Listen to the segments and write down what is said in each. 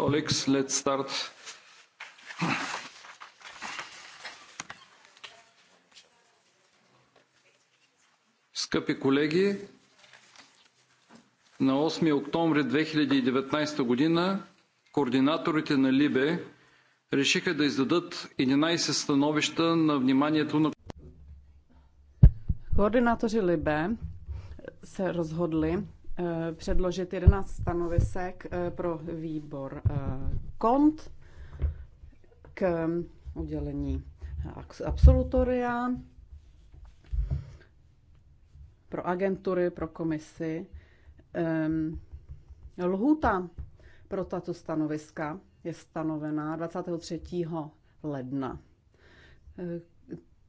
Colleagues, let's start. Скъпи колеги, на 8 октомври 2019 година координаторите на Либе решиха да издадат 11 становища на вниманието на Координатори Либе се разходли Eh, předložit 11 stanovisek eh, pro výbor eh, KONT k udělení absolutoria pro agentury, pro komisy. Ehm, lhůta pro tato stanoviska je stanovená 23. ledna.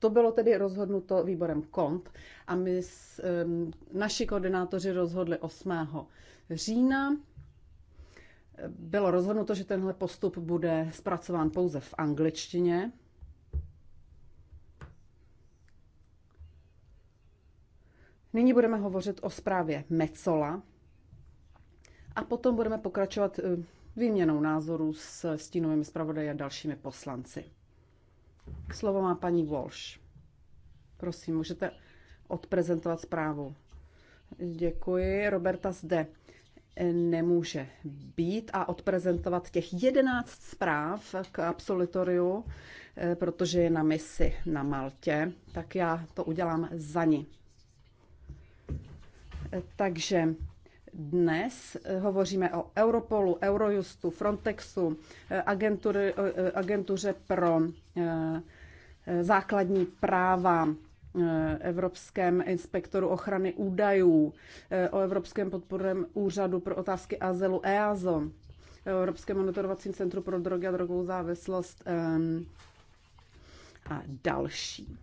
To bylo tedy rozhodnuto výborem KONT a my s, um, naši koordinátoři rozhodli 8. října. Bylo rozhodnuto, že tenhle postup bude zpracován pouze v angličtině. Nyní budeme hovořit o zprávě Mecola a potom budeme pokračovat výměnou názorů s stínovými zpravodaji a dalšími poslanci. Slovo má paní Walsh. Prosím, můžete odprezentovat zprávu. Děkuji. Roberta zde nemůže být a odprezentovat těch jedenáct zpráv k absolutoriu, eh, protože je na misi na Maltě, tak já to udělám za ní. Eh, takže dnes eh, hovoříme o Europolu, Eurojustu, Frontexu, eh, agentury, eh, agentuře pro základní práva, Evropském inspektoru ochrany údajů, o Evropském podporném úřadu pro otázky azylu EASO, Evropském monitorovacím centru pro drogy a drogovou závislost ehm, a další.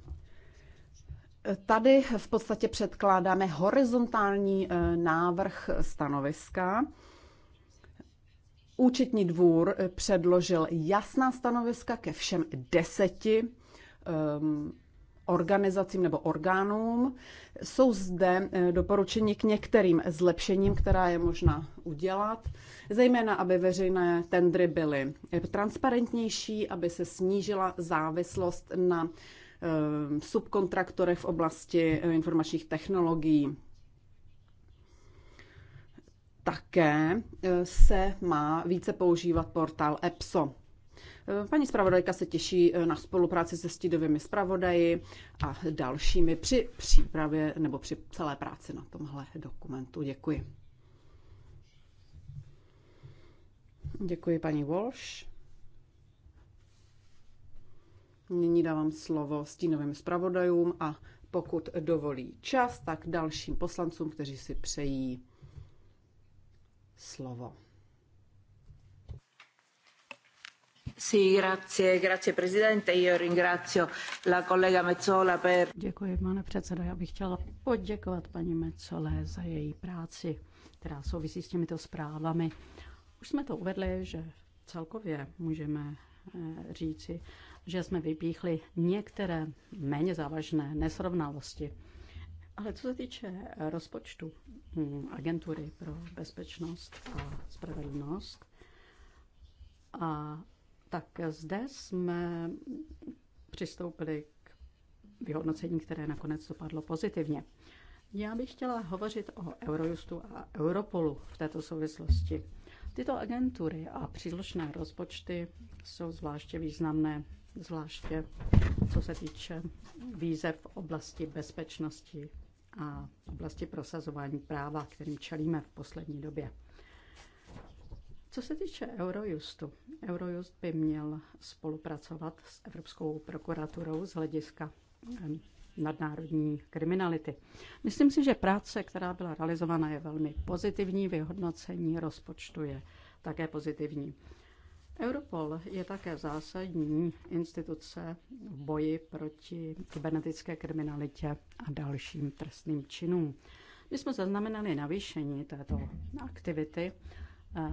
Tady v podstatě předkládáme horizontální eh, návrh stanoviska. Účetní dvůr eh, předložil jasná stanoviska ke všem deseti ehm, organizacím nebo orgánům. Jsou zde eh, doporučení k některým zlepšením, která je možná udělat, zejména aby veřejné tendry byly transparentnější, aby se snížila závislost na Eh, subkontraktorech v oblasti eh, informačních technologií. Také eh, se má více používat portál EPSO. Paní zpravodajka se těší na spolupráci se stídovými zpravodaji a dalšími při přípravě nebo při celé práci na tomhle dokumentu. Děkuji. Děkuji paní Walsh. Nyní dávám slovo stínovým zpravodajům a pokud dovolí čas, tak dalším poslancům, kteří si přejí slovo. Sí, grazie, grazie presidente. Io ringrazio la collega Mezzola per... Děkuji, pane předsedo. Já bych chtěla poděkovat paní Mezzole za její práci, která souvisí s těmito zprávami. Už jsme to uvedli, že celkově můžeme eh, říci, že jsme vypíchli některé méně závažné nesrovnalosti. Ale co se týče rozpočtu hm, agentury pro bezpečnost a spravedlnost, a tak zde jsme přistoupili k vyhodnocení, které nakonec dopadlo pozitivně. Já bych chtěla hovořit o Eurojustu a Europolu v této souvislosti. Tyto agentury a příslušné rozpočty jsou zvláště významné zvláště co se týče výzev v oblasti bezpečnosti a oblasti prosazování práva, kterým čelíme v poslední době. Co se týče Eurojustu, Eurojust by měl spolupracovat s Evropskou prokuraturou z hlediska nadnárodní kriminality. Myslím si, že práce, která byla realizována, je velmi pozitivní, vyhodnocení rozpočtu je také pozitivní. Europol je také zásadní instituce v boji proti kybernetické kriminalitě a dalším trestným činům. My jsme zaznamenali navýšení této aktivity eh,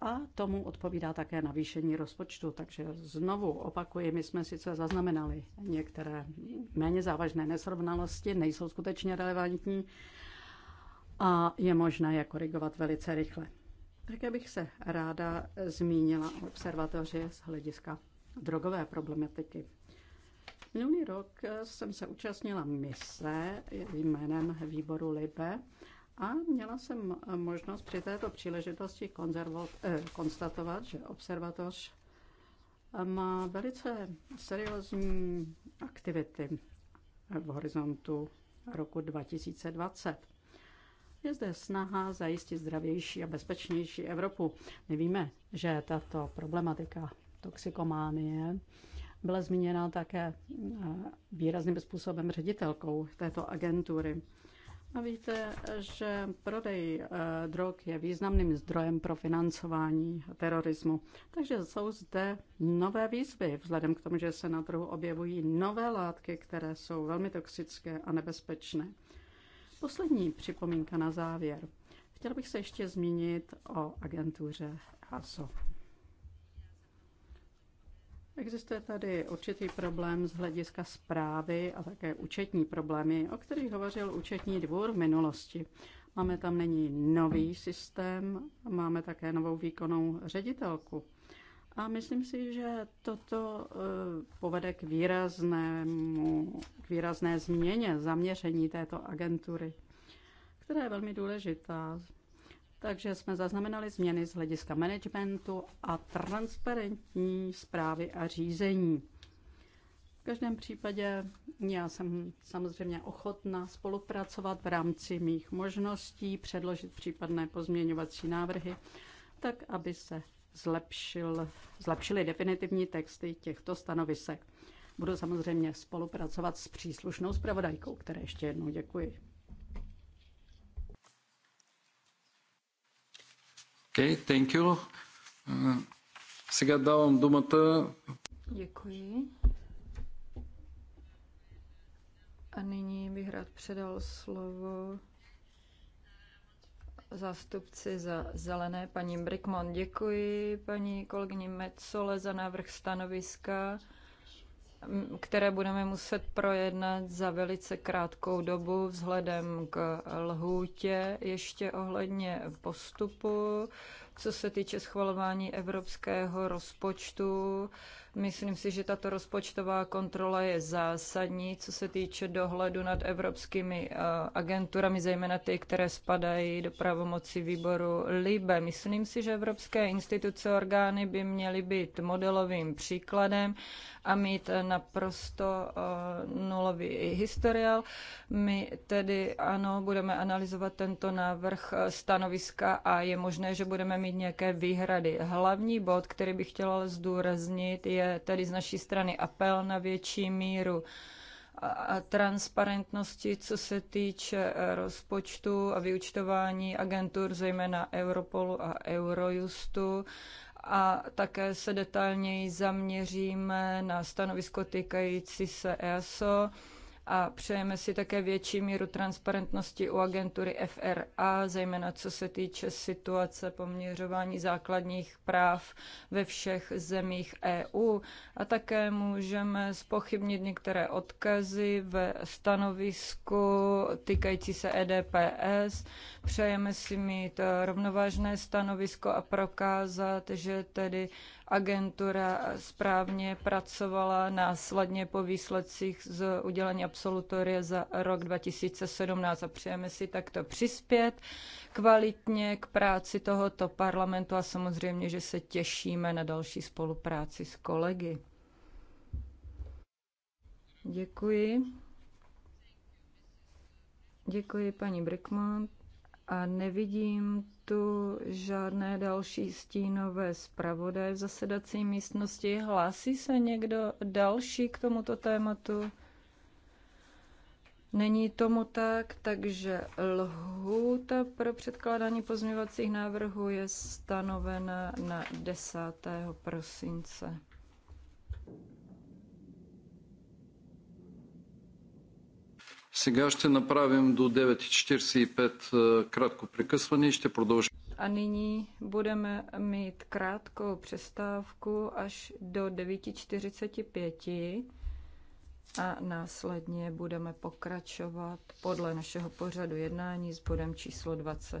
a tomu odpovídá také navýšení rozpočtu. Takže znovu opakuji, my jsme sice zaznamenali některé méně závažné nesrovnalosti, nejsou skutečně relevantní a je možné je korigovat velice rychle. Také bych se ráda zmínila o observatoři z hlediska drogové problematiky. Minulý rok jsem se účastnila mise jménem výboru LIBE a měla jsem možnost při této příležitosti eh, konstatovat, že observatoř eh, má velice seriózní aktivity v horizontu roku 2020. Je zde snaha zajistit zdravější a bezpečnější Evropu. My víme, že tato problematika toxikománie byla zmíněna také eh, výrazným způsobem ředitelkou této agentury. A víte, že prodej eh, drog je významným zdrojem pro financování terorismu. Takže jsou zde nové výzvy, vzhledem k tomu, že se na trhu objevují nové látky, které jsou velmi toxické a nebezpečné. Poslední připomínka na závěr. Chtěl bych se ještě zmínit o agentuře ASO. Existuje tady určitý problém z hlediska zprávy a také účetní problémy, o kterých hovořil účetní dvůr v minulosti. Máme tam není nový systém, máme také novou výkonnou ředitelku. A myslím si, že toto eh, povede k, výraznému, k výrazné změně zaměření této agentury, která je velmi důležitá. Takže jsme zaznamenali změny z hlediska managementu a transparentní zprávy a řízení. V každém případě já jsem samozřejmě ochotná spolupracovat v rámci mých možností, předložit případné pozměňovací návrhy, tak aby se zlepšil, zlepšili definitivní texty těchto stanovisek. Budu samozřejmě spolupracovat s příslušnou zpravodajkou, které ještě jednou děkuji. Okay, thank you. Mm, сега давам думата. Děkuji. A nyní bych rád předal slovo zástupci za zelené, paní Brickman. Děkuji paní kolegyni Metzole za návrh stanoviska, které budeme muset projednat za velice krátkou dobu vzhledem k lhůtě. Ještě ohledně postupu co se týče schvalování evropského rozpočtu. Myslím si, že tato rozpočtová kontrola je zásadní, co se týče dohledu nad evropskými eh, agenturami, zejména ty, které spadají do pravomoci výboru LIBE. Myslím si, že evropské instituce orgány by měly být modelovým příkladem a mít naprosto eh, nulový historiál. My tedy ano, budeme analyzovat tento návrh eh, stanoviska a je možné, že budeme mít nějaké výhrady. Hlavní bod, který bych chtěla zdůraznit, je tedy z naší strany apel na větší míru a transparentnosti, co se týče eh, rozpočtu a vyučtování agentur, zejména Europolu a Eurojustu a také se detailněji zaměříme na stanovisko týkající se ESO a přejeme si také větší míru transparentnosti u agentury FRA, zejména co se týče situace poměřování základních práv ve všech zemích EU. A také můžeme spochybnit některé odkazy ve stanovisku týkající se EDPS. Přejeme si mít rovnovážné stanovisko a prokázat, že tedy agentura správně pracovala následně po výsledcích z udělení absolutoria za rok 2017 a přejeme si takto přispět kvalitně k práci tohoto parlamentu a samozřejmě, že se těšíme na další spolupráci s kolegy. Děkuji. Děkuji paní Brickmont. A nevidím tu žádné další stínové zpravodaje v zasedací místnosti. Hlásí se někdo další k tomuto tématu? Není tomu tak, takže lhůta pro předkládání pozměňovacích návrhů je stanovena na 10. prosince. Сега ще направим до 9.45 krátkou и ще продължим. A nyní budeme mít krátkou přestávku až do 9.45 a následně budeme pokračovat podle našeho pořadu jednání s bodem číslo 20.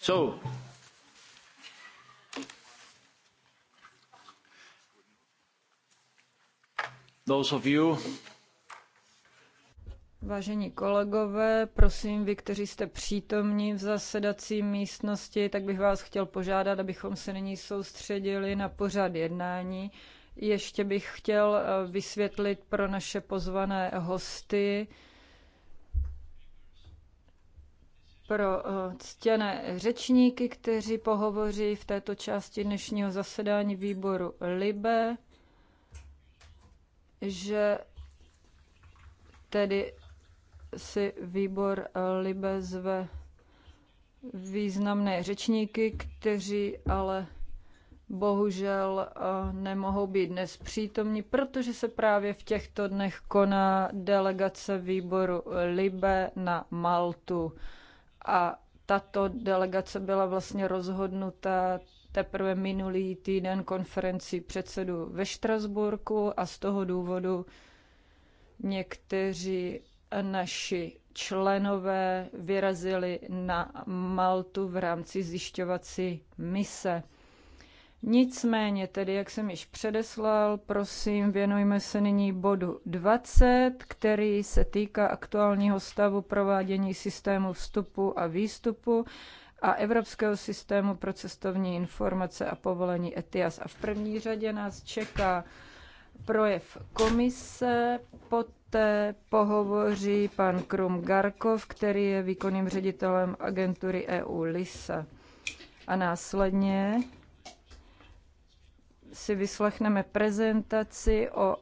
So, those of you. Vážení kolegové, prosím, vy, kteří jste přítomní v zasedací místnosti, tak bych vás chtěl požádat, abychom se nyní soustředili na pořad jednání. Ještě bych chtěl eh, vysvětlit pro naše pozvané hosty, pro eh, ctěné řečníky, kteří pohovoří v této části dnešního zasedání výboru LIBE, že tedy si výbor eh, LIBE zve významné řečníky, kteří ale bohužel eh, nemohou být dnes přítomní, protože se právě v těchto dnech koná delegace výboru LIBE na Maltu. A tato delegace byla vlastně rozhodnuta teprve minulý týden konferenci předsedu ve Štrasburku a z toho důvodu někteří naši členové vyrazili na Maltu v rámci zjišťovací mise. Nicméně tedy, jak jsem již předeslal, prosím, věnujme se nyní bodu 20, který se týká aktuálního stavu provádění systému vstupu a výstupu a Evropského systému pro cestovní informace a povolení ETIAS. A v první řadě nás čeká projev komise, poté pohovoří pan Krum Garkov, který je výkonným ředitelem agentury EU LISA. A následně si vyslechneme prezentaci o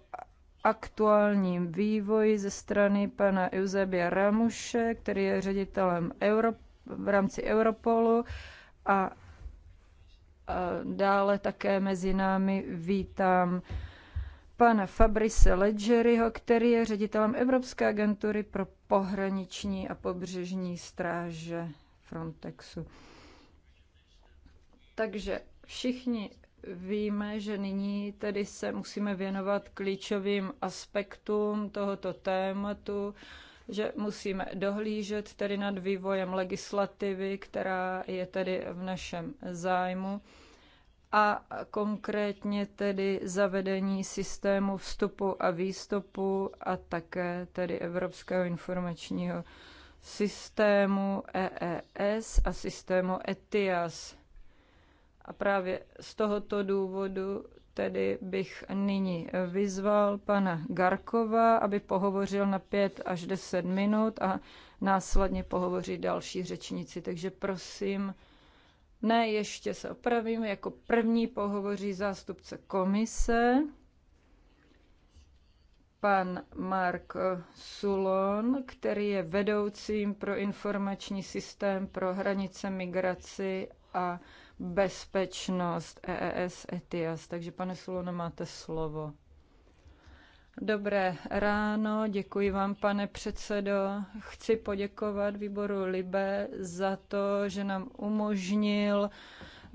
aktuálním vývoji ze strany pana Eusebia Ramuše, který je ředitelem Euro, v rámci Europolu a, a dále také mezi námi vítám pana Fabrice Ledgeryho, který je ředitelem Evropské agentury pro pohraniční a pobřežní stráže Frontexu. Takže všichni Víme, že nyní tedy se musíme věnovat klíčovým aspektům tohoto tématu, že musíme dohlížet tedy nad vývojem legislativy, která je tedy v našem zájmu a konkrétně tedy zavedení systému vstupu a výstupu a také tedy Evropského informačního systému EES a systému ETIAS. A právě z tohoto důvodu tedy bych nyní vyzval pana Garkova, aby pohovořil na 5 až 10 minut a následně pohovoří další řečníci. Takže prosím, ne, ještě se opravím, jako první pohovoří zástupce komise, pan Mark Sulon, který je vedoucím pro informační systém pro hranice migraci a bezpečnost EES ETIAS. Takže pane Sulone, máte slovo. Dobré ráno, děkuji vám, pane předsedo. Chci poděkovat výboru Libe za to, že nám umožnil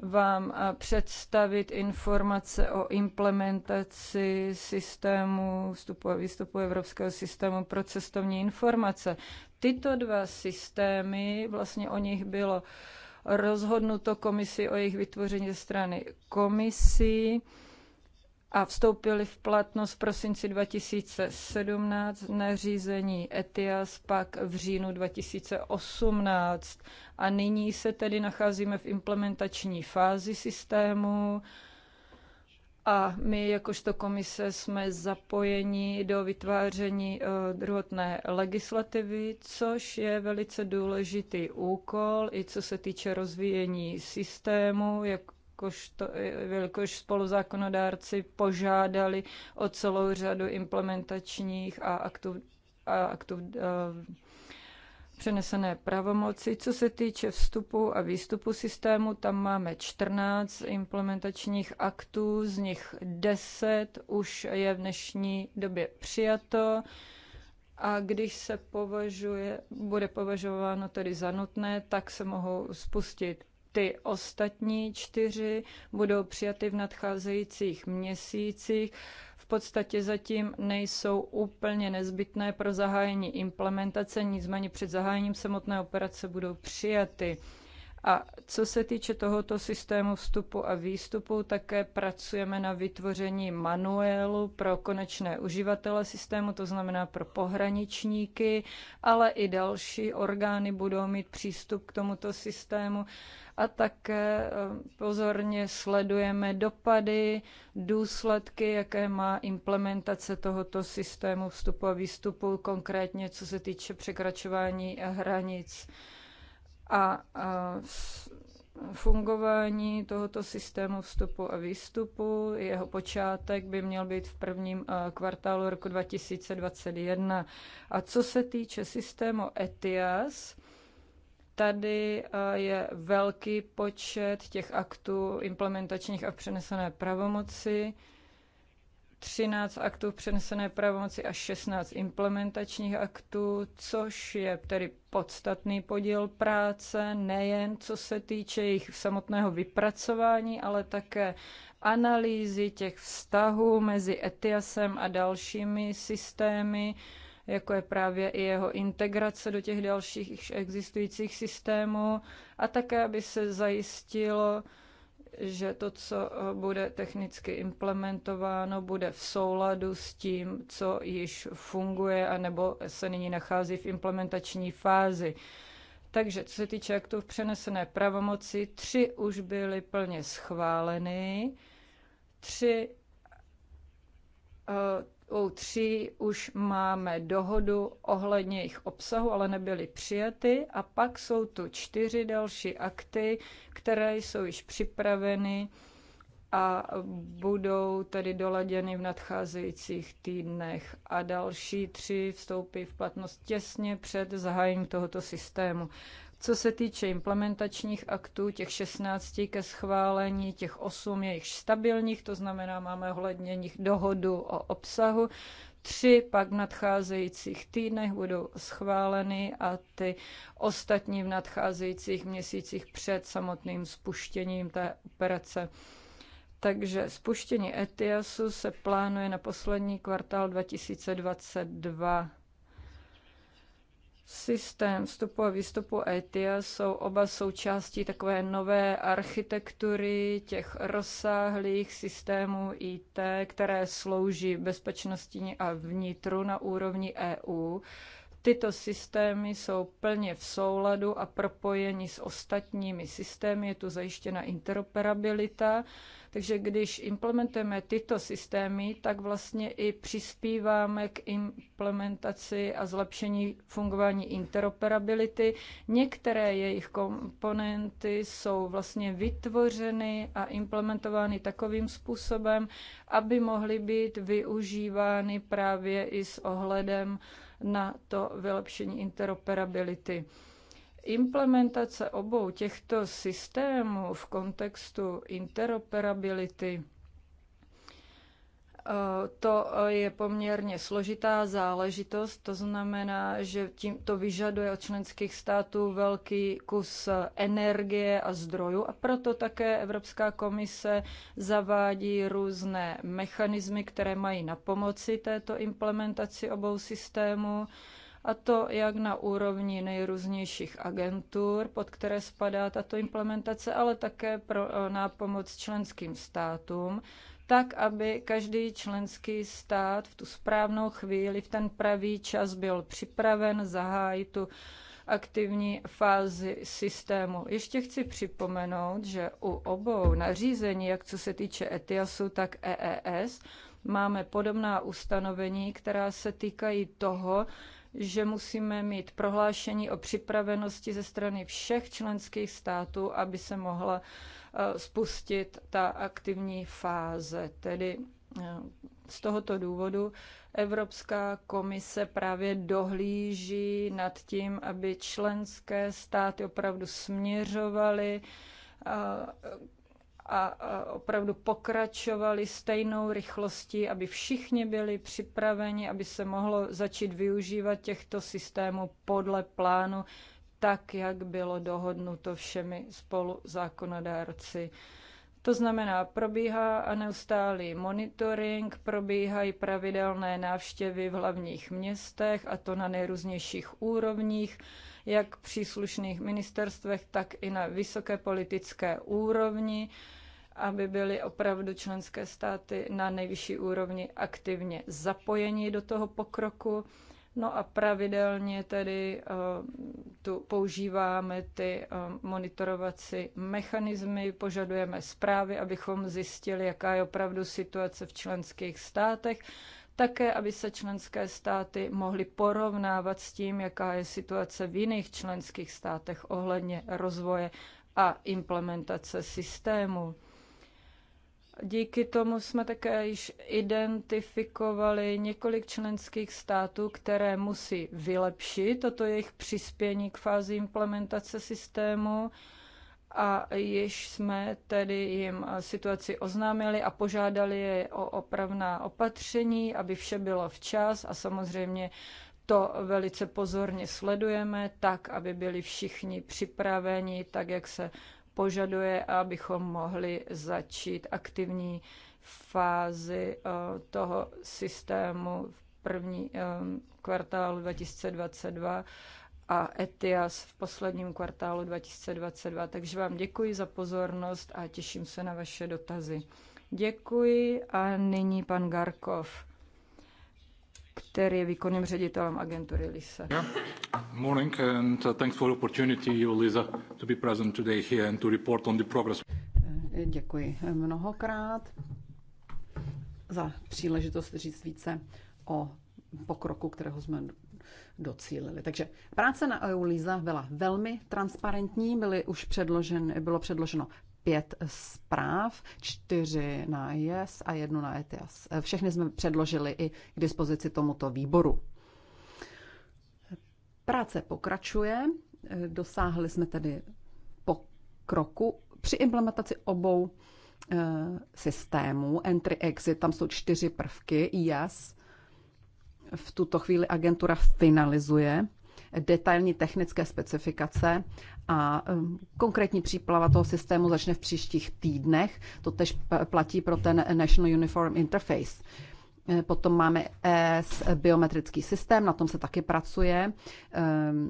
vám představit informace o implementaci systému vstupu a výstupu Evropského systému pro cestovní informace. Tyto dva systémy, vlastně o nich bylo uh, rozhodnuto komisi o jejich vytvoření ze strany komisí a vstoupili v platnost v prosinci 2017 nařízení ETIAS, pak v říjnu 2018. A nyní se tedy nacházíme v implementační fázi systému a my jakožto komise jsme zapojeni do vytváření eh, druhotné legislativy, což je velice důležitý úkol, i co se týče rozvíjení systému, jak jakožto, eh, spoluzákonodárci požádali o celou řadu implementačních a aktu, a aktů eh, přenesené pravomoci. Co se týče vstupu a výstupu systému, tam máme 14 implementačních aktů, z nich 10 už je v dnešní době přijato. A když se považuje, bude považováno tedy za nutné, tak se mohou spustit ty ostatní čtyři budou přijaty v nadcházejících měsících podstatě zatím nejsou úplně nezbytné pro zahájení implementace, nicméně před zahájením samotné operace budou přijaty. A co se týče tohoto systému vstupu a výstupu, také pracujeme na vytvoření manuálu pro konečné uživatele systému, to znamená pro pohraničníky, ale i další orgány budou mít přístup k tomuto systému. A také eh, pozorně sledujeme dopady, důsledky, jaké má implementace tohoto systému vstupu a výstupu, konkrétně co se týče překračování hranic a, a fungování tohoto systému vstupu a výstupu. Jeho počátek by měl být v prvním eh, kvartálu roku 2021. A co se týče systému ETIAS, tady eh, je velký počet těch aktů implementačních a přenesené pravomoci. 13 aktů přenesené pravomoci a 16 implementačních aktů, což je tedy podstatný podíl práce, nejen co se týče jejich samotného vypracování, ale také analýzy těch vztahů mezi ETIASem a dalšími systémy, jako je právě i jeho integrace do těch dalších existujících systémů a také, aby se zajistilo, že to, co eh, bude technicky implementováno, bude v souladu s tím, co již funguje, anebo se nyní nachází v implementační fázi. Takže co se týče aktů v přenesené pravomoci, tři už byly plně schváleny, tři eh, u tří už máme dohodu ohledně jejich obsahu, ale nebyly přijaty. A pak jsou tu čtyři další akty, které jsou již připraveny a budou tedy doladěny v nadcházejících týdnech a další tři vstoupí v platnost těsně před zahájením tohoto systému. Co se týče implementačních aktů, těch 16 ke schválení, těch 8 je již stabilních, to znamená, máme ohledně nich dohodu o obsahu. Tři pak v nadcházejících týdnech budou schváleny a ty ostatní v nadcházejících měsících před samotným spuštěním té operace. Takže spuštění ETIASu se plánuje na poslední kvartál 2022. Systém vstupu a výstupu ETIA jsou oba součástí takové nové architektury těch rozsáhlých systémů IT, které slouží bezpečnosti a vnitru na úrovni EU Tyto systémy jsou plně v souladu a propojeni s ostatními systémy, je tu zajištěna interoperabilita, takže když implementujeme tyto systémy, tak vlastně i přispíváme k implementaci a zlepšení fungování interoperability. Některé jejich komponenty jsou vlastně vytvořeny a implementovány takovým způsobem, aby mohly být využívány právě i s ohledem na to vylepšení interoperability. Implementace obou těchto systémů v kontextu interoperability Eh, to eh, je poměrně složitá záležitost, to znamená, že tím to vyžaduje od členských států velký kus eh, energie a zdrojů a proto také Evropská komise zavádí různé mechanismy, které mají na pomoci této implementaci obou systémů a to jak na úrovni nejrůznějších agentur, pod které spadá tato implementace, ale také pro, na pomoc členským státům, tak, aby každý členský stát v tu správnou chvíli, v ten pravý čas byl připraven zahájit tu aktivní fázi systému. Ještě chci připomenout, že u obou nařízení, jak co se týče ETIASu, tak EES, máme podobná ustanovení, která se týkají toho, že musíme mít prohlášení o připravenosti ze strany všech členských států, aby se mohla Eh, spustit ta aktivní fáze. Tedy eh, z tohoto důvodu Evropská komise právě dohlíží nad tím, aby členské státy opravdu směřovaly eh, a opravdu pokračovali stejnou rychlostí, aby všichni byli připraveni, aby se mohlo začít využívat těchto systémů podle plánu, tak, jak bylo dohodnuto všemi spolu zákonodárci. To znamená, probíhá a neustálý monitoring, probíhají pravidelné návštěvy v hlavních městech a to na nejrůznějších úrovních, jak příslušných ministerstvech, tak i na vysoké politické úrovni, aby byly opravdu členské státy na nejvyšší úrovni aktivně zapojeni do toho pokroku. No a pravidelně tedy eh, tu používáme ty eh, monitorovací mechanismy, požadujeme zprávy, abychom zjistili, jaká je opravdu situace v členských státech, také, aby se členské státy mohly porovnávat s tím, jaká je situace v jiných členských státech ohledně rozvoje a implementace systému. Díky tomu jsme také již identifikovali několik členských států, které musí vylepšit toto jejich přispění k fázi implementace systému a již jsme tedy jim situaci oznámili a požádali je o opravná opatření, aby vše bylo včas a samozřejmě to velice pozorně sledujeme, tak, aby byli všichni připraveni, tak jak se požaduje, abychom mohli začít aktivní fázi eh, toho systému v první eh, kvartálu 2022 a ETIAS v posledním kvartálu 2022. Takže vám děkuji za pozornost a těším se na vaše dotazy. Děkuji a nyní pan Garkov který je výkonným ředitelem agentury LISA. Yeah. Morning and uh, thanks for opportunity, Lisa, to be present today here and to report on the progress. Eh, děkuji mnohokrát za příležitost říct více o pokroku, kterého jsme docílili. Takže práce na EULISA byla velmi transparentní, byly už předložen, bylo předloženo pět zpráv, čtyři na IES a jednu na ETIAS. Eh, všechny jsme předložili i k dispozici tomuto výboru. Práce pokračuje, eh, dosáhli jsme tedy pokroku při implementaci obou eh, systémů, entry-exit, tam jsou čtyři prvky, IES V tuto chvíli agentura finalizuje detailní technické specifikace a um, konkrétní příplava toho systému začne v příštích týdnech. To tež platí pro ten National Uniform Interface. E, potom máme ES biometrický systém, na tom se taky pracuje. Ehm,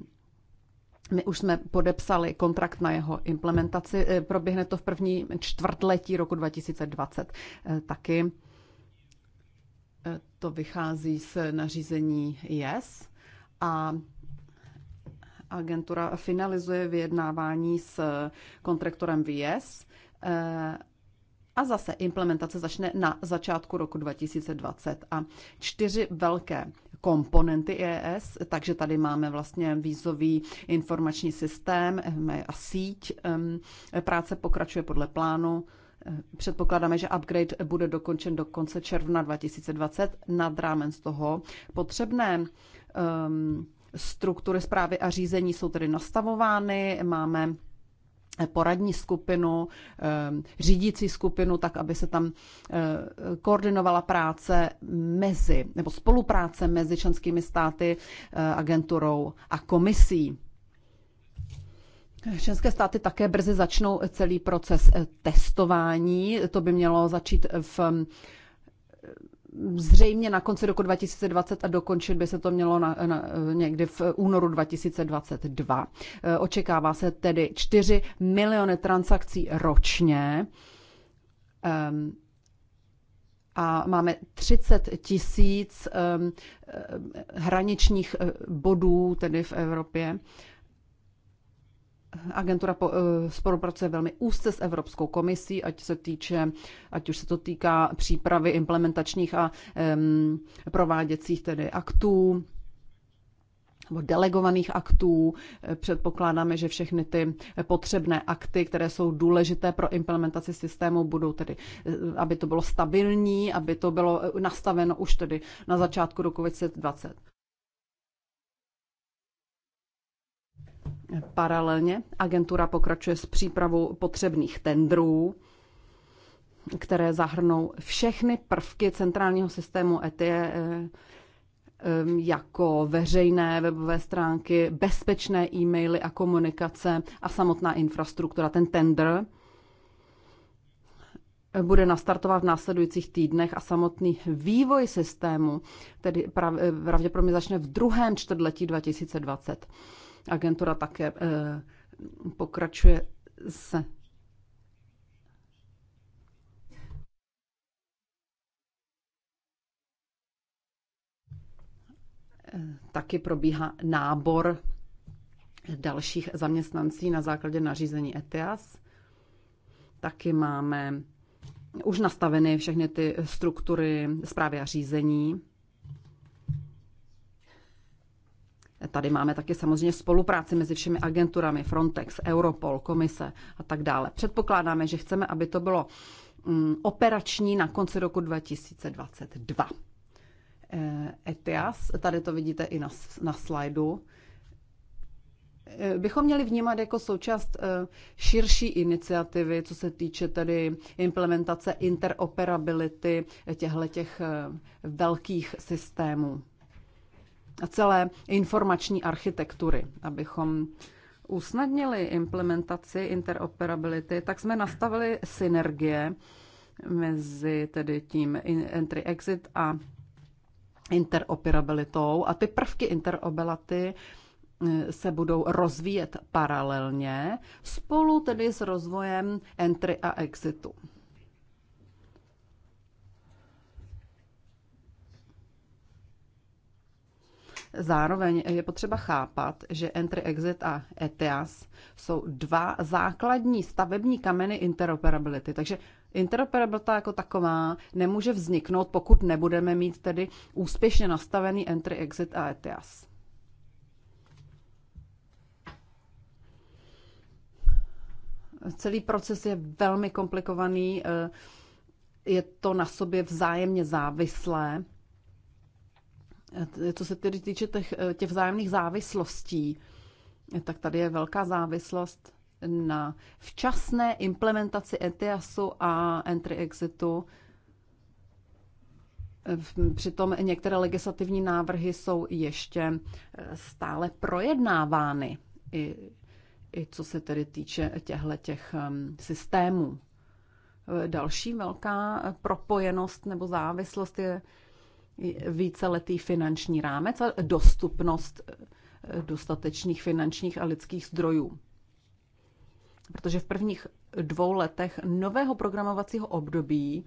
my už jsme podepsali kontrakt na jeho implementaci. E, proběhne to v první čtvrtletí roku 2020. E, taky to vychází z nařízení IES. A agentura finalizuje vyjednávání s kontraktorem VS eh, a zase implementace začne na začátku roku 2020 a čtyři velké komponenty EES, takže tady máme vlastně vízový informační systém a síť. Práce pokračuje podle plánu. Eh, předpokládáme, že upgrade bude dokončen do konce června 2020. Nad z toho potřebné um, Struktury zprávy a řízení jsou tedy nastavovány, máme eh, poradní skupinu, eh, řídící skupinu, tak aby se tam eh, koordinovala práce mezi, nebo spolupráce mezi členskými státy, agenturou a komisí. Členské státy také brzy začnou celý proces testování. To by mělo začít v zřejmě na konci roku 2020 a dokončit by se to mělo na, na, někdy v únoru 2022. Eh, očekává se tedy 4 miliony transakcí ročně. Um, a máme 30 tisíc um, hraničních eh, bodů tedy v Evropě. Agentura eh, spolupracuje velmi úzce s Evropskou komisí, ať se týče, ať už se to týká přípravy implementačních a um, prováděcích tedy aktů nebo delegovaných aktů. Předpokládáme, že všechny ty potřebné akty, které jsou důležité pro implementaci systému, budou tedy, eh, aby to bylo stabilní, aby to bylo eh, nastaveno už tedy na začátku roku 2020. Paralelně agentura pokračuje s přípravou potřebných tendrů, které zahrnou všechny prvky centrálního systému ETIE, eh, eh, jako veřejné webové stránky, bezpečné e-maily a komunikace a samotná infrastruktura, ten tender, bude nastartovat v následujících týdnech a samotný vývoj systému, tedy pravděpodobně začne v druhém čtvrtletí 2020. Agentura také eh, pokračuje s eh, taky probíhá nábor dalších zaměstnanců na základě nařízení ETIAS. Taky máme už nastaveny všechny ty struktury zprávy a řízení. Tady máme taky samozřejmě spolupráci mezi všemi agenturami Frontex, Europol, Komise a tak dále. Předpokládáme, že chceme, aby to bylo mm, operační na konci roku 2022. Eh, ETIAS, tady to vidíte i na, na slajdu, eh, bychom měli vnímat jako součást eh, širší iniciativy, co se týče tedy implementace interoperability těchto velkých systémů celé informační architektury, abychom usnadnili implementaci interoperability, tak jsme nastavili synergie mezi tedy tím entry-exit a interoperabilitou a ty prvky interoperability eh, se budou rozvíjet paralelně, spolu tedy s rozvojem entry a exitu. Zároveň je potřeba chápat, že Entry Exit a ETIAS jsou dva základní stavební kameny interoperability. Takže interoperabilita jako taková nemůže vzniknout, pokud nebudeme mít tedy úspěšně nastavený Entry Exit a ETIAS. Celý proces je velmi komplikovaný, eh, je to na sobě vzájemně závislé Eh, co se tedy týče těch, eh, těch vzájemných závislostí, eh, tak tady je velká závislost na včasné implementaci ETIASu a entry-exitu. Přitom některé legislativní návrhy jsou ještě stále projednávány, i, i co se tedy týče těchto těch ehm, systémů. Další velká propojenost nebo závislost je víceletý finanční rámec a dostupnost eh, dostatečných finančních a lidských zdrojů. Protože v prvních dvou letech nového programovacího období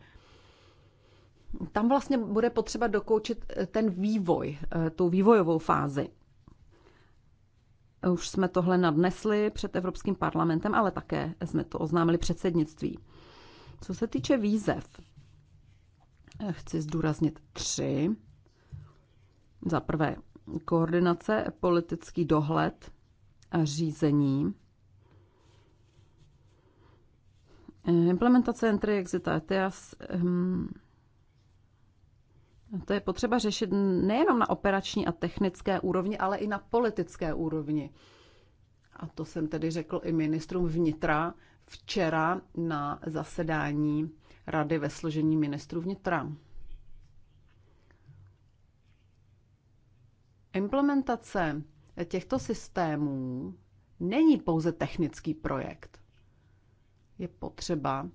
tam vlastně bude potřeba dokoučit eh, ten vývoj, eh, tu vývojovou fázi. Už jsme tohle nadnesli před Evropským parlamentem, ale také jsme to oznámili předsednictví. Co se týče výzev, chci zdůraznit tři. Za prvé, koordinace, politický dohled a řízení. Implementace entry exit ETIAS ehm, to je potřeba řešit nejenom na operační a technické úrovni, ale i na politické úrovni. A to jsem tedy řekl i ministrům vnitra včera na zasedání rady ve složení ministrů vnitra. Implementace těchto systémů není pouze technický projekt. Je potřeba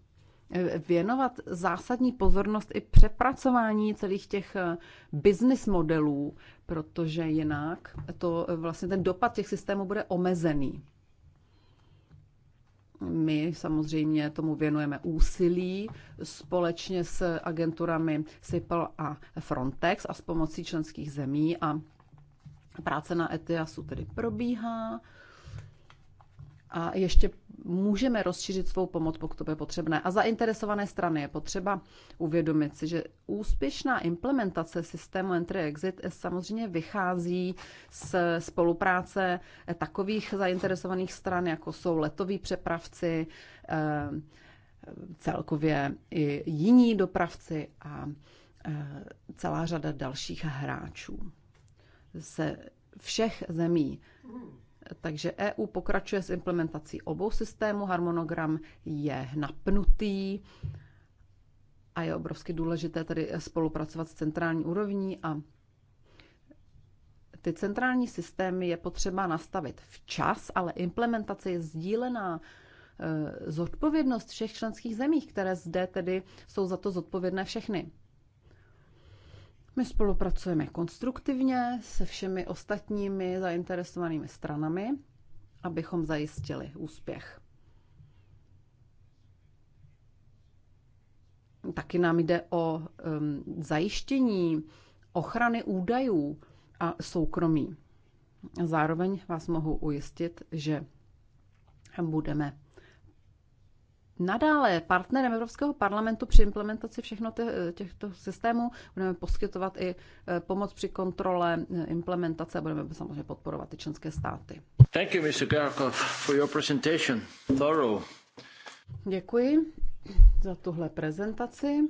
eh, věnovat zásadní pozornost i přepracování celých těch eh, business modelů, protože jinak to eh, vlastně ten dopad těch systémů bude omezený. My samozřejmě tomu věnujeme úsilí společně s agenturami SIPL a Frontex a s pomocí členských zemí a práce na ETIASu tedy probíhá a ještě můžeme rozšířit svou pomoc, pokud to bude potřebné. A zainteresované strany je potřeba uvědomit si, že úspěšná implementace systému Entry-Exit samozřejmě vychází z spolupráce takových zainteresovaných stran, jako jsou letoví přepravci, eh, celkově i jiní dopravci a eh, celá řada dalších hráčů se všech zemí takže EU pokračuje s implementací obou systémů, harmonogram je napnutý a je obrovsky důležité tedy spolupracovat s centrální úrovní a ty centrální systémy je potřeba nastavit včas, ale implementace je sdílená e, zodpovědnost všech členských zemí, které zde tedy jsou za to zodpovědné všechny. My spolupracujeme konstruktivně se všemi ostatními zainteresovanými stranami, abychom zajistili úspěch. Taky nám jde o um, zajištění ochrany údajů a soukromí. Zároveň vás mohu ujistit, že budeme nadále partnerem Evropského parlamentu při implementaci všechno těchto systémů. Budeme poskytovat i eh, pomoc při kontrole eh, implementace a budeme samozřejmě podporovat i členské státy. Thank you, Mr. Garkov, for your presentation. Thorough. Děkuji za tuhle prezentaci.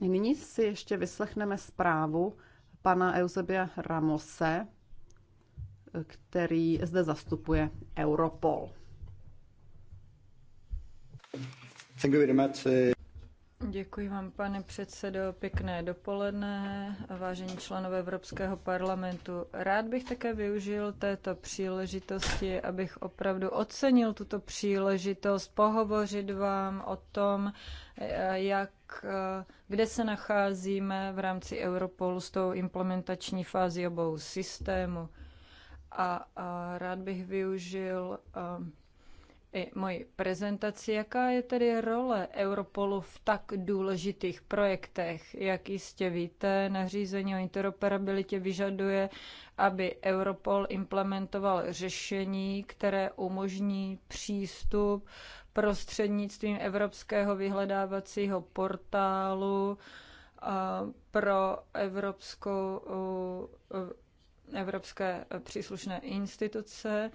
Nyní si ještě vyslechneme zprávu pana Eusebia Ramose, eh, který zde zastupuje Europol. Eh. Děkuji vám, pane předsedo. Pěkné dopoledne, vážení členové Evropského parlamentu. Rád bych také využil této příležitosti, abych opravdu ocenil tuto příležitost pohovořit vám o tom, eh, jak, eh, kde se nacházíme v rámci Europolu s tou implementační fází obou systémů. A, a rád bych využil a, i moji prezentaci, jaká je tedy role Europolu v tak důležitých projektech. Jak jistě víte, nařízení o interoperabilitě vyžaduje, aby Europol implementoval řešení, které umožní přístup prostřednictvím evropského vyhledávacího portálu pro evropskou, evropské příslušné instituce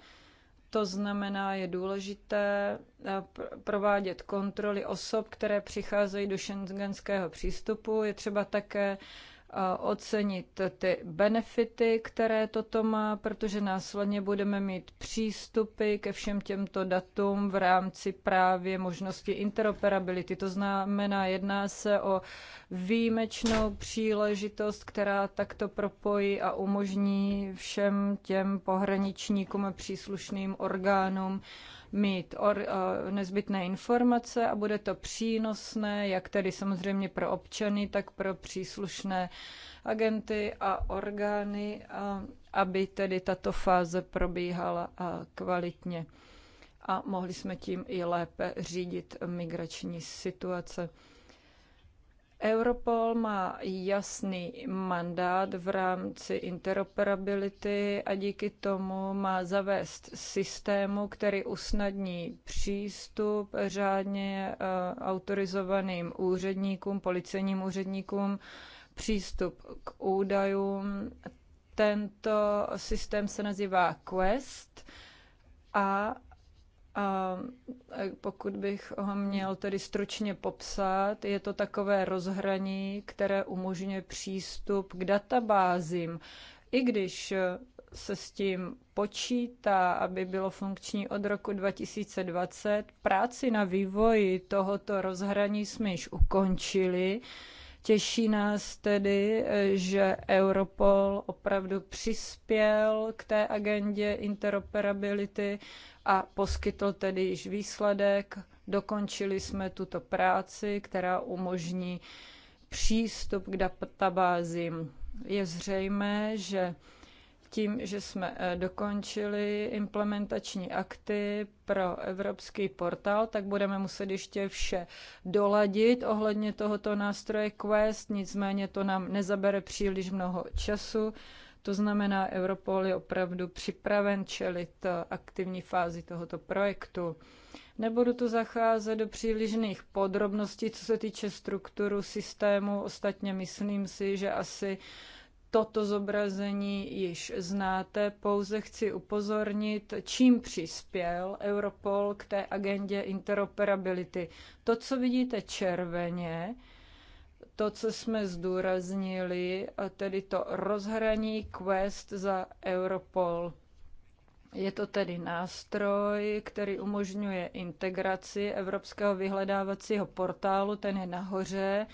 to znamená, je důležité eh, provádět kontroly osob, které přicházejí do šengenského přístupu. Je třeba také ocenit ty benefity, které toto má, protože následně budeme mít přístupy ke všem těmto datům v rámci právě možnosti interoperability. To znamená, jedná se o výjimečnou příležitost, která takto propojí a umožní všem těm pohraničníkům a příslušným orgánům mít or, eh, nezbytné informace a bude to přínosné, jak tedy samozřejmě pro občany, tak pro příslušné agenty a orgány, a aby tedy tato fáze probíhala kvalitně. A mohli jsme tím i lépe řídit migrační situace. Europol má jasný mandát v rámci interoperability a díky tomu má zavést systému, který usnadní přístup řádně eh, autorizovaným úředníkům, policejním úředníkům, přístup k údajům. Tento systém se nazývá Quest a a e, pokud bych ho měl tedy stručně popsat, je to takové rozhraní, které umožňuje přístup k databázím. I když se s tím počítá, aby bylo funkční od roku 2020, práci na vývoji tohoto rozhraní jsme již ukončili. Těší nás tedy, e, že Europol opravdu přispěl k té agendě interoperability a poskytl tedy již výsledek. Dokončili jsme tuto práci, která umožní přístup k databázím. Je zřejmé, že tím, že jsme eh, dokončili implementační akty pro evropský portál, tak budeme muset ještě vše doladit ohledně tohoto nástroje Quest, nicméně to nám nezabere příliš mnoho času. To znamená, Europol je opravdu připraven čelit eh, aktivní fázi tohoto projektu. Nebudu tu zacházet do přílišných podrobností, co se týče strukturu systému. Ostatně myslím si, že asi toto zobrazení již znáte, pouze chci upozornit, čím přispěl Europol k té agendě interoperability. To, co vidíte červeně, to, co jsme zdůraznili, a tedy to rozhraní quest za Europol. Je to tedy nástroj, který umožňuje integraci evropského vyhledávacího portálu, ten je nahoře,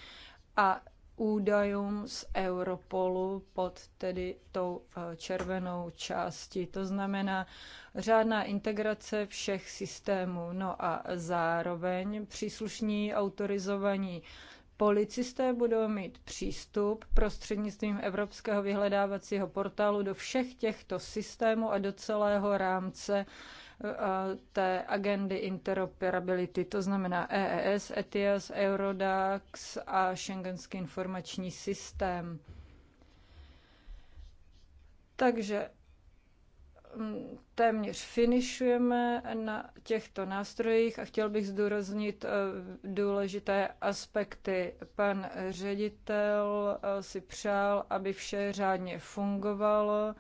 a údajům z Europolu pod tedy tou eh, červenou částí. To znamená řádná integrace všech systémů. No a zároveň příslušní autorizovaní Policisté budou mít přístup prostřednictvím Evropského vyhledávacího portálu do všech těchto systémů a do celého rámce eh, té agendy interoperability, to znamená EES, ETIAS, Eurodax a Schengenský informační systém. Takže Mm, téměř finišujeme na těchto nástrojích a chtěl bych zdůraznit eh, důležité aspekty. Pan ředitel eh, si přál, aby vše řádně fungovalo.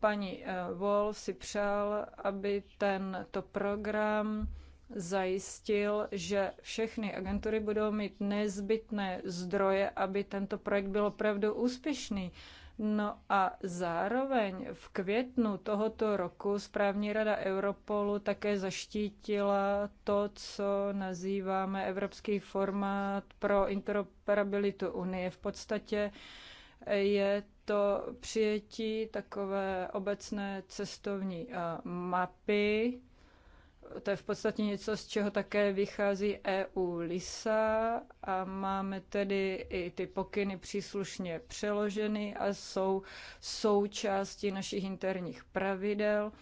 Paní eh, Wolf si přál, aby tento program zajistil, že všechny agentury budou mít nezbytné zdroje, aby tento projekt byl opravdu úspěšný. No a zároveň v květnu tohoto roku správní rada Europolu také zaštítila to, co nazýváme Evropský formát pro interoperabilitu Unie. V podstatě je to přijetí takové obecné cestovní eh, mapy, to je v podstatě něco, z čeho také vychází EU LISA a máme tedy i ty pokyny příslušně přeloženy a jsou součástí našich interních pravidel.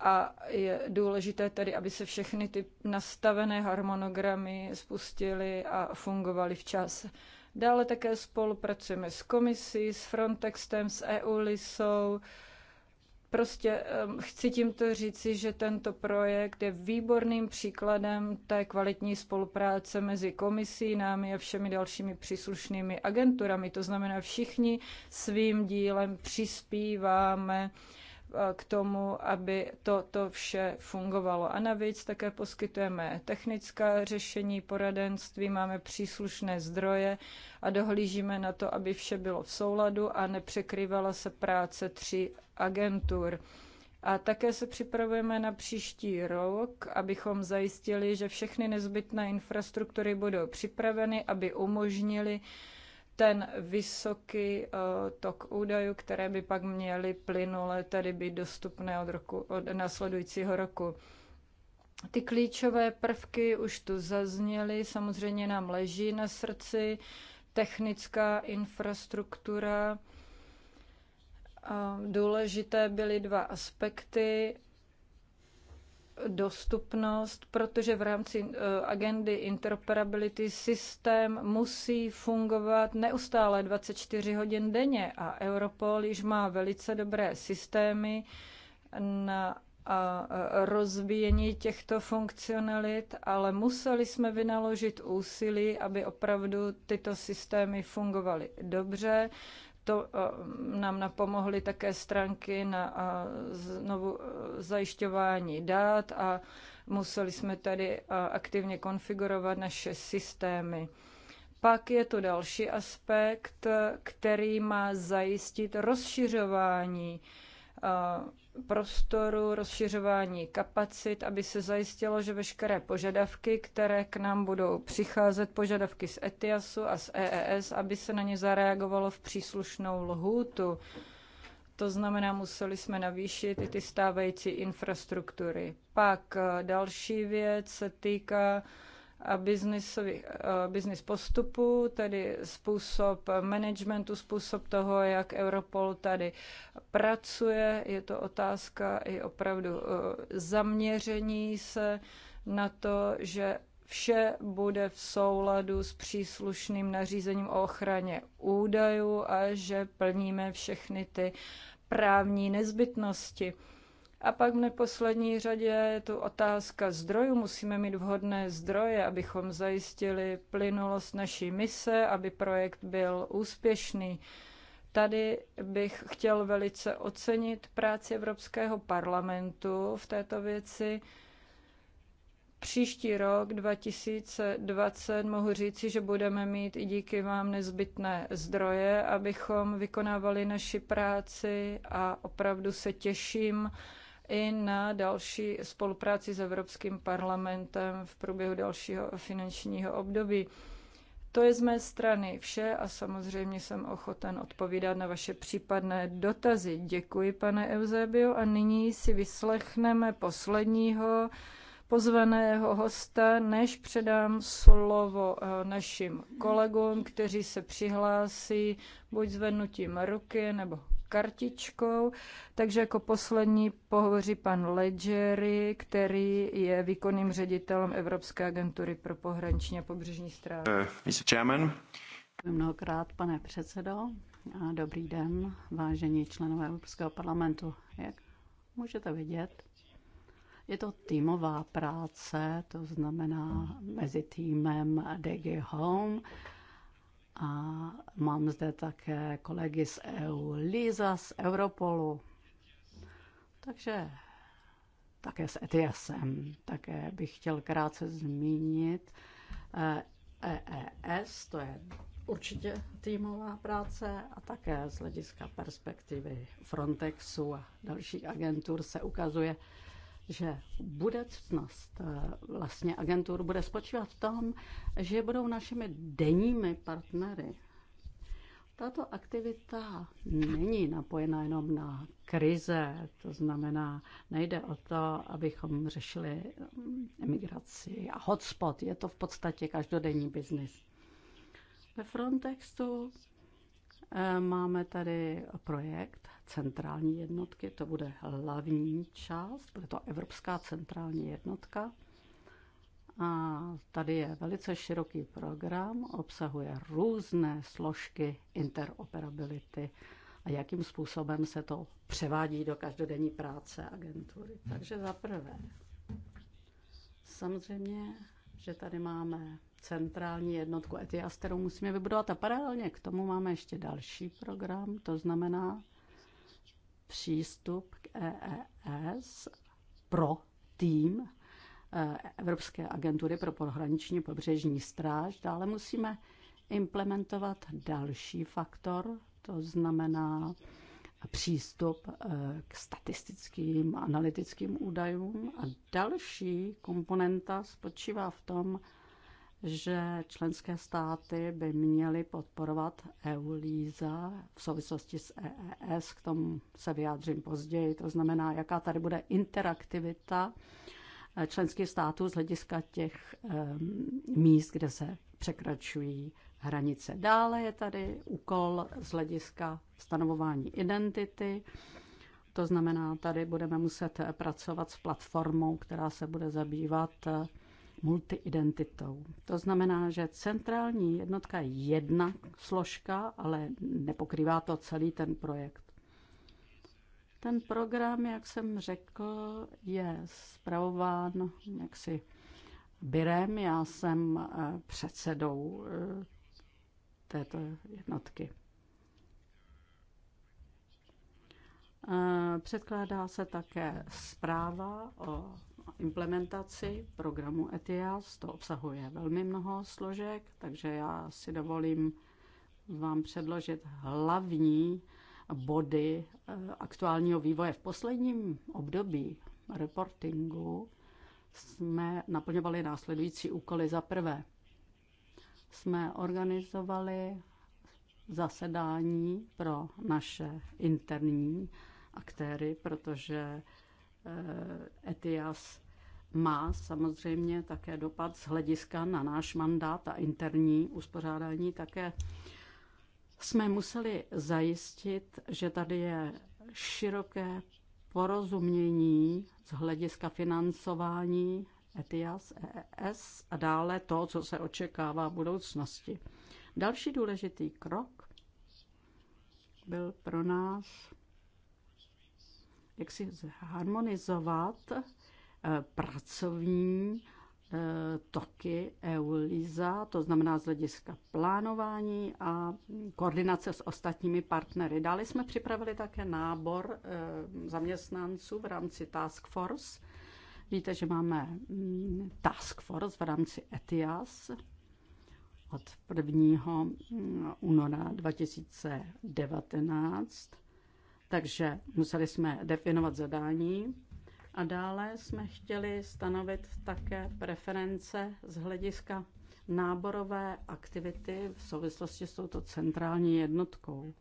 A je důležité tedy, aby se všechny ty nastavené harmonogramy spustily a fungovaly včas. Dále také spolupracujeme s komisí, s Frontextem, s EU LISou, Prostě chci tímto říci, že tento projekt je výborným příkladem té kvalitní spolupráce mezi komisí, námi a všemi dalšími příslušnými agenturami. To znamená, všichni svým dílem přispíváme eh, k tomu, aby to to vše fungovalo. A navíc také poskytujeme technická řešení, poradenství, máme příslušné zdroje a dohlížíme na to, aby vše bylo v souladu a nepřekrývala se práce tři agentur. A také se připravujeme na příští rok, abychom zajistili, že všechny nezbytné infrastruktury budou připraveny, aby umožnili ten vysoký eh, tok údajů, které by pak měly plynule tedy být dostupné od, roku, od následujícího roku. Ty klíčové prvky už tu zazněly, samozřejmě nám leží na srdci technická infrastruktura, Důležité byly dva aspekty. Dostupnost, protože v rámci e, agendy interoperability systém musí fungovat neustále 24 hodin denně a Europol již má velice dobré systémy na a e, rozvíjení těchto funkcionalit, ale museli jsme vynaložit úsilí, aby opravdu tyto systémy fungovaly dobře. To eh, nám napomohly také stránky na eh, znovu eh, zajišťování dát a museli jsme tady aktivně konfigurovat naše systémy. Pak je to další aspekt, který má zajistit rozšiřování prostoru, rozšiřování kapacit, aby se zajistilo, že veškeré požadavky, které k nám budou přicházet, požadavky z ETIASu a z EES, aby se na ně zareagovalo v příslušnou lhůtu. To znamená, museli jsme navýšit i ty stávající infrastruktury. Pak eh, další věc se týká business postupu, tedy způsob managementu, způsob toho, jak Europol tady pracuje. Je to otázka i opravdu e, zaměření se na to, že vše bude v souladu s příslušným nařízením o ochraně údajů a že plníme všechny ty právní nezbytnosti. A pak v neposlední řadě je tu otázka zdrojů. Musíme mít vhodné zdroje, abychom zajistili plynulost naší mise, aby projekt byl úspěšný. Tady bych chtěl velice ocenit práci Evropského parlamentu v této věci. Příští rok 2020 mohu říci, že budeme mít i díky vám nezbytné zdroje, abychom vykonávali naši práci a opravdu se těším i na další spolupráci s Evropským parlamentem v průběhu dalšího finančního období. To je z mé strany vše a samozřejmě jsem ochoten odpovídat na vaše případné dotazy. Děkuji, pane Eusebio, a nyní si vyslechneme posledního pozvaného hosta, než předám slovo eh, našim kolegům, kteří se přihlásí buď zvednutím ruky nebo kartičkou. Takže jako poslední pohovoří pan Ledgery, který je výkonným ředitelem Evropské agentury pro pohraniční a pobřežní stráž. Uh, eh, Mnohokrát, pane předsedo, a dobrý den, vážení členové Evropského parlamentu. Jak můžete vidět, je to týmová práce, to znamená mezi týmem DG Home a mám zde také kolegy z EU, Líza z Europolu. Takže také e s ETSem. Také bych chtěl krátce zmínit EES, eh, e to je určitě týmová práce a také z hlediska perspektivy Frontexu a dalších agentur se ukazuje, že budoucnost eh, vlastně agentur bude spočívat v tom, že budou našimi denními partnery. Tato aktivita není napojena jenom na krize, to znamená, nejde o to, abychom řešili mm, emigraci a hotspot, je to v podstatě každodenní biznis. Ve Frontextu eh, máme tady projekt centrální jednotky, to bude hlavní část, bude to Evropská centrální jednotka. A tady je velice široký program, obsahuje různé složky interoperability a jakým způsobem se to převádí do každodenní práce agentury. Mhm. Takže za prvé, samozřejmě, že tady máme centrální jednotku ETIAS, kterou musíme vybudovat a paralelně k tomu máme ještě další program, to znamená přístup k EES pro tým eh, Evropské agentury pro pohraniční pobřežní stráž. Dále musíme implementovat další faktor, to znamená přístup eh, k statistickým, analytickým údajům. A další komponenta spočívá v tom, že členské státy by měly podporovat EU Líza v souvislosti s EES, k tomu se vyjádřím později, to znamená, jaká tady bude interaktivita eh, členských států z hlediska těch eh, míst, kde se překračují hranice. Dále je tady úkol z hlediska stanovování identity, to znamená, tady budeme muset eh, pracovat s platformou, která se bude zabývat multiidentitou. To znamená, že centrální jednotka je jedna složka, ale nepokrývá to celý ten projekt. Ten program, jak jsem řekl, je zpravován jaksi Birem. Já jsem eh, předsedou eh, této jednotky. Eh, předkládá se také zpráva o implementaci programu ETIAS. To obsahuje velmi mnoho složek, takže já si dovolím vám předložit hlavní body eh, aktuálního vývoje. V posledním období reportingu jsme naplňovali následující úkoly. Za prvé jsme organizovali zasedání pro naše interní aktéry, protože Eh, ETIAS má samozřejmě také dopad z hlediska na náš mandát a interní uspořádání také jsme museli zajistit, že tady je široké porozumění z hlediska financování ETIAS, EES a dále to, co se očekává v budoucnosti. Další důležitý krok byl pro nás jak si zharmonizovat eh, pracovní eh, toky EULISA, to znamená z hlediska plánování a koordinace s ostatními partnery. Dále jsme připravili také nábor eh, zaměstnanců v rámci Task Force. Víte, že máme mm, Task Force v rámci ETIAS od 1. Mm, února 2019 takže museli jsme definovat zadání a dále jsme chtěli stanovit také preference z hlediska náborové aktivity v souvislosti s touto centrální jednotkou.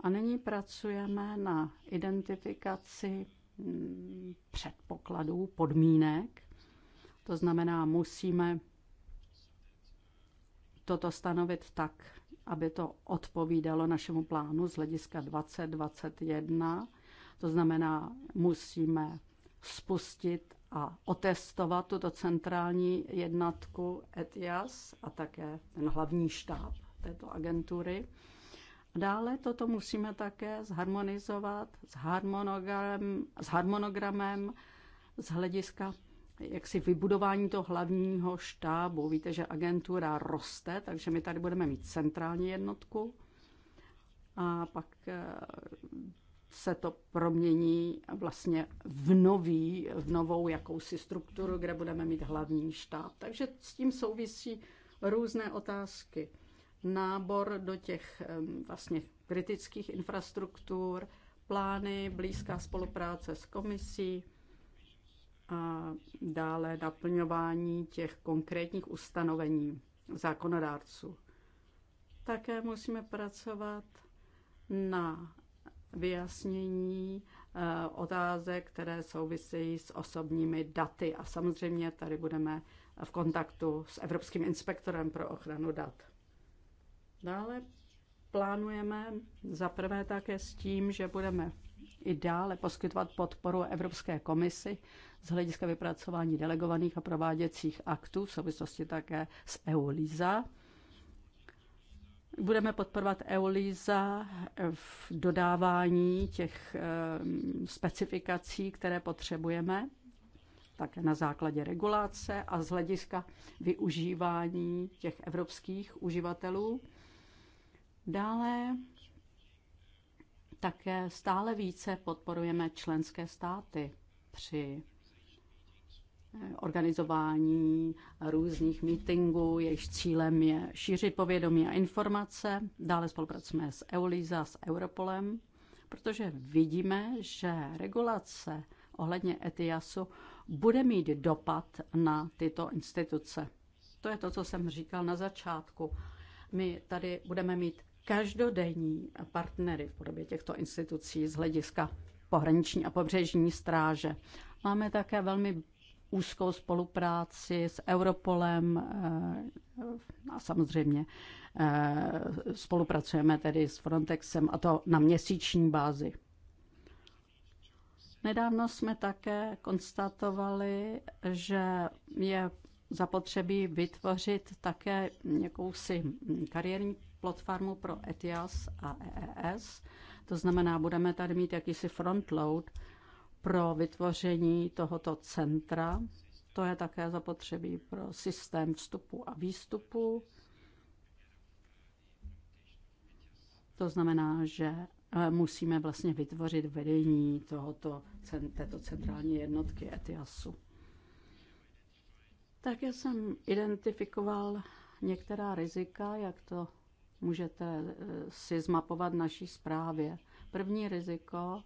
A nyní pracujeme na identifikaci mm, předpokladů, podmínek. To znamená, musíme toto stanovit tak, aby to odpovídalo našemu plánu z hlediska 2021. To znamená, musíme spustit a otestovat tuto centrální jednotku ETIAS a také ten hlavní štáb této agentury. Dále toto musíme také zharmonizovat s, harmonogramem, s harmonogramem z hlediska jaksi vybudování toho hlavního štábu. Víte, že agentura roste, takže my tady budeme mít centrální jednotku a pak eh, se to promění vlastně v, nový, v novou jakousi strukturu, kde budeme mít hlavní štáb. Takže s tím souvisí různé otázky. Nábor do těch vlastně kritických infrastruktur, plány, blízká spolupráce s komisí, a dále naplňování těch konkrétních ustanovení zákonodárců. Také musíme pracovat na vyjasnění eh, otázek, které souvisejí s osobními daty. A samozřejmě tady budeme v kontaktu s Evropským inspektorem pro ochranu dat. Dále plánujeme zaprvé také s tím, že budeme i dále poskytovat podporu Evropské komisi z hlediska vypracování delegovaných a prováděcích aktů v souvislosti také s EULISA. Budeme podporovat EULISA v dodávání těch ehm, specifikací, které potřebujeme, také na základě regulace a z hlediska využívání těch evropských uživatelů. Dále také stále více podporujeme členské státy při eh, organizování různých mítingů, jejichž cílem je šířit povědomí a informace. Dále spolupracujeme s EULISA, s Europolem, protože vidíme, že regulace ohledně ETIASu bude mít dopad na tyto instituce. To je to, co jsem říkal na začátku. My tady budeme mít každodenní partnery v podobě těchto institucí z hlediska pohraniční a pobřežní stráže. Máme také velmi úzkou spolupráci s Europolem eh, a samozřejmě eh, spolupracujeme tedy s Frontexem a to na měsíční bázi. Nedávno jsme také konstatovali, že je zapotřebí vytvořit také jakousi kariérní platformu pro ETIAS a EES. To znamená, budeme tady mít jakýsi frontload pro vytvoření tohoto centra. To je také zapotřebí pro systém vstupu a výstupu. To znamená, že eh, musíme vlastně vytvořit vedení tohoto, této centrální jednotky ETIASu. já jsem identifikoval některá rizika, jak to můžete eh, si zmapovat naší zprávě. První riziko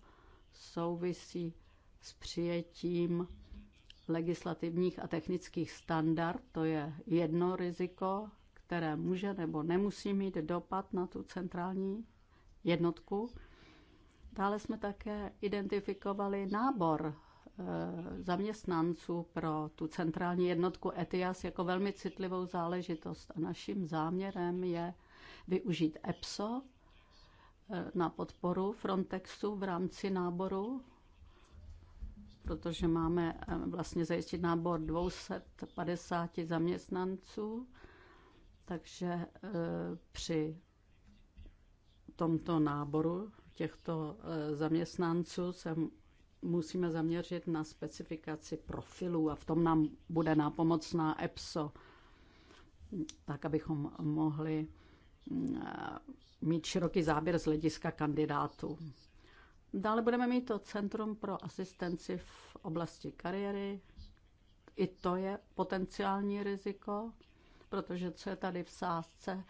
souvisí s přijetím legislativních a technických standard. To je jedno riziko, které může nebo nemusí mít dopad na tu centrální jednotku. Dále jsme také identifikovali nábor eh, zaměstnanců pro tu centrální jednotku ETIAS jako velmi citlivou záležitost. A naším záměrem je využít EPSO eh, na podporu Frontexu v rámci náboru, protože máme eh, vlastně zajistit nábor 250 zaměstnanců, takže eh, při tomto náboru těchto zaměstnanců se musíme zaměřit na specifikaci profilů a v tom nám bude nápomocná EPSO, tak abychom mohli Eh, mít široký záběr z hlediska kandidátů. Dále budeme mít to Centrum pro asistenci v oblasti kariéry. I to je potenciální riziko, protože co je tady v sázce,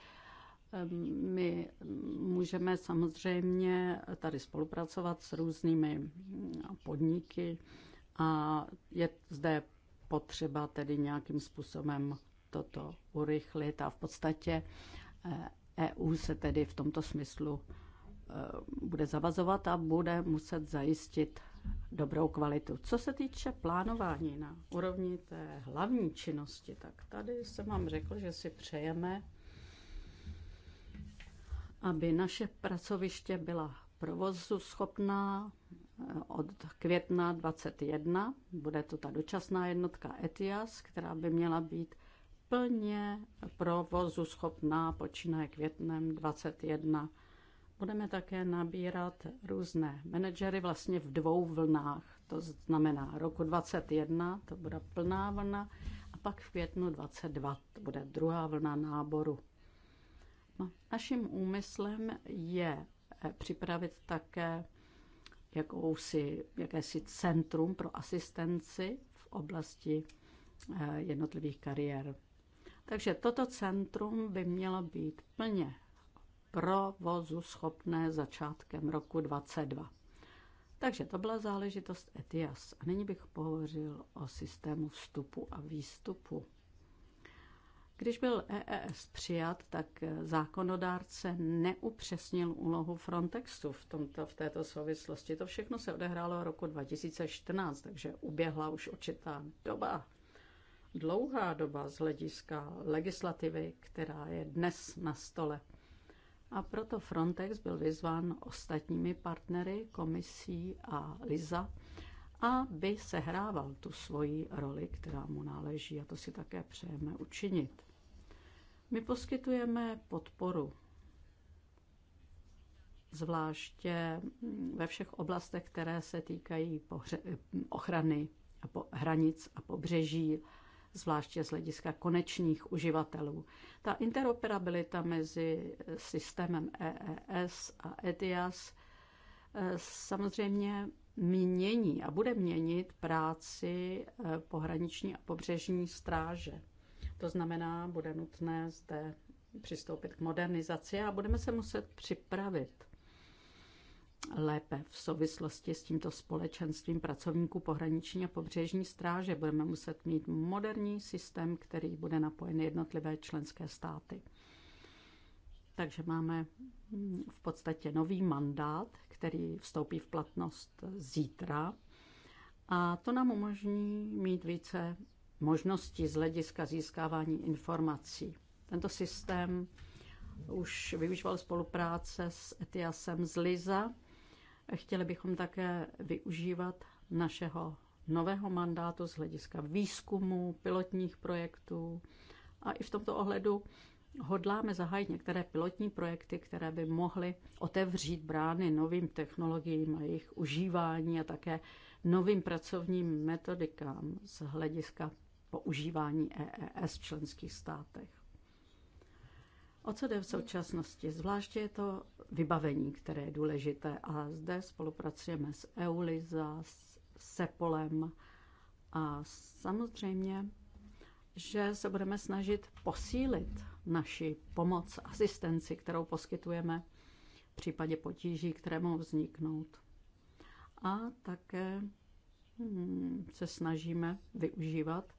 ehm, my můžeme samozřejmě tady spolupracovat s různými mm, podniky a je zde potřeba tedy nějakým způsobem toto urychlit a v podstatě eh, EU se tedy v tomto smyslu e, bude zavazovat a bude muset zajistit dobrou kvalitu. Co se týče plánování na úrovni té hlavní činnosti, tak tady jsem vám řekl, že si přejeme, aby naše pracoviště byla provozu schopná e, od května 21. Bude to ta dočasná jednotka ETIAS, která by měla být plně provozu schopná počínaje květnem 21. Budeme také nabírat různé manažery vlastně v dvou vlnách. To znamená roku 21 to bude plná vlna a pak v květnu 22 to bude druhá vlna náboru. No, naším úmyslem je eh, připravit také jakousi, jakési centrum pro asistenci v oblasti eh, jednotlivých kariér. Takže toto centrum by mělo být plně provozu schopné začátkem roku 2022. Takže to byla záležitost ETIAS. A nyní bych pohovořil o systému vstupu a výstupu. Když byl EES přijat, tak zákonodárce neupřesnil úlohu Frontexu v, tomto, v této souvislosti. To všechno se odehrálo v roku 2014, takže uběhla už určitá doba dlouhá doba z hlediska legislativy, která je dnes na stole. A proto Frontex byl vyzván ostatními partnery, komisí a Liza, aby sehrával tu svoji roli, která mu náleží a to si také přejeme učinit. My poskytujeme podporu, zvláště ve všech oblastech, které se týkají ochrany a po, hranic a pobřeží zvláště z hlediska konečných uživatelů. Ta interoperabilita mezi systémem EES a ETIAS eh, samozřejmě mění a bude měnit práci eh, pohraniční a pobřežní stráže. To znamená, bude nutné zde přistoupit k modernizaci a budeme se muset připravit lépe v souvislosti s tímto společenstvím pracovníků pohraniční a pobřežní stráže. Budeme muset mít moderní systém, který bude napojen jednotlivé členské státy. Takže máme mm, v podstatě nový mandát, který vstoupí v platnost zítra. A to nám umožní mít více možností z hlediska získávání informací. Tento systém už využíval spolupráce s Etiasem z Liza Chtěli bychom také využívat našeho nového mandátu z hlediska výzkumu, pilotních projektů a i v tomto ohledu hodláme zahájit některé pilotní projekty, které by mohly otevřít brány novým technologiím a jejich užívání a také novým pracovním metodikám z hlediska používání EES v členských státech. O co jde v současnosti? Zvláště je to vybavení, které je důležité a zde spolupracujeme s Euliza, s SEPOLem a samozřejmě, že se budeme snažit posílit naši pomoc, asistenci, kterou poskytujeme v případě potíží, které mohou vzniknout. A také hmm, se snažíme využívat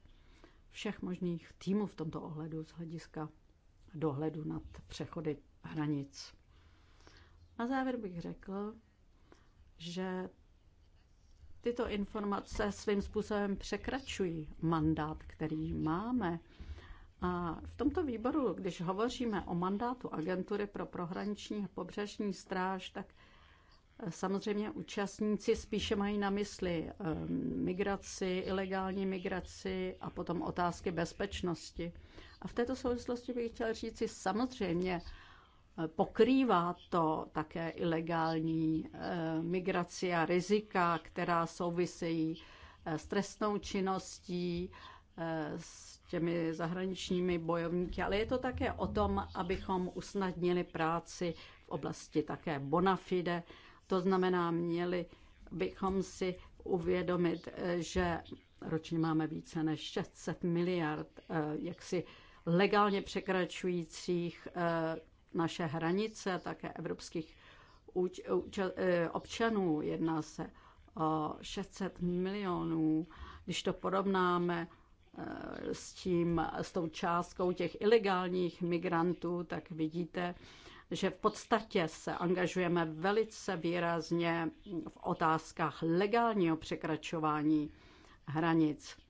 všech možných týmů v tomto ohledu z hlediska dohledu nad přechody hranic. Na závěr bych řekl, že tyto informace svým způsobem překračují mandát, který máme. A v tomto výboru, když hovoříme o mandátu agentury pro prohraniční a pobřežní stráž, tak eh, samozřejmě účastníci spíše mají na mysli eh, migraci, ilegální migraci a potom otázky bezpečnosti. A v této souvislosti bych chtěla říct si samozřejmě, eh, pokrývá to také ilegální eh, migraci a rizika, která souvisejí eh, s trestnou činností, s těmi zahraničními bojovníky, ale je to také o tom, abychom usnadnili práci v oblasti také bona fide. To znamená, měli bychom si uvědomit, že ročně máme více než 600 miliard jaksi legálně překračujících eh, naše hranice, také evropských eh, občanů. Jedná se o 600 milionů. Když to porovnáme eh, s, tím, s tou částkou těch ilegálních migrantů, tak vidíte, že v podstatě se angažujeme velice výrazně v otázkách legálního překračování hranic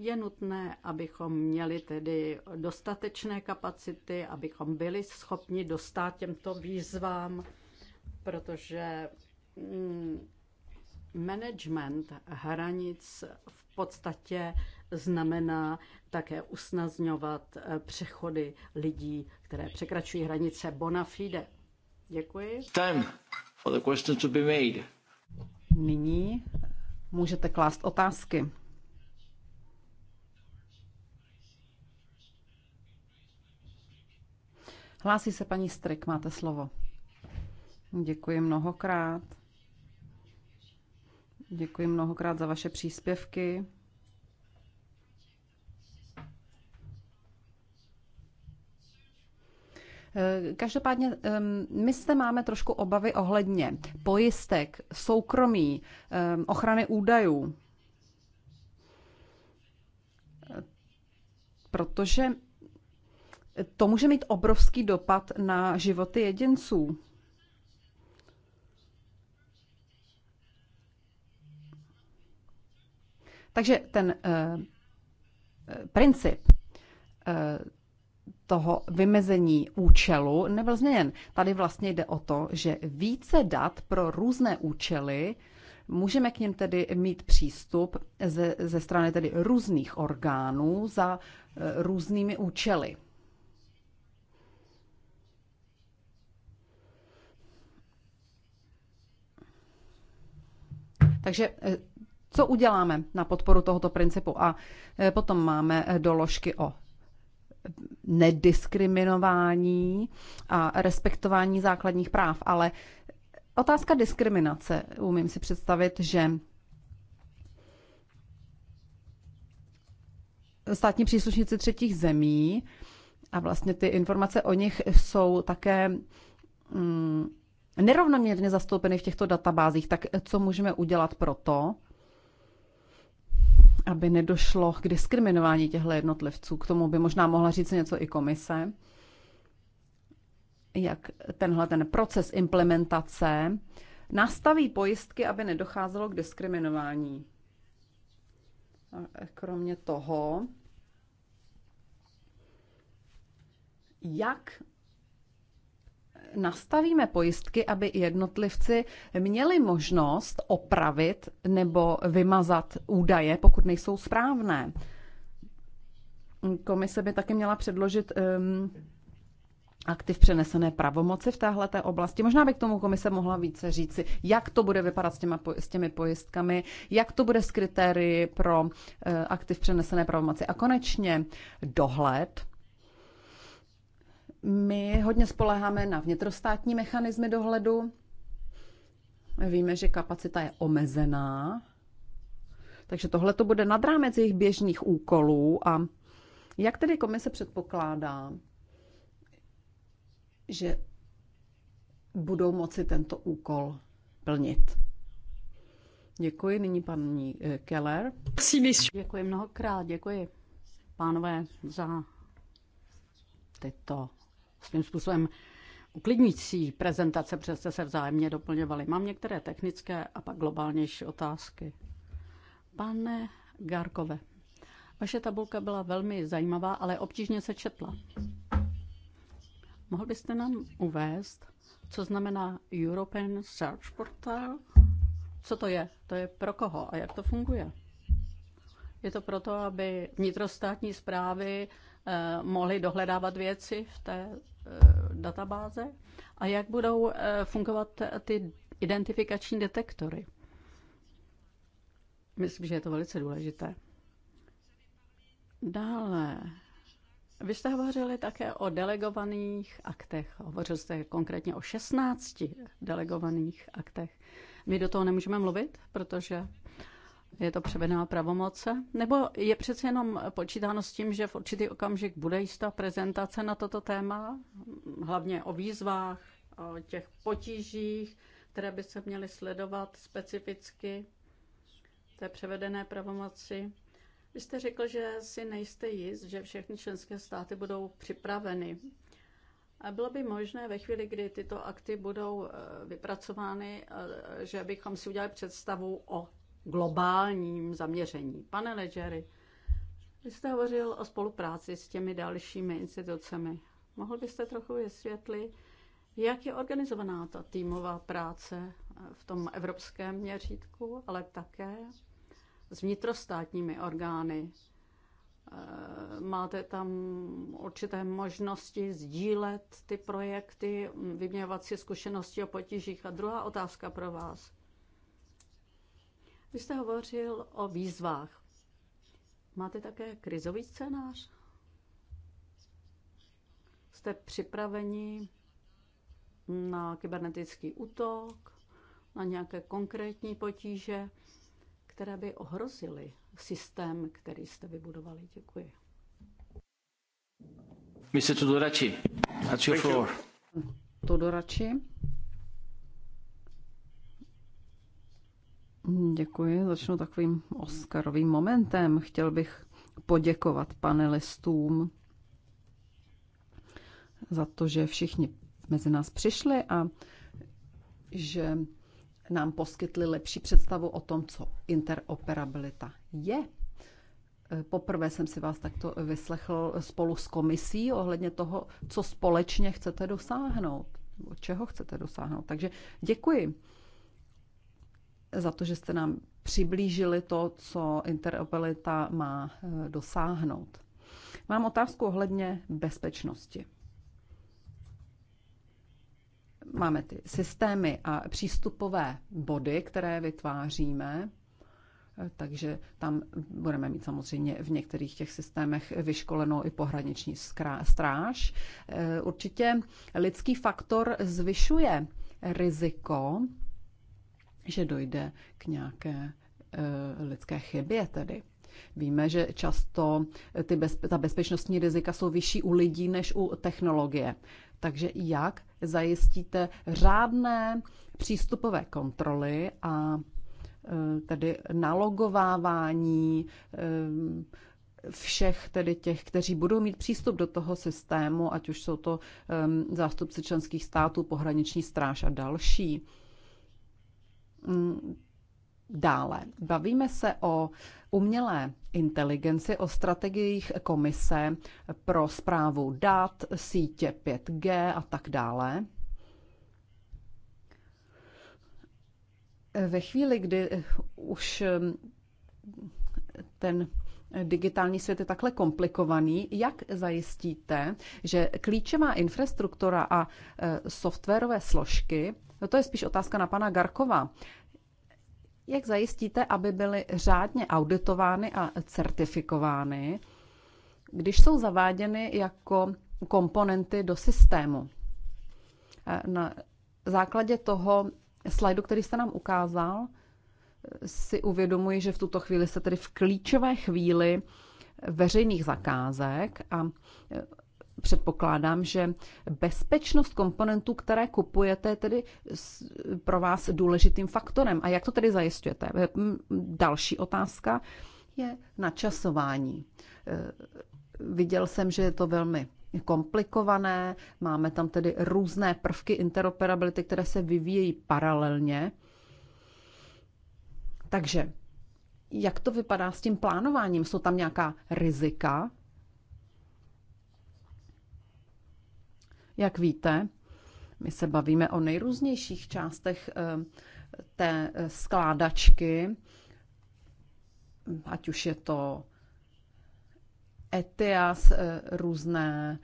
je nutné, abychom měli tedy dostatečné kapacity, abychom byli schopni dostat těmto výzvám, protože mm, management hranic v podstatě znamená také usnazňovat eh, přechody lidí, které překračují hranice bona fide. Děkuji. Time for the question to be made. Nyní můžete klást otázky. Hlásí se paní Strik, máte slovo. Děkuji mnohokrát. Děkuji mnohokrát za vaše příspěvky. Každopádně my zde máme trošku obavy ohledně pojistek, soukromí, ochrany údajů. Protože to může mít obrovský dopad na životy jedinců. Takže ten eh, eh princip eh, toho vymezení účelu nebyl změněn. Tady vlastně jde o to, že více dat pro různé účely můžeme k něm tedy mít přístup ze, ze strany tedy různých orgánů za eh, různými účely. Takže eh, co uděláme na podporu tohoto principu? A eh, potom máme eh, doložky o nediskriminování a respektování základních práv, ale otázka diskriminace, umím si představit, že státní příslušníci třetích zemí a vlastně ty informace o nich jsou také mm, nerovnoměrně zastoupeny v těchto databázích, tak co můžeme udělat pro to, aby nedošlo k diskriminování těchto jednotlivců. K tomu by možná mohla říct něco i komise, jak tenhle ten proces implementace nastaví pojistky, aby nedocházelo k diskriminování. A kromě toho, jak nastavíme pojistky, aby jednotlivci měli možnost opravit nebo vymazat údaje, pokud nejsou správné. Komise by taky měla předložit um, aktiv přenesené pravomoci v téhle oblasti. Možná by k tomu komise mohla více říci, jak to bude vypadat s, těma, s těmi pojistkami, jak to bude s kritérii pro uh, aktiv přenesené pravomoci. A konečně dohled my hodně spoleháme na vnitrostátní mechanismy dohledu. Víme, že kapacita je omezená, takže tohle to bude nad rámec jejich běžných úkolů. A jak tedy komise předpokládá, že budou moci tento úkol plnit? Děkuji. Nyní paní eh, Keller. Děkuji mnohokrát, děkuji pánové za tyto svým způsobem uklidnící prezentace, protože jste se vzájemně doplňovali. Mám některé technické a pak globálnější otázky. Pane Garkove, vaše tabulka byla velmi zajímavá, ale obtížně se četla. Mohl byste nám uvést, co znamená European Search Portal? Co to je? To je pro koho a jak to funguje? Je to proto, aby vnitrostátní zprávy Eh, mohli dohledávat věci v té eh, databáze a jak budou eh, fungovat ty identifikační detektory. Myslím, že je to velice důležité. Dále. Vy jste hovořili také o delegovaných aktech. Hovořil jste konkrétně o 16 delegovaných aktech. My do toho nemůžeme mluvit, protože je to převená pravomoce? Nebo je přece jenom počítáno s tím, že v určitý okamžik bude jistá prezentace na toto téma, hlavně o výzvách, o těch potížích, které by se měly sledovat specificky té převedené pravomoci? Vy jste řekl, že si nejste jist, že všechny členské státy budou připraveny. A bylo by možné ve chvíli, kdy tyto akty budou eh, vypracovány, eh, že bychom si udělali představu o globálním zaměření. Pane Ledgery, vy jste hovořil o spolupráci s těmi dalšími institucemi. Mohl byste trochu vysvětlit, jak je organizovaná ta týmová práce v tom evropském měřítku, ale také s vnitrostátními orgány? Eh, máte tam určité možnosti sdílet ty projekty, vyměňovat si zkušenosti o potížích? A druhá otázka pro vás. Vy jste hovořil o výzvách. Máte také krizový scénář? Jste připraveni na kybernetický útok, na nějaké konkrétní potíže, které by ohrozily systém, který jste vybudovali? Děkuji. Mr. Tudorači, that's your floor. Tudorachi. Děkuji. Začnu takovým Oscarovým momentem. Chtěl bych poděkovat panelistům za to, že všichni mezi nás přišli a že nám poskytli lepší představu o tom, co interoperabilita je. Poprvé jsem si vás takto vyslechl spolu s komisí ohledně toho, co společně chcete dosáhnout, čeho chcete dosáhnout. Takže děkuji za to, že jste nám přiblížili to, co interoperabilita má eh, dosáhnout. Mám otázku ohledně bezpečnosti. Máme ty systémy a přístupové body, které vytváříme, eh, takže tam budeme mít samozřejmě v některých těch systémech vyškolenou i pohraniční stráž. Eh, určitě lidský faktor zvyšuje riziko že dojde k nějaké eh, lidské chybě tedy. Víme, že často eh, ty bezpe- ta bezpečnostní rizika jsou vyšší u lidí než u technologie. Takže jak zajistíte řádné přístupové kontroly a eh, tedy nalogovávání všech tedy těch, kteří budou mít přístup do toho systému, ať už jsou to ehm, zástupci členských států, pohraniční stráž a další. Mm, dále bavíme se o umělé inteligenci, o strategiích komise pro zprávu dat, sítě 5G a tak dále. Ve chvíli, kdy už ten digitální svět je takhle komplikovaný, jak zajistíte, že klíčová infrastruktura a e, softwarové složky, no to je spíš otázka na pana Garkova, jak zajistíte, aby byly řádně auditovány a certifikovány, když jsou zaváděny jako komponenty do systému? E, na základě toho slajdu, který jste nám ukázal, si uvědomuji, že v tuto chvíli se tedy v klíčové chvíli veřejných zakázek a e, předpokládám, že bezpečnost komponentů, které kupujete, je tedy pro vás důležitým faktorem. A jak to tedy zajistujete? E, další otázka je načasování. E, viděl jsem, že je to velmi komplikované, máme tam tedy různé prvky interoperability, které se vyvíjejí paralelně. Takže jak to vypadá s tím plánováním? Jsou tam nějaká rizika? Jak víte, my se bavíme o nejrůznějších částech eh, té eh, skládačky, ať už je to ETIAS, eh, různé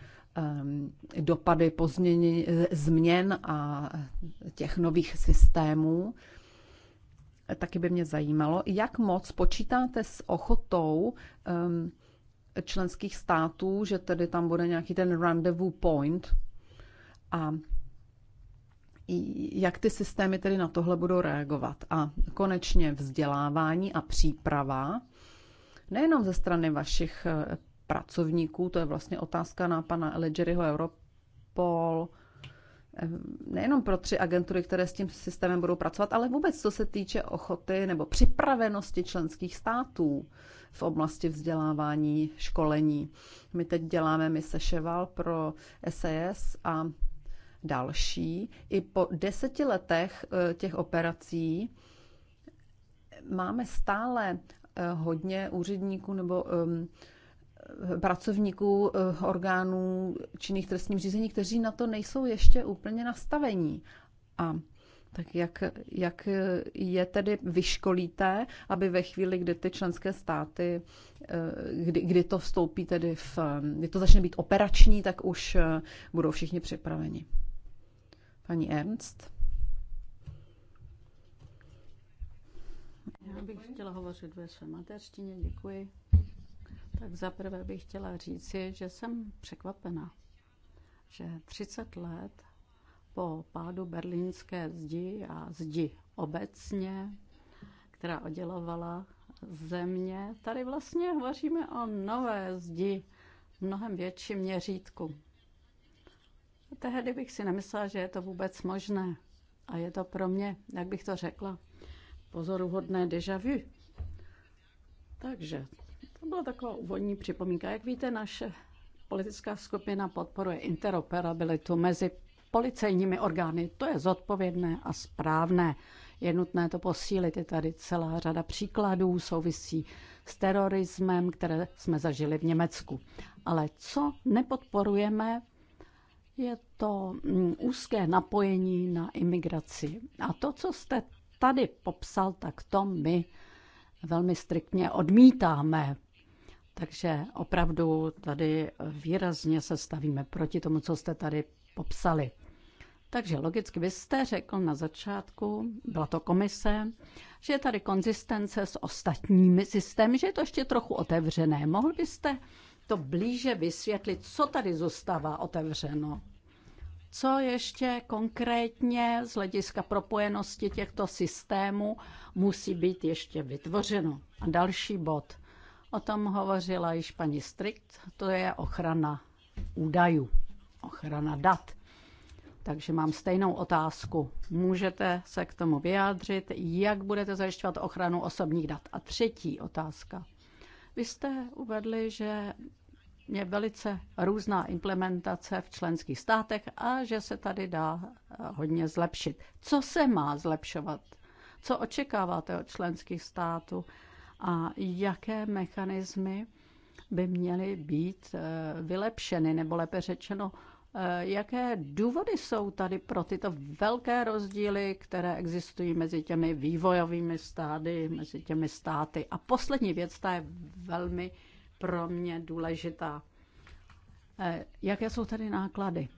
dopady pozměně, změn a těch nových systémů. Taky by mě zajímalo, jak moc počítáte s ochotou um, členských států, že tedy tam bude nějaký ten rendezvous point a jak ty systémy tedy na tohle budou reagovat. A konečně vzdělávání a příprava, nejenom ze strany vašich eh, pracovníků, to je vlastně otázka na pana Ledgeryho Europol, Ehm, nejenom pro tři agentury, které s tím systémem budou pracovat, ale vůbec co se týče ochoty nebo připravenosti členských států v oblasti vzdělávání, školení. My teď děláme mise Cheval pro SAS a další. I po deseti letech eh, těch operací máme stále eh, hodně úředníků nebo ehm, pracovníků eh, orgánů činných trestním řízení, kteří na to nejsou ještě úplně nastavení. A tak jak, jak je tedy vyškolíte, aby ve chvíli, kdy ty členské státy, eh, kdy, kdy to vstoupí tedy v, eh, kdy to začne být operační, tak už budou všichni připraveni. Paní Ernst? Já bych chtěla hovořit ve své mateřštině, děkuji. Tak zaprvé bych chtěla říci, že jsem překvapena, že 30 let po pádu berlínské zdi a zdi obecně, která oddělovala země, tady vlastně hovoříme o nové zdi v mnohem větším měřítku. Tehdy bych si nemyslela, že je to vůbec možné. A je to pro mě, jak bych to řekla, pozoruhodné déjà vu. Takže to byla taková úvodní připomínka. Jak víte, naše politická skupina podporuje interoperabilitu mezi policejními orgány. To je zodpovědné a správné. Je nutné to posílit. Je tady celá řada příkladů souvisí s terorismem, které jsme zažili v Německu. Ale co nepodporujeme, je to mm, úzké napojení na imigraci. A to, co jste tady popsal, tak to my velmi striktně odmítáme. Takže opravdu tady výrazně se stavíme proti tomu, co jste tady popsali. Takže logicky vy jste řekl na začátku, byla to komise, že je tady konzistence s ostatními systémy, že je to ještě trochu otevřené. Mohl byste to blíže vysvětlit, co tady zůstává otevřeno? Co ještě konkrétně z hlediska propojenosti těchto systémů musí být ještě vytvořeno? A další bod – O tom hovořila již paní Strikt, to je ochrana údajů, ochrana dat. Takže mám stejnou otázku. Můžete se k tomu vyjádřit, jak budete zajišťovat ochranu osobních dat? A třetí otázka. Vy jste uvedli, že je velice různá implementace v členských státech a že se tady dá eh, hodně zlepšit. Co se má zlepšovat? Co očekáváte od členských států? a jaké mechanismy by měly být eh, vylepšeny, nebo lépe řečeno, eh, jaké důvody jsou tady pro tyto velké rozdíly, které existují mezi těmi vývojovými stády, mezi těmi státy. A poslední věc, ta je velmi pro mě důležitá. Eh, jaké jsou tady náklady?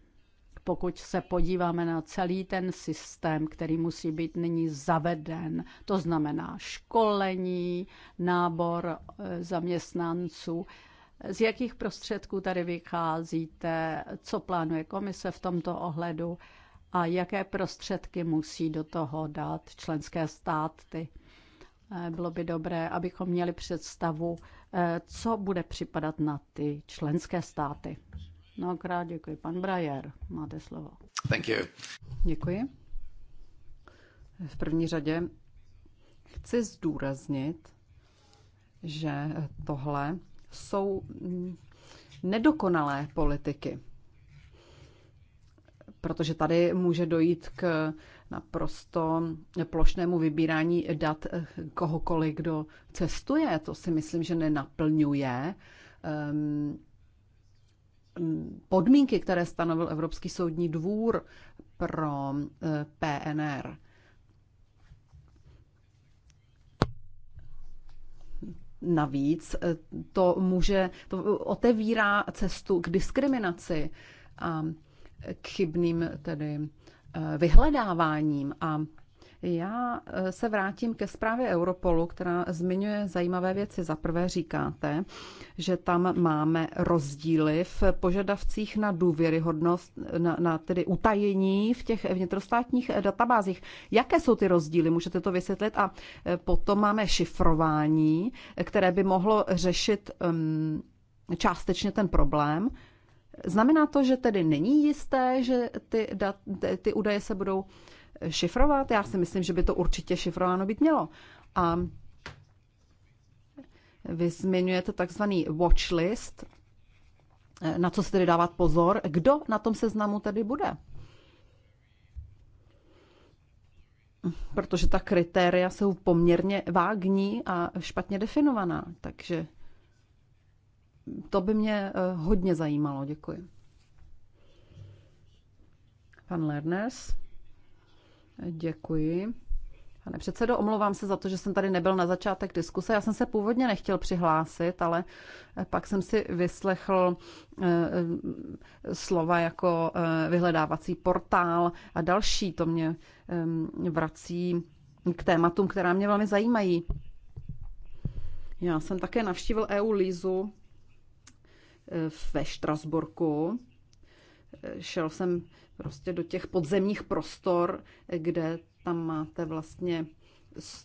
pokud se podíváme na celý ten systém, který musí být nyní zaveden, to znamená školení, nábor e, zaměstnanců, z jakých prostředků tady vycházíte, co plánuje komise v tomto ohledu a jaké prostředky musí do toho dát členské státy. E, bylo by dobré, abychom měli představu, e, co bude připadat na ty členské státy. Mnohokrát děkuji. Pan Brajer, máte slovo. Thank you. Děkuji. V první řadě chci zdůraznit, že tohle jsou nedokonalé politiky. Protože tady může dojít k naprosto plošnému vybírání dat kohokoliv, kdo cestuje. To si myslím, že nenaplňuje um, podmínky, které stanovil Evropský soudní dvůr pro eh, PNR. Navíc eh, to může, to otevírá cestu k diskriminaci a k chybným tedy eh, vyhledáváním a já eh, se vrátím ke zprávě Europolu, která zmiňuje zajímavé věci. Za prvé říkáte, že tam máme rozdíly v požadavcích na důvěryhodnost, na, na tedy utajení v těch vnitrostátních eh, databázích. Jaké jsou ty rozdíly? Můžete to vysvětlit? A eh, potom máme šifrování, které by mohlo řešit um, částečně ten problém. Znamená to, že tedy není jisté, že ty, dat, ty údaje se budou uh, šifrovat? Já si myslím, že by to určitě šifrováno být mělo. A vy zmiňujete takzvaný watchlist, na co se tedy dávat pozor, kdo na tom seznamu tedy bude. Protože ta kritéria jsou poměrně vágní a špatně definovaná, takže to by mě eh, hodně zajímalo. Děkuji. Pan Lerners. Děkuji. Pane předsedo, omlouvám se za to, že jsem tady nebyl na začátek diskuse. Já jsem se původně nechtěl přihlásit, ale pak jsem si vyslechl eh, slova jako eh, vyhledávací portál a další. To mě eh, vrací k tématům, která mě velmi zajímají. Já jsem také navštívil EU Lízu ve Štrasburku. Šel jsem prostě do těch podzemních prostor, kde tam máte vlastně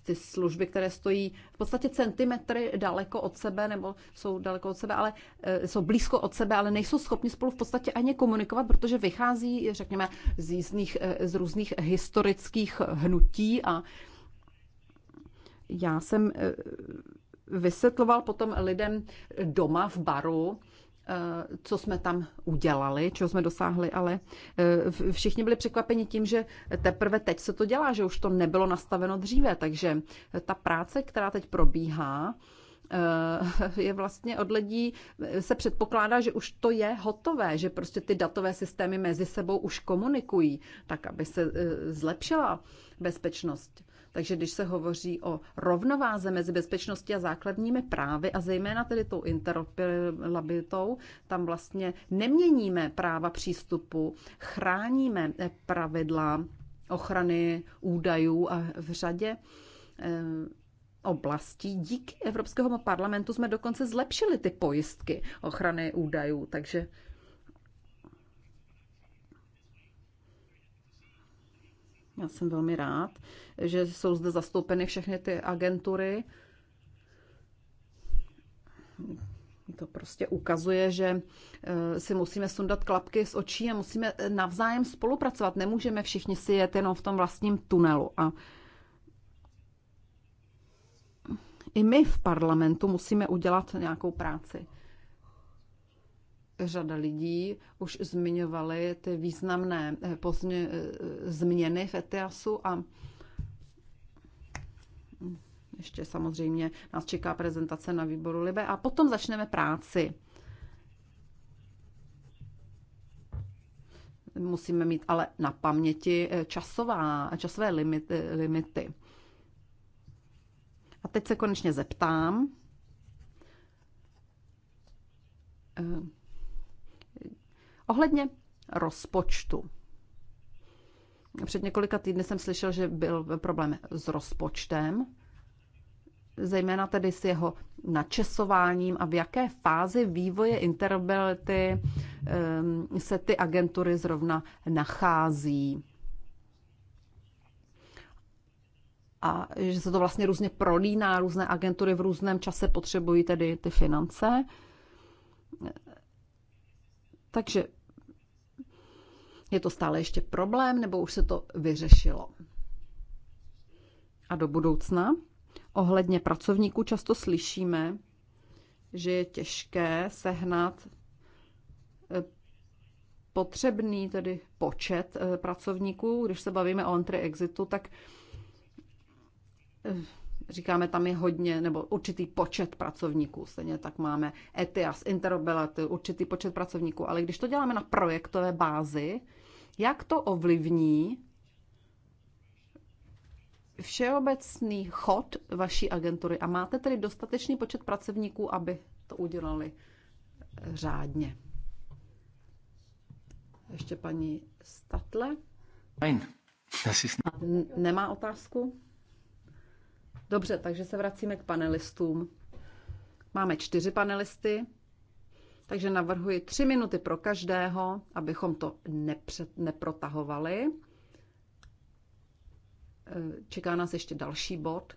ty služby, které stojí v podstatě centimetry daleko od sebe, nebo jsou daleko od sebe, ale e, jsou blízko od sebe, ale nejsou schopni spolu v podstatě ani komunikovat, protože vychází, řekněme, z, jízdných, e, z různých historických hnutí a já jsem e, vysvětloval potom lidem doma v baru, Eh, co jsme tam udělali, čeho jsme dosáhli, ale eh, všichni byli překvapeni tím, že teprve teď se to dělá, že už to nebylo nastaveno dříve, takže ta práce, která teď probíhá, eh, je vlastně od lidí, se předpokládá, že už to je hotové, že prostě ty datové systémy mezi sebou už komunikují, tak aby se zlepšila bezpečnost. Takže když se hovoří o rovnováze mezi bezpečností a základními právy a zejména tedy tou interoperabilitou, tam vlastně neměníme práva přístupu, chráníme eh, pravidla ochrany údajů a v řadě eh, oblastí. Díky evropskému parlamentu jsme dokonce zlepšili ty pojistky ochrany údajů, takže Já jsem velmi rád, že jsou zde zastoupeny všechny ty agentury. To prostě ukazuje, že eh, si musíme sundat klapky z očí a musíme eh, navzájem spolupracovat. Nemůžeme všichni si jet jenom v tom vlastním tunelu. A i my v parlamentu musíme udělat nějakou práci řada lidí už zmiňovali ty významné eh, pozmě, eh, změny v ETIASu a ještě samozřejmě nás čeká prezentace na výboru Libe a potom začneme práci. Musíme mít ale na paměti eh, časová, časové limity. limity. A teď se konečně zeptám, Ohledně rozpočtu. Před několika týdny jsem slyšel, že byl problém s rozpočtem, zejména tedy s jeho načesováním a v jaké fázi vývoje interoperability ehm, se ty agentury zrovna nachází. A že se to vlastně různě prolíná, různé agentury v různém čase potřebují tedy ty finance. Takže je to stále ještě problém, nebo už se to vyřešilo? A do budoucna? Ohledně pracovníků často slyšíme, že je těžké sehnat eh, potřebný tedy počet eh, pracovníků. Když se bavíme o entry exitu, tak eh, říkáme, tam je hodně, nebo určitý počet pracovníků. Stejně tak máme ETIAS, Interobelat, určitý počet pracovníků. Ale když to děláme na projektové bázi, jak to ovlivní všeobecný chod vaší agentury a máte tedy dostatečný počet pracovníků, aby to udělali řádně. Ještě paní Statle. Nein, Nemá otázku? Dobře, takže se vracíme k panelistům. Máme čtyři panelisty. Takže navrhuji tři minuty pro každého, abychom to nepřed, neprotahovali. E, čeká nás ještě další bod.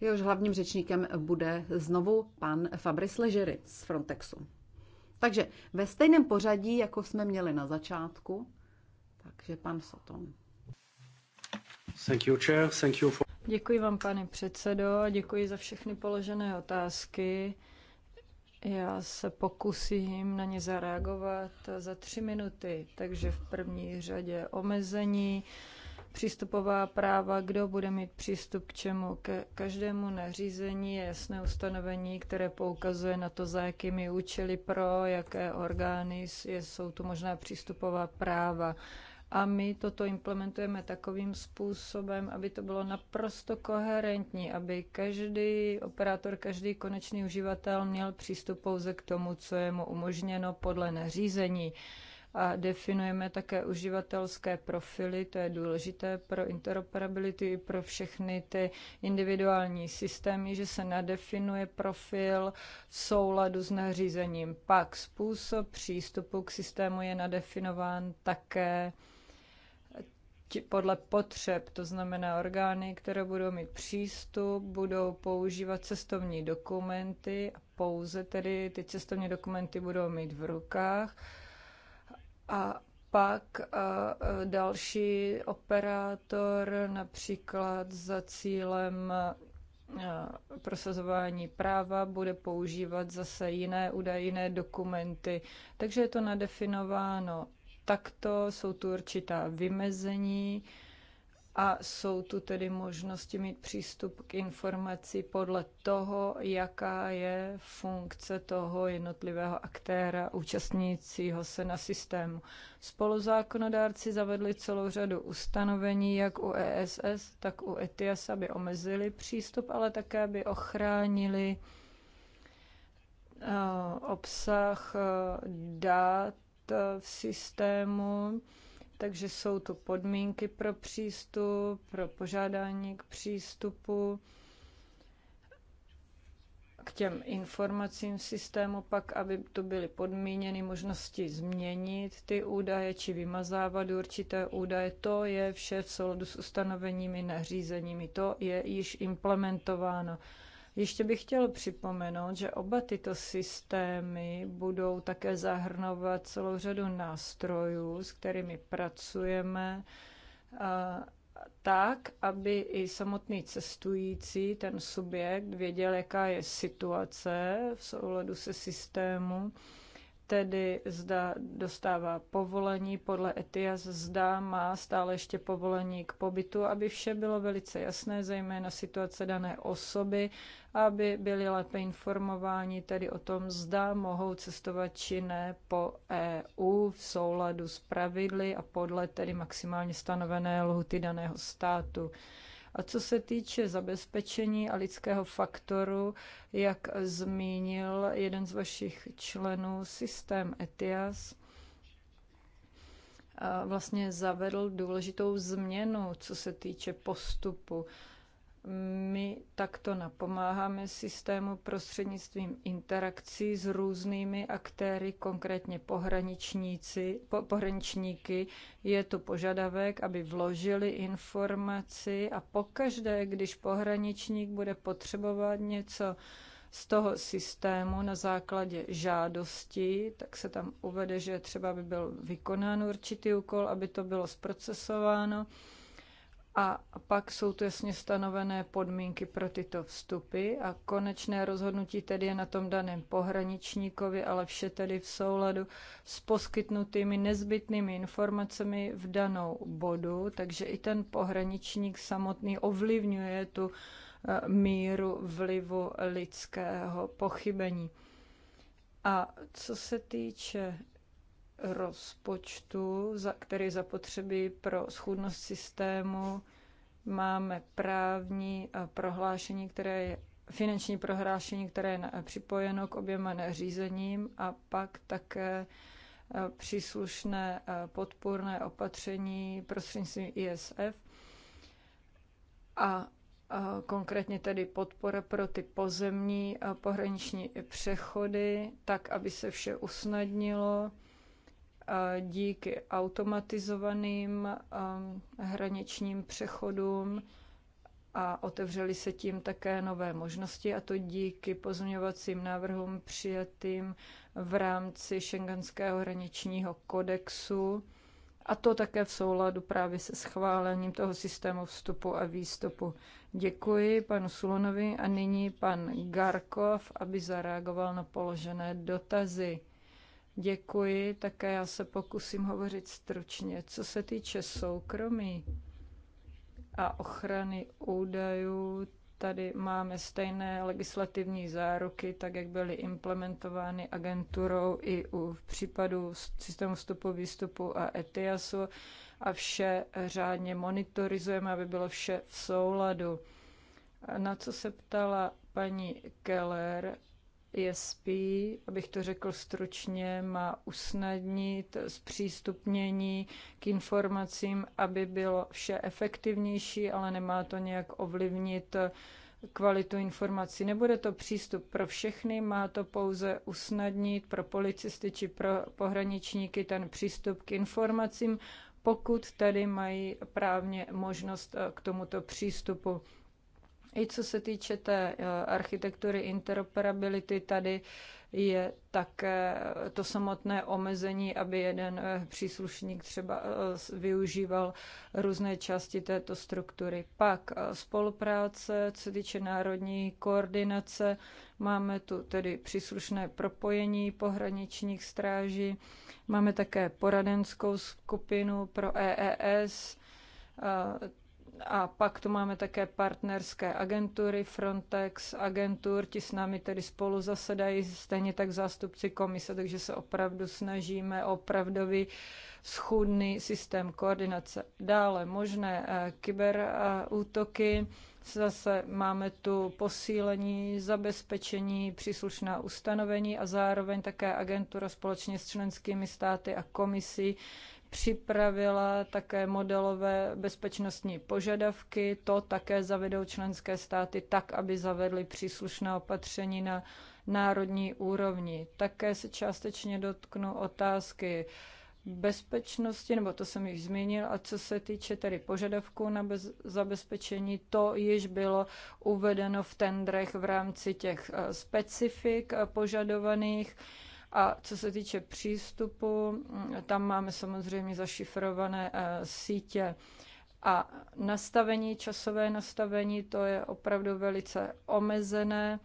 Jehož hlavním řečníkem bude znovu pan Fabrice Ležery z Frontexu. Takže ve stejném pořadí, jako jsme měli na začátku, takže pan Soton. Děkuji vám, pane předsedo, a děkuji za všechny položené otázky. Já se pokusím na ně zareagovat za tři minuty, takže v první řadě omezení, přístupová práva, kdo bude mít přístup k čemu. Ke každému nařízení je jasné ustanovení, které poukazuje na to, za jakými účely pro, jaké orgány jsou tu možná přístupová práva. A my toto implementujeme takovým způsobem, aby to bylo naprosto koherentní, aby každý operátor, každý konečný uživatel měl přístup pouze k tomu, co je mu umožněno podle nařízení. A definujeme také uživatelské profily, to je důležité pro interoperability, i pro všechny ty individuální systémy, že se nadefinuje profil v souladu s nařízením. Pak způsob přístupu k systému je nadefinován také podle potřeb, to znamená orgány, které budou mít přístup, budou používat cestovní dokumenty pouze tedy ty cestovní dokumenty budou mít v rukách a pak eh, eh, další operátor například za cílem eh, prosazování práva bude používat zase jiné údaje, jiné dokumenty. Takže je to nadefinováno takto, jsou tu určitá vymezení a jsou tu tedy možnosti mít přístup k informaci podle toho, jaká je funkce toho jednotlivého aktéra účastnícího se na systému. Spoluzákonodárci zavedli celou řadu ustanovení, jak u ESS, tak u ETIAS, aby omezili přístup, ale také aby ochránili eh, obsah eh, dát v systému, takže jsou tu podmínky pro přístup, pro požádání k přístupu k těm informacím v systému, pak aby tu byly podmíněny možnosti změnit ty údaje či vymazávat určité údaje. To je vše v souladu s ustanoveními nařízeními. To je již implementováno. Ještě bych chtěl připomenout, že oba tyto systémy budou také zahrnovat celou řadu nástrojů, s kterými pracujeme, tak, aby i samotný cestující, ten subjekt, věděl, jaká je situace v souladu se systému tedy zda dostává povolení podle ETIAS, zda má stále ještě povolení k pobytu, aby vše bylo velice jasné, zejména situace dané osoby, aby byli lépe informováni tedy o tom, zda mohou cestovat či ne po EU v souladu s pravidly a podle tedy maximálně stanovené lhuty daného státu. A co se týče zabezpečení a lidského faktoru, jak zmínil jeden z vašich členů, systém ETIAS vlastně zavedl důležitou změnu, co se týče postupu. My takto napomáháme systému prostřednictvím interakcí s různými aktéry, konkrétně pohraničníci, po, pohraničníky. Je to požadavek, aby vložili informaci a pokaždé, když pohraničník bude potřebovat něco z toho systému na základě žádosti, tak se tam uvede, že třeba by byl vykonán určitý úkol, aby to bylo zprocesováno a pak jsou tu jasně stanovené podmínky pro tyto vstupy a konečné rozhodnutí tedy je na tom daném pohraničníkovi, ale vše tedy v souladu s poskytnutými nezbytnými informacemi v danou bodu, takže i ten pohraničník samotný ovlivňuje tu eh, míru vlivu lidského pochybení. A co se týče rozpočtu, za, který zapotřebí pro schůdnost systému. Máme právní eh, prohlášení, které je finanční prohlášení, které je eh, připojeno k oběma nařízením a pak také eh, příslušné podpůrné opatření prostřednictvím ISF a konkrétně tedy podpora pro ty pozemní a pohraniční přechody, tak, aby se vše usnadnilo díky automatizovaným hraničním přechodům a otevřely se tím také nové možnosti a to díky pozměňovacím návrhům přijatým v rámci Schengenského hraničního kodexu a to také v souladu právě se schválením toho systému vstupu a výstupu. Děkuji panu Sulonovi a nyní pan Garkov, aby zareagoval na položené dotazy. Děkuji, také já se pokusím hovořit stručně. Co se týče soukromí a ochrany údajů, tady máme stejné legislativní záruky, tak jak byly implementovány agenturou i u v případu systému vstupu, výstupu a ETIASu a vše řádně monitorizujeme, aby bylo vše v souladu. Na co se ptala paní Keller, ESP, abych to řekl stručně, má usnadnit zpřístupnění k informacím, aby bylo vše efektivnější, ale nemá to nějak ovlivnit kvalitu informací. Nebude to přístup pro všechny, má to pouze usnadnit pro policisty či pro pohraničníky ten přístup k informacím, pokud tady mají právně možnost eh, k tomuto přístupu. I co se týče té eh, architektury interoperability, tady je také to samotné omezení, aby jeden eh, příslušník třeba eh, využíval různé části této struktury. Pak spolupráce, co týče národní koordinace, máme tu tedy příslušné propojení pohraničních stráží, máme také poradenskou skupinu pro EES, a pak tu máme také partnerské agentury, Frontex, agentur, ti s námi tedy spolu zasedají, stejně tak zástupci komise, takže se opravdu snažíme o opravdový schůdný systém koordinace. Dále možné eh, kyberútoky, zase máme tu posílení, zabezpečení, příslušná ustanovení a zároveň také agentura společně s členskými státy a komisí připravila také modelové bezpečnostní požadavky. To také zavedou členské státy tak, aby zavedly příslušná opatření na národní úrovni. Také se částečně dotknu otázky bezpečnosti, nebo to jsem již zmínil, a co se týče tedy požadavků na bez, zabezpečení, to již bylo uvedeno v tendrech v rámci těch eh, specifik eh, požadovaných. Uh, a co se týče přístupu, mm, tam máme samozřejmě zašifrované eh, sítě. A nastavení, časové nastavení, to je opravdu velice omezené.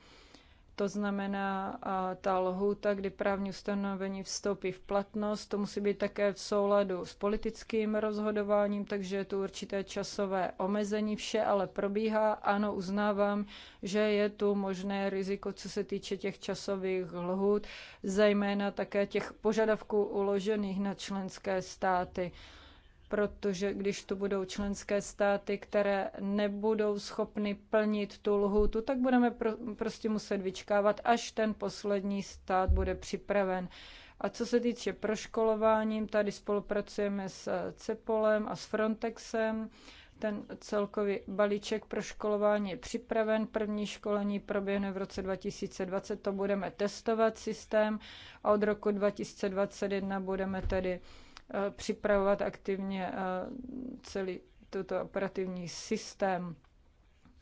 To znamená, a ta lhůta, kdy právní ustanovení vstoupí v platnost, to musí být také v souladu s politickým rozhodováním, takže je tu určité časové omezení. Vše ale probíhá. Ano, uznávám, že je tu možné riziko, co se týče těch časových lhůt, zejména také těch požadavků uložených na členské státy protože když to budou členské státy, které nebudou schopny plnit tu lhůtu, tak budeme pro, prostě muset vyčkávat, až ten poslední stát bude připraven. A co se týče proškolováním, tady spolupracujeme s CEPOLem a s Frontexem. Ten celkový balíček proškolování je připraven. První školení proběhne v roce 2020, to budeme testovat systém a od roku 2021 budeme tedy Eh, připravovat aktivně eh, celý toto operativní systém.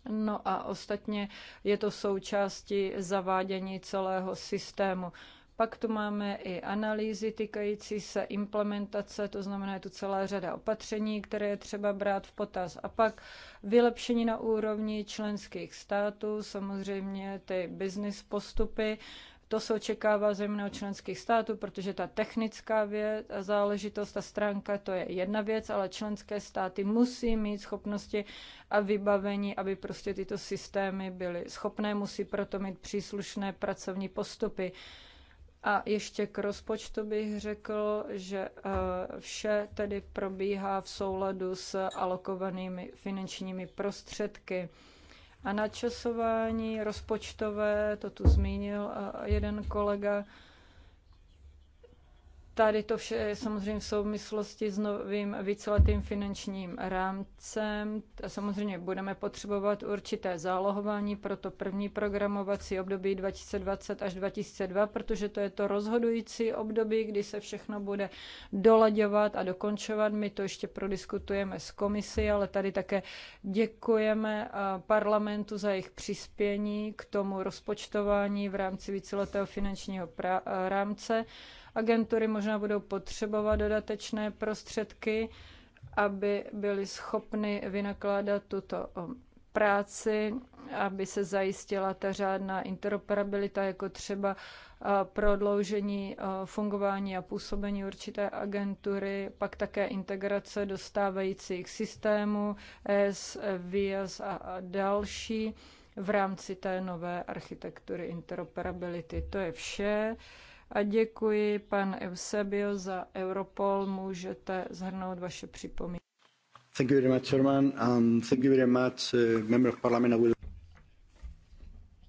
No a ostatně je to součástí zavádění celého systému. Pak tu máme i analýzy týkající se implementace, to znamená, je tu celá řada opatření, které je třeba brát v potaz. A pak vylepšení na úrovni členských států, samozřejmě ty business postupy, to se očekává zejména od členských států, protože ta technická věc a záležitost, ta stránka, to je jedna věc, ale členské státy musí mít schopnosti a vybavení, aby prostě tyto systémy byly schopné, musí proto mít příslušné pracovní postupy. A ještě k rozpočtu bych řekl, že eh, vše tedy probíhá v souladu s alokovanými finančními prostředky. A načasování rozpočtové, to tu zmínil jeden kolega, Tady to vše je samozřejmě v souvislosti s novým víceletým finančním rámcem. Samozřejmě budeme potřebovat určité zálohování pro to první programovací období 2020 až 2002, protože to je to rozhodující období, kdy se všechno bude dolaďovat a dokončovat. My to ještě prodiskutujeme s komisí, ale tady také děkujeme parlamentu za jejich přispění k tomu rozpočtování v rámci víceletého finančního rámce. Agentury možná budou potřebovat dodatečné prostředky, aby byly schopny vynakládat tuto práci, aby se zajistila ta řádná interoperabilita, jako třeba prodloužení fungování a působení určité agentury, pak také integrace dostávajících systémů, ES, VIAS a další v rámci té nové architektury interoperability. To je vše. A děkuji, pan Eusebio, za Europol. Můžete zhrnout vaše připomínky. Thank you very much, Chairman, and um, thank you very much, uh, Member of Parliament.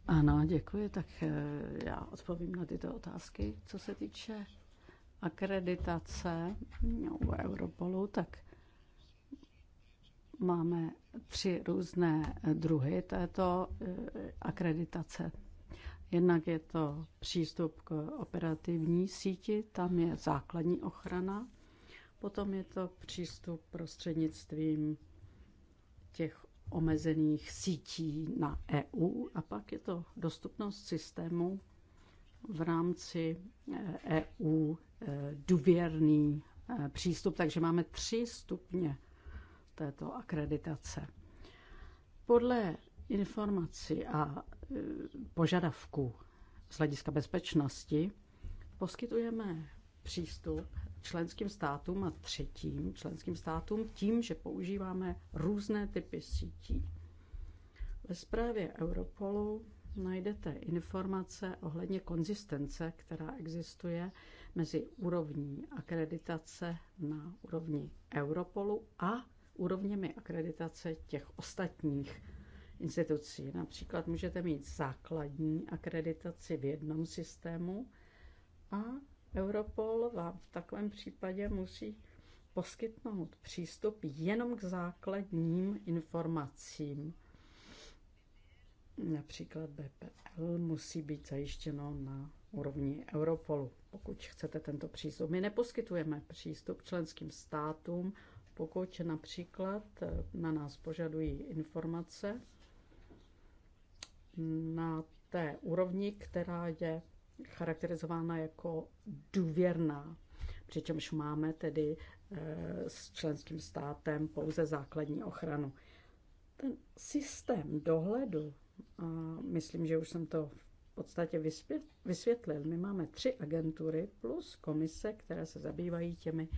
Ano, děkuji. Tak eh, já odpovím na tyto otázky. Co se týče akreditace no, u Europolu, tak máme tři různé druhy této eh, akreditace. Jednak je to přístup k operativní síti, tam je základní ochrana, potom je to přístup prostřednictvím těch omezených sítí na EU a pak je to dostupnost systému v rámci EU eh, e eh, důvěrný eh, přístup, takže máme tři stupně této akreditace. Podle informací a požadavků z hlediska bezpečnosti poskytujeme přístup členským státům a třetím členským státům tím, že používáme různé typy sítí. Ve zprávě Europolu najdete informace ohledně konzistence, která existuje mezi úrovní akreditace na úrovni Europolu a úrovněmi akreditace těch ostatních institucí. Například můžete mít základní akreditaci v jednom systému a Europol vám v takovém případě musí poskytnout přístup jenom k základním informacím. Například BPL musí být zajištěno na úrovni Europolu, pokud chcete tento přístup. My neposkytujeme přístup členským státům, pokud například na nás požadují informace na té úrovni, která je charakterizována jako důvěrná, přičemž máme tedy eh, s členským státem pouze základní ochranu. Ten systém dohledu, a myslím, že už jsem to v podstatě vysvětlil, my máme tři agentury plus komise, které se zabývají těmi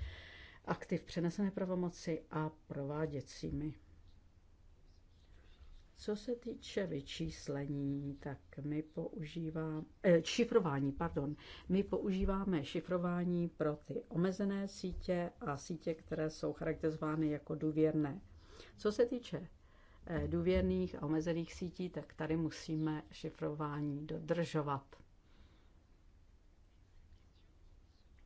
aktiv přenesené pravomoci a prováděcími co se týče vyčíslení, tak my používáme, eh, šifrování, pardon, my používáme šifrování pro ty omezené sítě a sítě, které jsou charakterizovány jako důvěrné. Co se týče eh, důvěrných a omezených sítí, tak tady musíme šifrování dodržovat.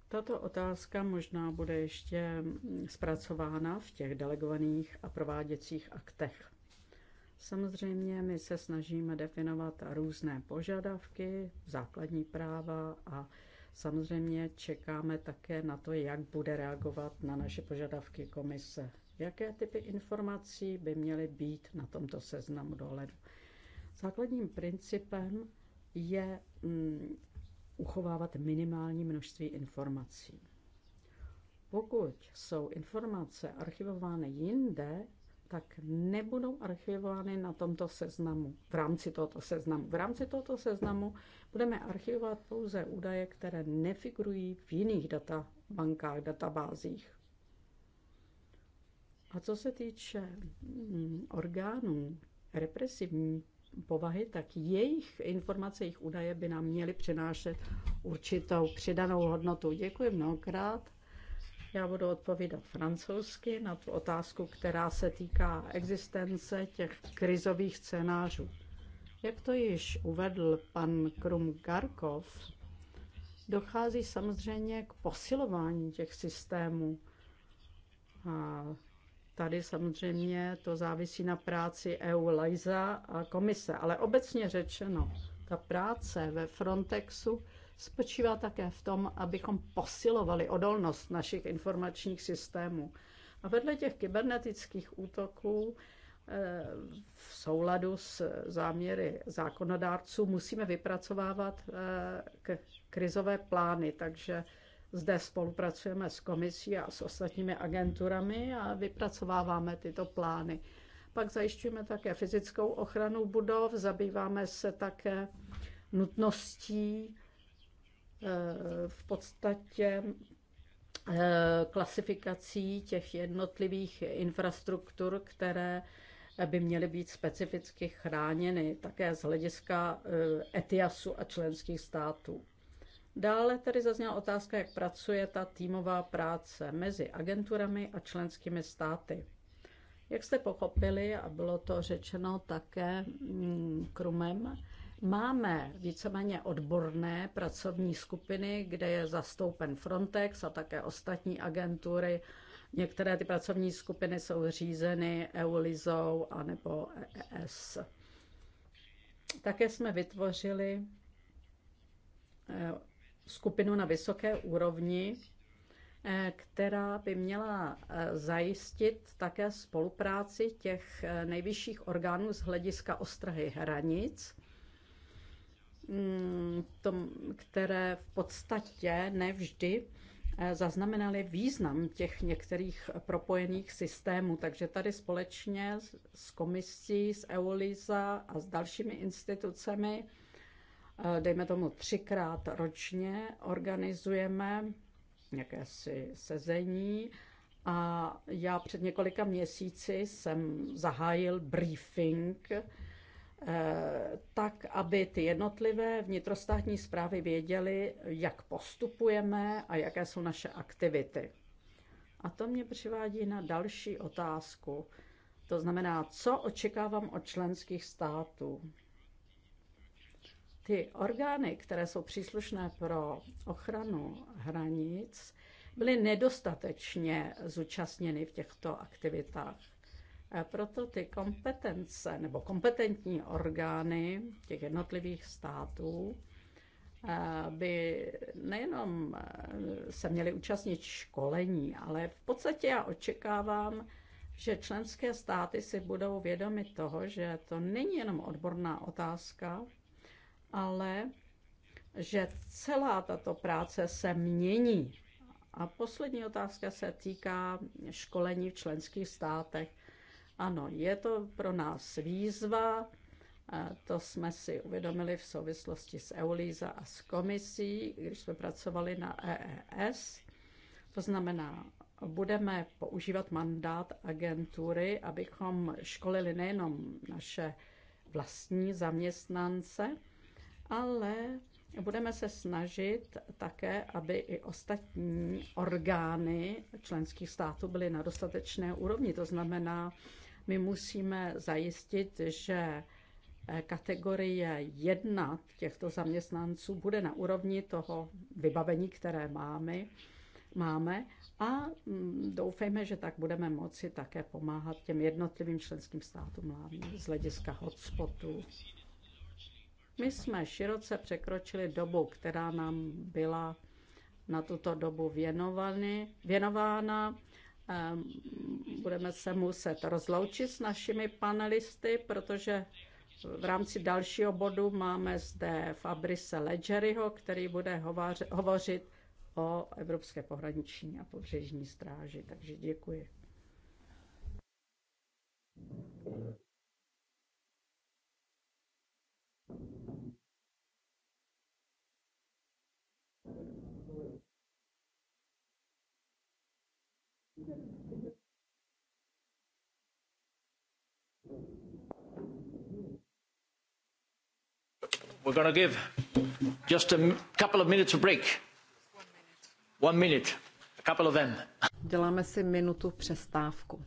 Tato otázka možná bude ještě mm, zpracována v těch delegovaných a prováděcích aktech. Samozřejmě my se snažíme definovat různé požadavky, základní práva a samozřejmě čekáme také na to, jak bude reagovat na naše požadavky komise. Jaké typy informací by měly být na tomto seznamu dohledu? Základním principem je mm, uchovávat minimální množství informací. Pokud jsou informace archivovány jinde, tak nebudou archivovány na tomto seznamu, v rámci tohoto seznamu. V rámci tohoto seznamu budeme archivovat pouze údaje, které nefigurují v jiných databankách, databázích. A co se týče mm, orgánů represivní povahy, tak jejich informace, jejich údaje by nám měly přinášet určitou přidanou hodnotu. Děkuji mnohokrát. Já budu odpovídat francouzsky na tu otázku, která se týká existence těch krizových scénářů. Jak to již uvedl pan Krum Garkov, dochází samozřejmě k posilování těch systémů. A tady samozřejmě to závisí na práci EU, Liza a komise, ale obecně řečeno, ta práce ve Frontexu spočívá také v tom, abychom posilovali odolnost našich informačních systémů. A vedle těch kybernetických útoků eh, v souladu s záměry zákonodárců musíme vypracovávat eh, krizové plány, takže zde spolupracujeme s komisí a s ostatními agenturami a vypracováváme tyto plány. Pak zajišťujeme také fyzickou ochranu budov, zabýváme se také nutností Eh, v podstatě eh, klasifikací těch jednotlivých infrastruktur, které eh, by měly být specificky chráněny také z hlediska ETIASu a členských států. Dále tady zazněla otázka, jak pracuje ta týmová práce mezi agenturami a členskými státy. Jak jste pochopili, a bylo to řečeno také mm, Krumem, Máme víceméně odborné pracovní skupiny, kde je zastoupen Frontex a také ostatní agentury. Některé ty pracovní skupiny jsou řízeny EULIZou a nebo EES. Také jsme vytvořili eh, skupinu na vysoké úrovni, eh, která by měla eh, zajistit také spolupráci těch nejvyšších orgánů z hlediska ostrahy hranic Mm, tom, které v podstatě nevždy eh, zaznamenali význam těch některých propojených systémů. Takže tady společně s komisí, s EULISA a s dalšími institucemi, eh, dejme tomu třikrát ročně, organizujeme jakési sezení a já před několika měsíci jsem zahájil briefing Eh, tak, aby ty jednotlivé vnitrostátní zprávy věděly, jak postupujeme a jaké jsou naše aktivity. A to mě přivádí na další otázku. To znamená, co očekávám od členských států? Ty orgány, které jsou příslušné pro ochranu hranic, byly nedostatečně zúčastněny v těchto aktivitách. Proto ty kompetence nebo kompetentní orgány těch jednotlivých států eh, by nejenom eh, se měly účastnit školení, ale v podstatě já očekávám, že členské státy si budou vědomi toho, že to není jenom odborná otázka, ale že celá tato práce se mění. A poslední otázka se týká školení v členských státech. Ano, je to pro nás výzva, to jsme si uvědomili v souvislosti s EULISA a s komisí, když jsme pracovali na EES. To znamená, budeme používat mandát agentury, abychom školili nejenom naše vlastní zaměstnance, ale budeme se snažit také, aby i ostatní orgány členských států byly na dostatečné úrovni. To znamená, my musíme zajistit, že eh, kategorie jedna těchto zaměstnanců bude na úrovni toho vybavení, které máme, máme a mm, doufejme, že tak budeme moci také pomáhat těm jednotlivým členským státům hlavně z hlediska hotspotů. My jsme široce překročili dobu, která nám byla na tuto dobu věnovány, věnována. Ehm, budeme se muset rozloučit s našimi panelisty, protože v rámci dalšího bodu máme zde Fabrice Ledgeryho, který bude hovořit o Evropské pohraniční a pobřežní stráži. Takže děkuji. We're going to give just a couple of minutes of break. One minute. A couple of them. Děláme si minutu přestávku.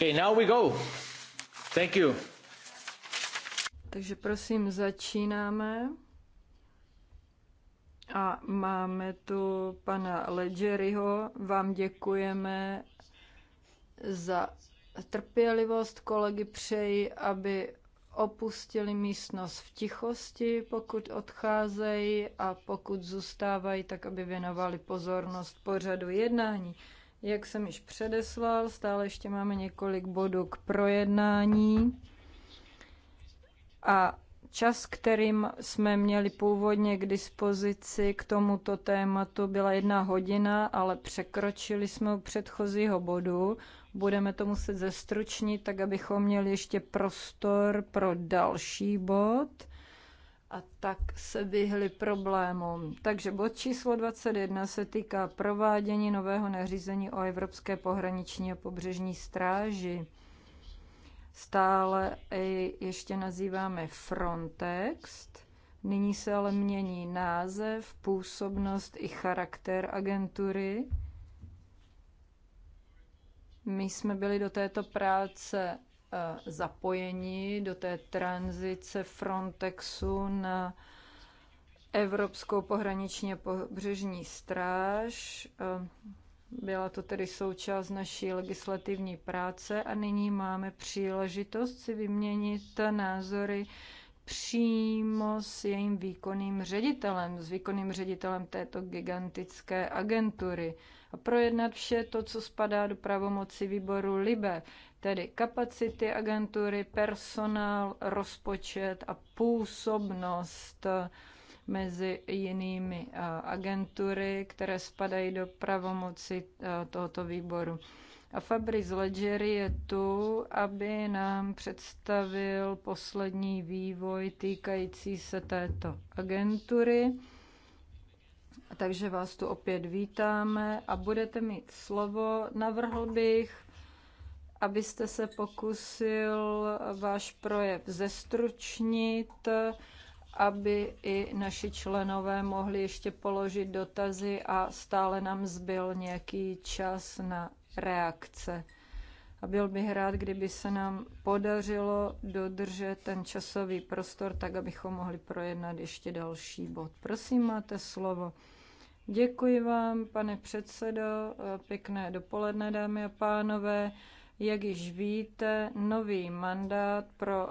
Okay, now we go. Thank you. Takže prosím, začínáme. A máme tu pana Ledgeryho. Vám děkujeme za trpělivost. Kolegy přeji, aby opustili místnost v tichosti, pokud odcházejí a pokud zůstávají, tak aby věnovali pozornost pořadu jednání. Jak jsem již předeslal, stále ještě máme několik bodů k projednání. A čas, kterým jsme měli původně k dispozici k tomuto tématu, byla jedna hodina, ale překročili jsme u předchozího bodu. Budeme to muset zestručnit, tak abychom měli ještě prostor pro další bod a tak se vyhli problémům. Takže bod číslo 21 se týká provádění nového nařízení o Evropské pohraniční a pobřežní stráži. Stále ještě nazýváme Frontex. Nyní se ale mění název, působnost i charakter agentury. My jsme byli do této práce Eh, zapojení do té tranzice Frontexu na Evropskou pohraničně pobřežní stráž. Eh, byla to tedy součást naší legislativní práce a nyní máme příležitost si vyměnit názory přímo s jejím výkonným ředitelem, s výkonným ředitelem této gigantické agentury a projednat vše to, co spadá do pravomoci výboru LIBE tedy kapacity agentury, personál, rozpočet a působnost mezi jinými eh, agentury, které spadají do pravomoci eh, tohoto výboru. A Fabrice Leggeri je tu, aby nám představil poslední vývoj týkající se této agentury. Takže vás tu opět vítáme a budete mít slovo. Navrhl bych abyste se pokusil váš projev zestručnit, aby i naši členové mohli ještě položit dotazy a stále nám zbyl nějaký čas na reakce. A byl bych rád, kdyby se nám podařilo dodržet ten časový prostor, tak abychom mohli projednat ještě další bod. Prosím, máte slovo. Děkuji vám, pane předsedo. Pěkné dopoledne, dámy a pánové. Jak již víte, nový mandát pro,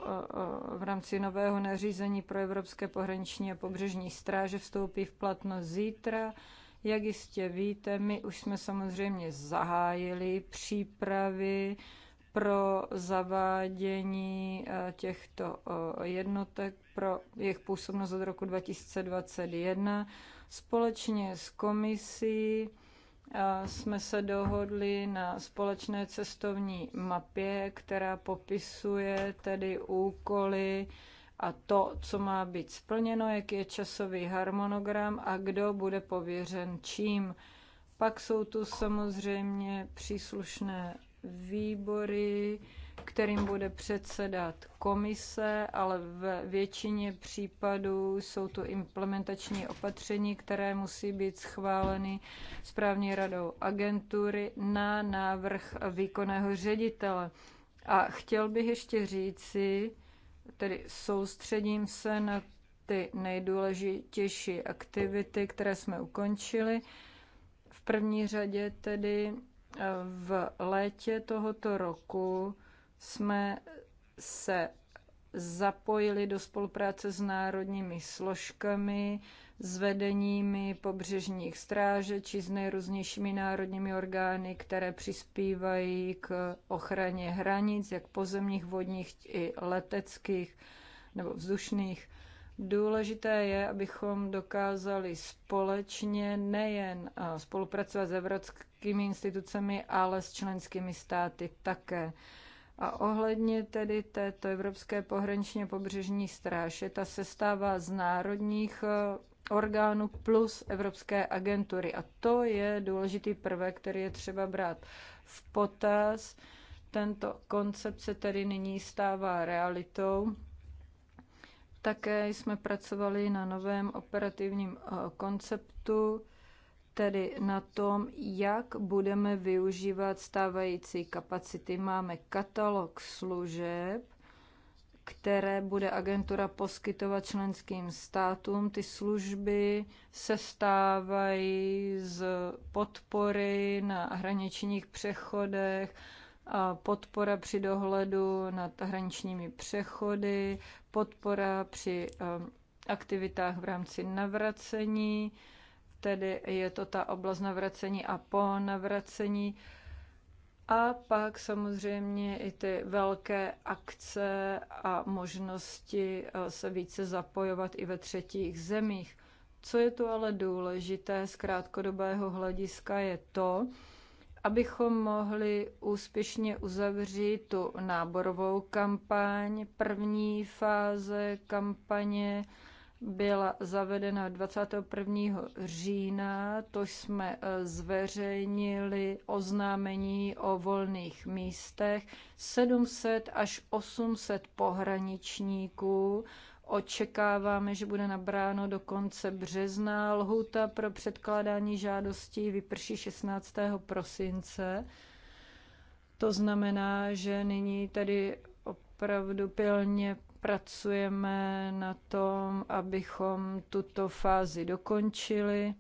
v rámci nového nařízení pro Evropské pohraniční a pobřežní stráže vstoupí v platnost zítra. Jak jistě víte, my už jsme samozřejmě zahájili přípravy pro zavádění e, těchto jednotek pro jejich působnost od roku 2021 společně s komisí jsme se dohodli na společné cestovní mapě, která popisuje tedy úkoly a to, co má být splněno, jaký je časový harmonogram a kdo bude pověřen čím. Pak jsou tu samozřejmě příslušné výbory, kterým bude předsedat komise, ale v většině případů jsou to implementační opatření, které musí být schváleny správní radou agentury na návrh výkonného ředitele. A chtěl bych ještě říci, tedy soustředím se na ty nejdůležitější aktivity, které jsme ukončili. V první řadě tedy eh, v létě tohoto roku jsme se zapojili do spolupráce s národními složkami, s vedeními pobřežních stráže či s nejrůznějšími národními orgány, které přispívají k ochraně hranic, jak pozemních, vodních i leteckých nebo vzdušných. Důležité je, abychom dokázali společně nejen spolupracovat s evropskými institucemi, ale s členskými státy také. A ohledně tedy této Evropské pohraničně pobřežní stráže, ta se stává z národních eh, orgánu plus Evropské agentury. A to je důležitý prvek, který je třeba brát v potaz. Tento koncept se tedy nyní stává realitou. Také jsme pracovali na novém operativním eh, konceptu tedy na tom, jak budeme využívat stávající kapacity. Máme katalog služeb, které bude agentura poskytovat členským státům. Ty služby se stávají z podpory na hraničních přechodech, a podpora při dohledu nad hraničními přechody, podpora při eh, aktivitách v rámci navracení, tedy je to ta oblast navracení a po navracení. A pak samozřejmě i ty velké akce a možnosti eh, se více zapojovat i ve třetích zemích. Co je tu ale důležité z krátkodobého hlediska je to, abychom mohli úspěšně uzavřít tu náborovou kampaň, první fáze kampaně, byla zavedena 21. října, to jsme eh, zveřejnili oznámení o volných místech. 700 až 800 pohraničníků Očekáváme, že bude nabráno do konce března. Lhuta pro předkládání žádostí vyprší 16. prosince. To znamená, že nyní tedy opravdu pilně pracujeme na tom, abychom tuto fázi dokončili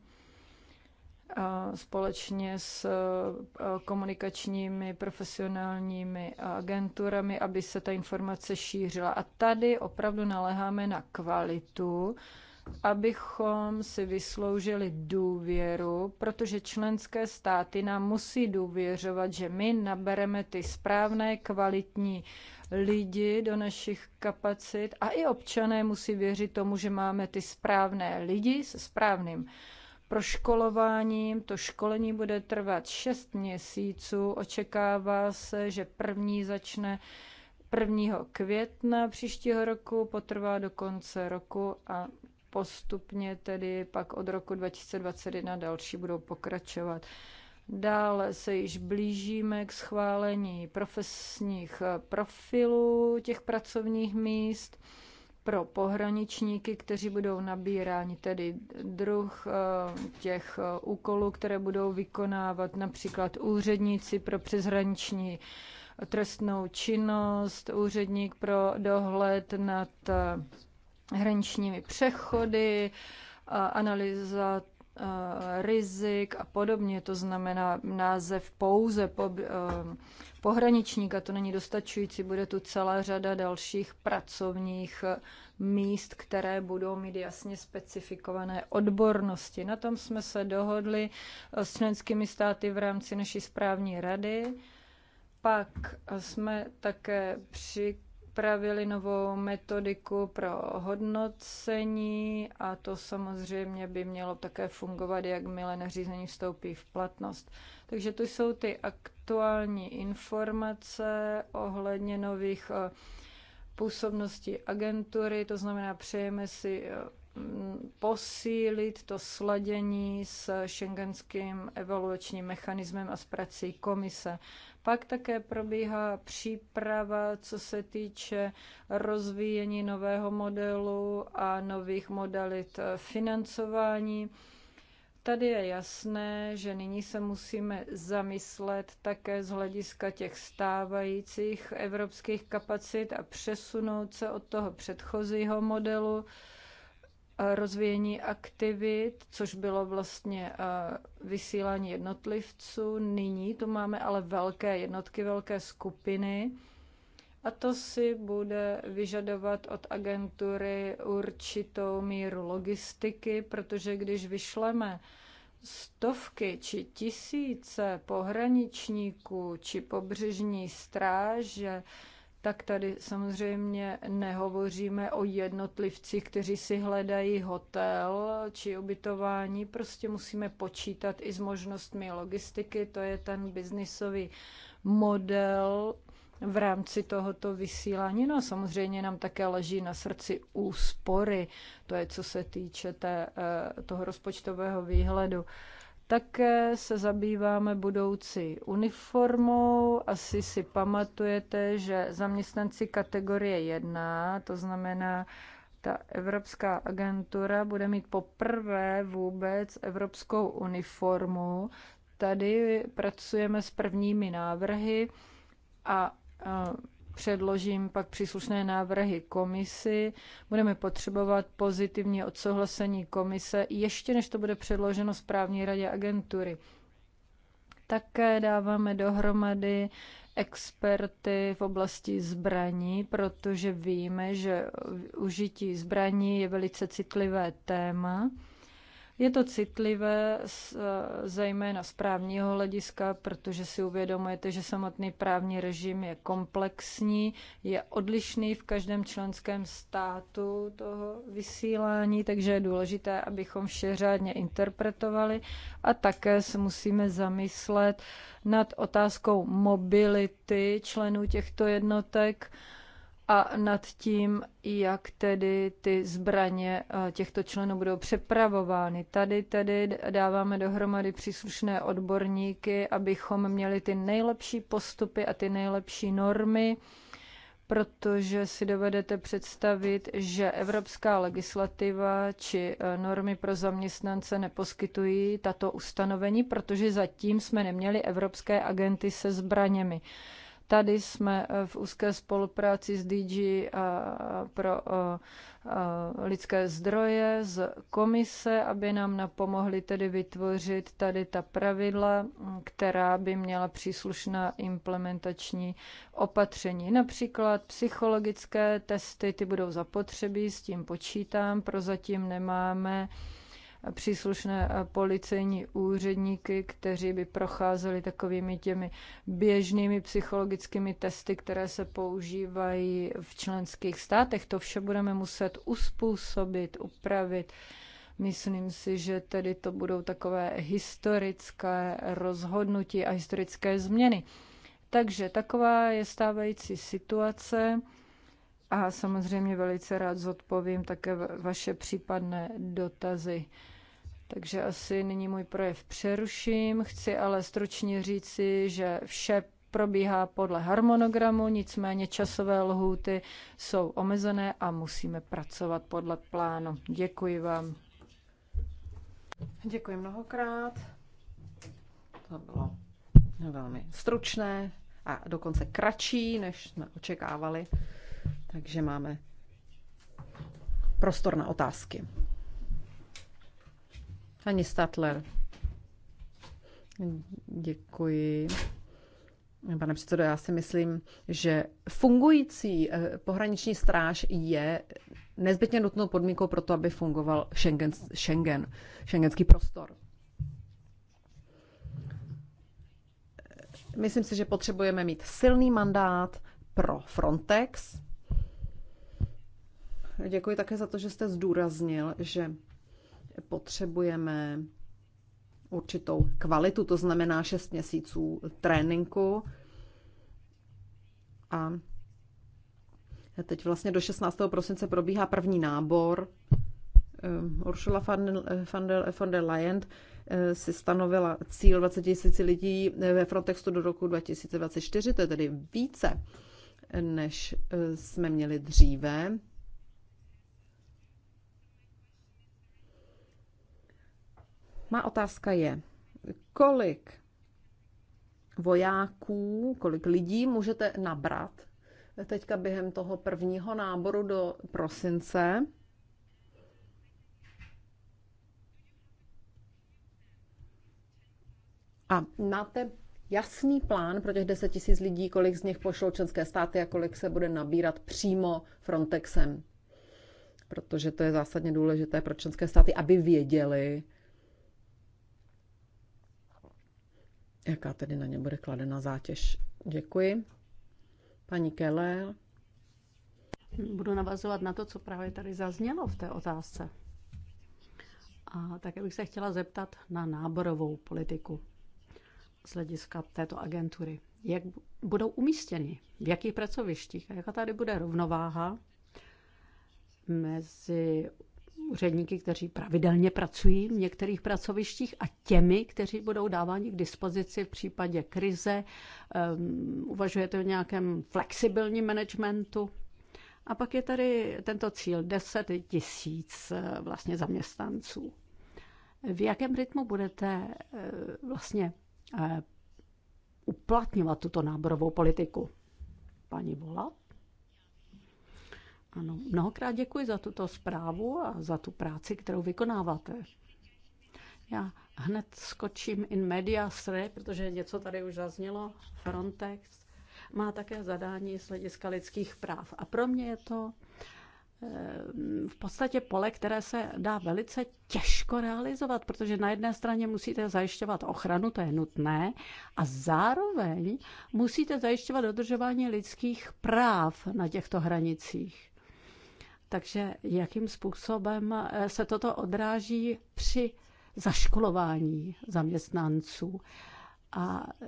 společně s komunikačními profesionálními agenturami, aby se ta informace šířila. A tady opravdu naléháme na kvalitu, abychom si vysloužili důvěru, protože členské státy nám musí důvěřovat, že my nabereme ty správné kvalitní lidi do našich kapacit a i občané musí věřit tomu, že máme ty správné lidi se správným proškolováním. To školení bude trvat 6 měsíců. Očekává se, že první začne 1. května příštího roku, potrvá do konce roku a postupně tedy pak od roku 2021 další budou pokračovat. Dále se již blížíme k schválení profesních eh, profilů těch pracovních míst pro pohraničníky, kteří budou nabíráni, tedy druh eh, těch eh, úkolů, které budou vykonávat například úředníci pro přeshraniční trestnou činnost, úředník pro dohled nad hraničními přechody, analyza Eh, rizik a podobně. To znamená název pouze po, eh, pohraničníka, to není dostačující, bude tu celá řada dalších pracovních eh, míst, které budou mít jasně specifikované odbornosti. Na tom jsme se dohodli s členskými státy v rámci naší správní rady. Pak jsme také při připravili novou metodiku pro hodnocení a to samozřejmě by mělo také fungovat, jakmile nařízení vstoupí v platnost. Takže to jsou ty aktuální informace ohledně nových eh, působností agentury, to znamená, přejeme si eh, posílit to sladění s šengenským evaluačním mechanismem a s prací komise. Pak také probíhá příprava, co se týče rozvíjení nového modelu a nových modalit financování. Tady je jasné, že nyní se musíme zamyslet také z hlediska těch stávajících evropských kapacit a přesunout se od toho předchozího modelu Eh, rozvíjení aktivit, což bylo vlastně eh, vysílání jednotlivců. Nyní tu máme ale velké jednotky, velké skupiny. A to si bude vyžadovat od agentury určitou míru logistiky, protože když vyšleme stovky či tisíce pohraničníků či pobřežní stráže, tak tady samozřejmě nehovoříme o jednotlivcích, kteří si hledají hotel či ubytování. Prostě musíme počítat i s možnostmi logistiky. To je ten biznisový model v rámci tohoto vysílání. No a samozřejmě nám také leží na srdci úspory. To je, co se týče té, eh, toho rozpočtového výhledu. Také se zabýváme budoucí uniformou. Asi si pamatujete, že zaměstnanci kategorie 1, to znamená ta Evropská agentura, bude mít poprvé vůbec evropskou uniformu. Tady pracujeme s prvními návrhy a předložím pak příslušné návrhy komisi. Budeme potřebovat pozitivní odsouhlasení komise, ještě než to bude předloženo správní radě agentury. Také dáváme dohromady experty v oblasti zbraní, protože víme, že užití zbraní je velice citlivé téma. Je to citlivé eh, zejména z právního hlediska, protože si uvědomujete, že samotný právní režim je komplexní, je odlišný v každém členském státu toho vysílání, takže je důležité, abychom vše řádně interpretovali a také se musíme zamyslet nad otázkou mobility členů těchto jednotek, a nad tím, jak tedy ty zbraně eh, těchto členů budou přepravovány. Tady tedy dáváme dohromady příslušné odborníky, abychom měli ty nejlepší postupy a ty nejlepší normy, protože si dovedete představit, že evropská legislativa či eh, normy pro zaměstnance neposkytují tato ustanovení, protože zatím jsme neměli evropské agenty se zbraněmi. Tady jsme eh, v úzké spolupráci s DG eh, pro eh, lidské zdroje, z komise, aby nám napomohli tedy vytvořit tady ta pravidla, mm, která by měla příslušná implementační opatření. Například psychologické testy, ty budou zapotřebí, s tím počítám, prozatím nemáme příslušné eh, policejní úředníky, kteří by procházeli takovými těmi běžnými psychologickými testy, které se používají v členských státech. To vše budeme muset uspůsobit, upravit. Myslím si, že tedy to budou takové historické rozhodnutí a historické změny. Takže taková je stávající situace a samozřejmě velice rád zodpovím také vaše případné dotazy. Takže asi nyní můj projev přeruším. Chci ale stručně říci, že vše probíhá podle harmonogramu, nicméně časové lhůty jsou omezené a musíme pracovat podle plánu. Děkuji vám. Děkuji mnohokrát. To bylo velmi stručné a dokonce kratší, než jsme očekávali. Takže máme prostor na otázky. Paní Statler. Děkuji. Pane předsedo, já si myslím, že fungující eh, pohraniční stráž je nezbytně nutnou podmínkou pro to, aby fungoval Schengen, Schengen šengenský prostor. Myslím si, že potřebujeme mít silný mandát pro Frontex. Děkuji také za to, že jste zdůraznil, že potřebujeme určitou kvalitu, to znamená 6 měsíců tréninku. A teď vlastně do 16. prosince probíhá první nábor. Eh, Ursula von eh, der, von der Leyen eh, si stanovila cíl 20 tisíc lidí ve Frontextu do roku 2024, to je tedy více, než jsme měli dříve. Má otázka je, kolik vojáků, kolik lidí můžete nabrat teďka během toho prvního náboru do prosince? A máte jasný plán pro těch 10 000 lidí, kolik z nich pošlou členské státy a kolik se bude nabírat přímo Frontexem? Protože to je zásadně důležité pro členské státy, aby věděli, jaká tedy na ně bude kladena zátěž. Děkuji. Paní Keller. Budu navazovat na to, co právě tady zaznělo v té otázce. A také bych se chtěla zeptat na náborovou politiku z hlediska této agentury. Jak budou umístěni, v jakých pracovištích a jaká tady bude rovnováha mezi úředníky, kteří pravidelně pracují v některých pracovištích a těmi, kteří budou dáváni k dispozici v případě krize. Ehm, uvažujete o nějakém flexibilním managementu? A pak je tady tento cíl 10 tisíc eh, vlastně zaměstnanců. V jakém rytmu budete eh, vlastně eh, uplatňovat tuto náborovou politiku? Paní Volat? Ano, mnohokrát děkuji za tuto zprávu a za tu práci, kterou vykonáváte. Já hned skočím in media sre, protože něco tady už zaznělo. Frontex má také zadání z hlediska lidských práv. A pro mě je to eh, v podstatě pole, které se dá velice těžko realizovat, protože na jedné straně musíte zajišťovat ochranu, to je nutné, a zároveň musíte zajišťovat dodržování lidských práv na těchto hranicích. Takže jakým způsobem eh, se toto odráží při zaškolování zaměstnanců? A eh,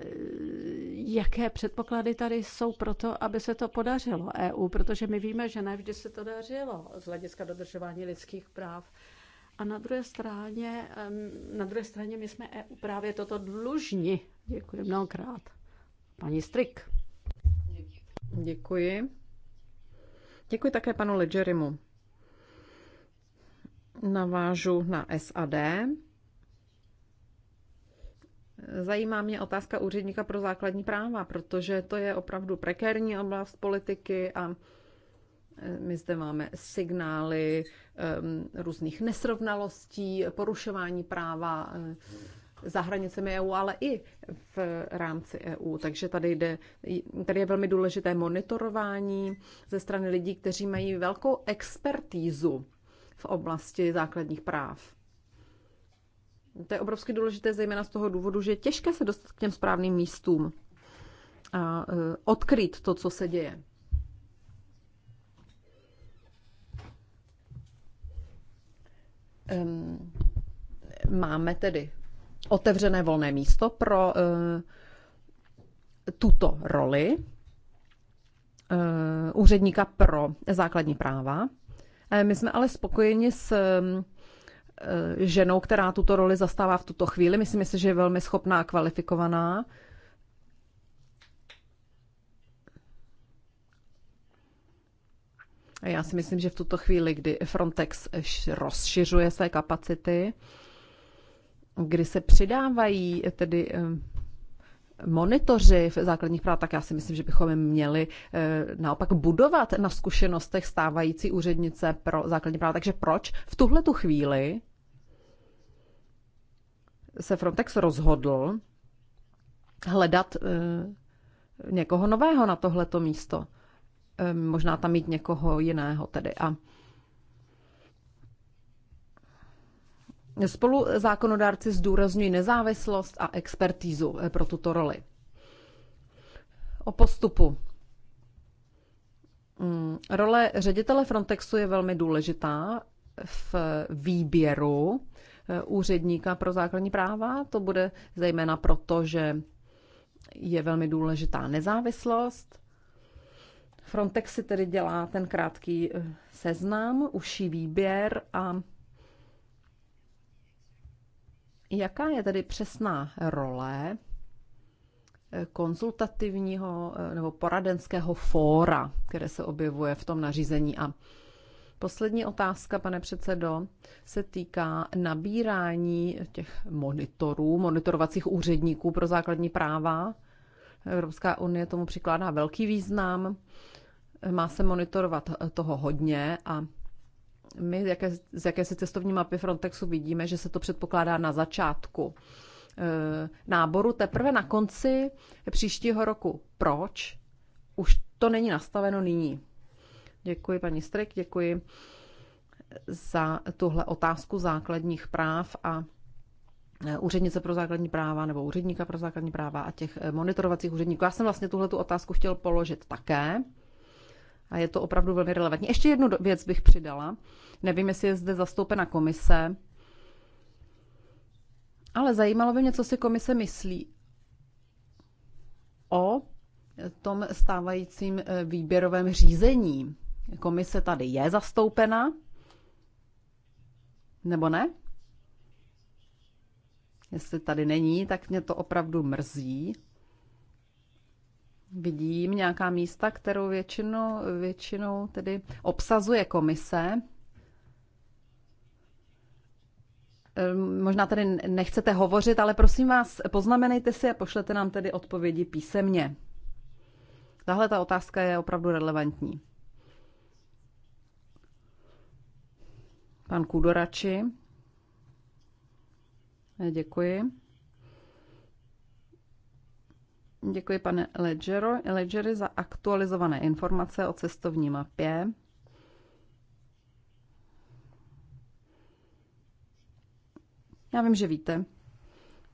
jaké předpoklady tady jsou pro to, aby se to podařilo EU? Protože my víme, že nevždy se to dařilo z hlediska dodržování lidských práv. A na druhé straně, na druhé straně my jsme EU právě toto dlužni. Děkuji mnohokrát. Paní Strik. Děkuji. Děkuji také panu Ledgerimu. Navážu na SAD. Zajímá mě otázka úředníka pro základní práva, protože to je opravdu prekérní oblast politiky a eh, my zde máme signály um, různých nesrovnalostí, porušování práva. Um, za hranicemi EU, ale i v rámci EU. Takže tady, jde, tady je velmi důležité monitorování ze strany lidí, kteří mají velkou expertízu v oblasti základních práv. To je obrovsky důležité, zejména z toho důvodu, že je těžké se dostat k těm správným místům a eh, odkryt to, co se děje. Um, máme tedy otevřené volné místo pro eh, tuto roli eh, úředníka pro základní práva. Eh, my jsme ale spokojeni s ženou, která tuto roli zastává v tuto chvíli. Myslím si, že je velmi schopná a kvalifikovaná. Já si myslím, že v tuto chvíli, kdy Frontex rozšiřuje své kapacity, kdy se přidávají eh, tedy eh, monitoři v základních práv, tak já si myslím, že bychom měli eh, naopak budovat na zkušenostech stávající úřednice pro základní práva. Takže proč v tuhle tu chvíli se Frontex rozhodl hledat někoho nového na tohleto místo? Možná tam mít někoho jiného tedy. A Spolu zákonodárci zdůrazňují nezávislost a expertízu eh, pro tuto roli. O postupu. Mm, role ředitele Frontexu je velmi důležitá v výběru eh, úředníka pro základní práva. To bude zejména proto, že je velmi důležitá nezávislost. Frontex si tedy dělá ten krátký eh, seznam, užší výběr a Jaká je tedy přesná role eh, konzultativního eh, nebo poradenského fóra, které se objevuje v tom nařízení. A poslední otázka, pane předsedo, se týká nabírání těch monitorů, monitorovacích úředníků pro základní práva. Evropská unie tomu přikládá velký význam. Má se monitorovat toho hodně a my jaké, z jakési cestovní mapy Frontexu vidíme, že se to předpokládá na začátku eh, náboru, teprve na konci příštího roku. Proč? Už to není nastaveno nyní. Děkuji, paní Strik, děkuji za tuhle otázku základních práv a eh, úřednice pro základní práva nebo úředníka pro základní práva a těch eh, monitorovacích úředníků. Já jsem vlastně tuhle tu otázku chtěl položit také. A je to opravdu velmi relevantní. Ještě jednu věc bych přidala. Nevím, jestli je zde zastoupena komise, ale zajímalo by mě, co si komise myslí o tom stávajícím eh, výběrovém řízení. Komise tady je zastoupena, nebo ne? Jestli tady není, tak mě to opravdu mrzí vidím nějaká místa, kterou většinou, většinou tedy obsazuje komise. Ehm, možná tady nechcete hovořit, ale prosím vás, poznamenejte si a pošlete nám tedy odpovědi písemně. Tahle ta otázka je opravdu relevantní. Pan Kudorači. Děkuji. Děkuji pane Ledgero, Ledgery za aktualizované informace o cestovní mapě. Já vím, že víte,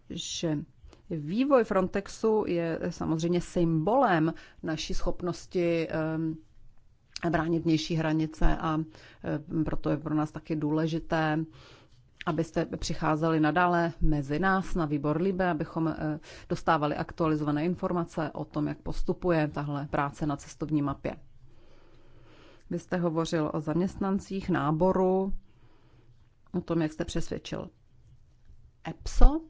že vývoj Frontexu je samozřejmě symbolem naší schopnosti eh, bránit vnější hranice a eh, proto je pro nás taky důležité abyste přicházeli nadále mezi nás na výbor Libe, abychom eh, dostávali aktualizované informace o tom, jak postupuje tahle práce na cestovní mapě. Vy jste hovořil o zaměstnancích, náboru, o tom, jak jste přesvědčil EPSO,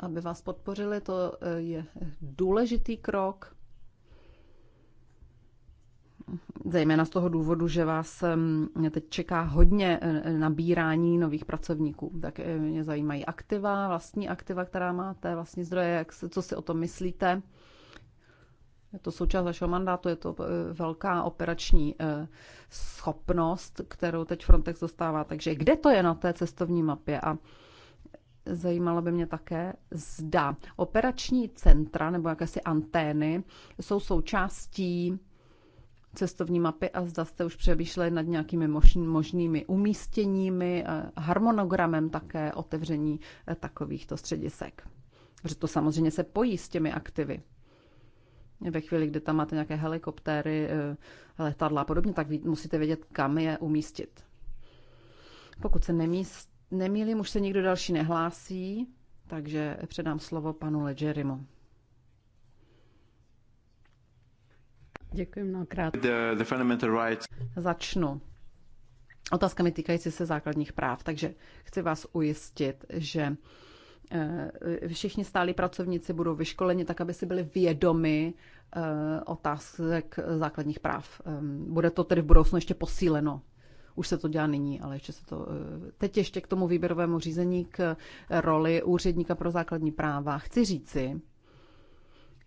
aby vás podpořili, to eh, je důležitý krok zejména z toho důvodu, že vás teď čeká hodně eh, nabírání nových pracovníků. Tak eh, mě zajímají aktiva, vlastní aktiva, která máte, vlastní zdroje, jak, co si o tom myslíte. Je to součást vašeho mandátu, je to eh, velká operační schopnost, kterou teď Frontex dostává. Takže kde to je na té cestovní mapě? A zajímalo by mě také, zda operační centra nebo jakési antény jsou součástí cestovní mapy a zda jste už přemýšleli nad nějakými možnými umístěními, eh, harmonogramem také otevření eh, takovýchto středisek. Protože to samozřejmě se pojí s těmi aktivy. Ve chvíli, kdy tam máte nějaké helikoptéry, eh, letadla a podobně, tak musíte vědět, kam je umístit. Pokud se nemýlím, už se nikdo další nehlásí, takže předám slovo panu Ledgerimu. Děkuji mnohokrát. The, the fundamental rights. Začnu otázkami týkající se základních práv, takže chci vás ujistit, že eh, všichni stálí pracovníci budou vyškoleni tak, aby si byli vědomi eh, otázek základních práv. Ehm, bude to tedy v budoucnu ještě posíleno. Už se to dělá nyní, ale ještě se to... Eh, teď ještě k tomu výběrovému řízení, k roli úředníka pro základní práva. Chci říci,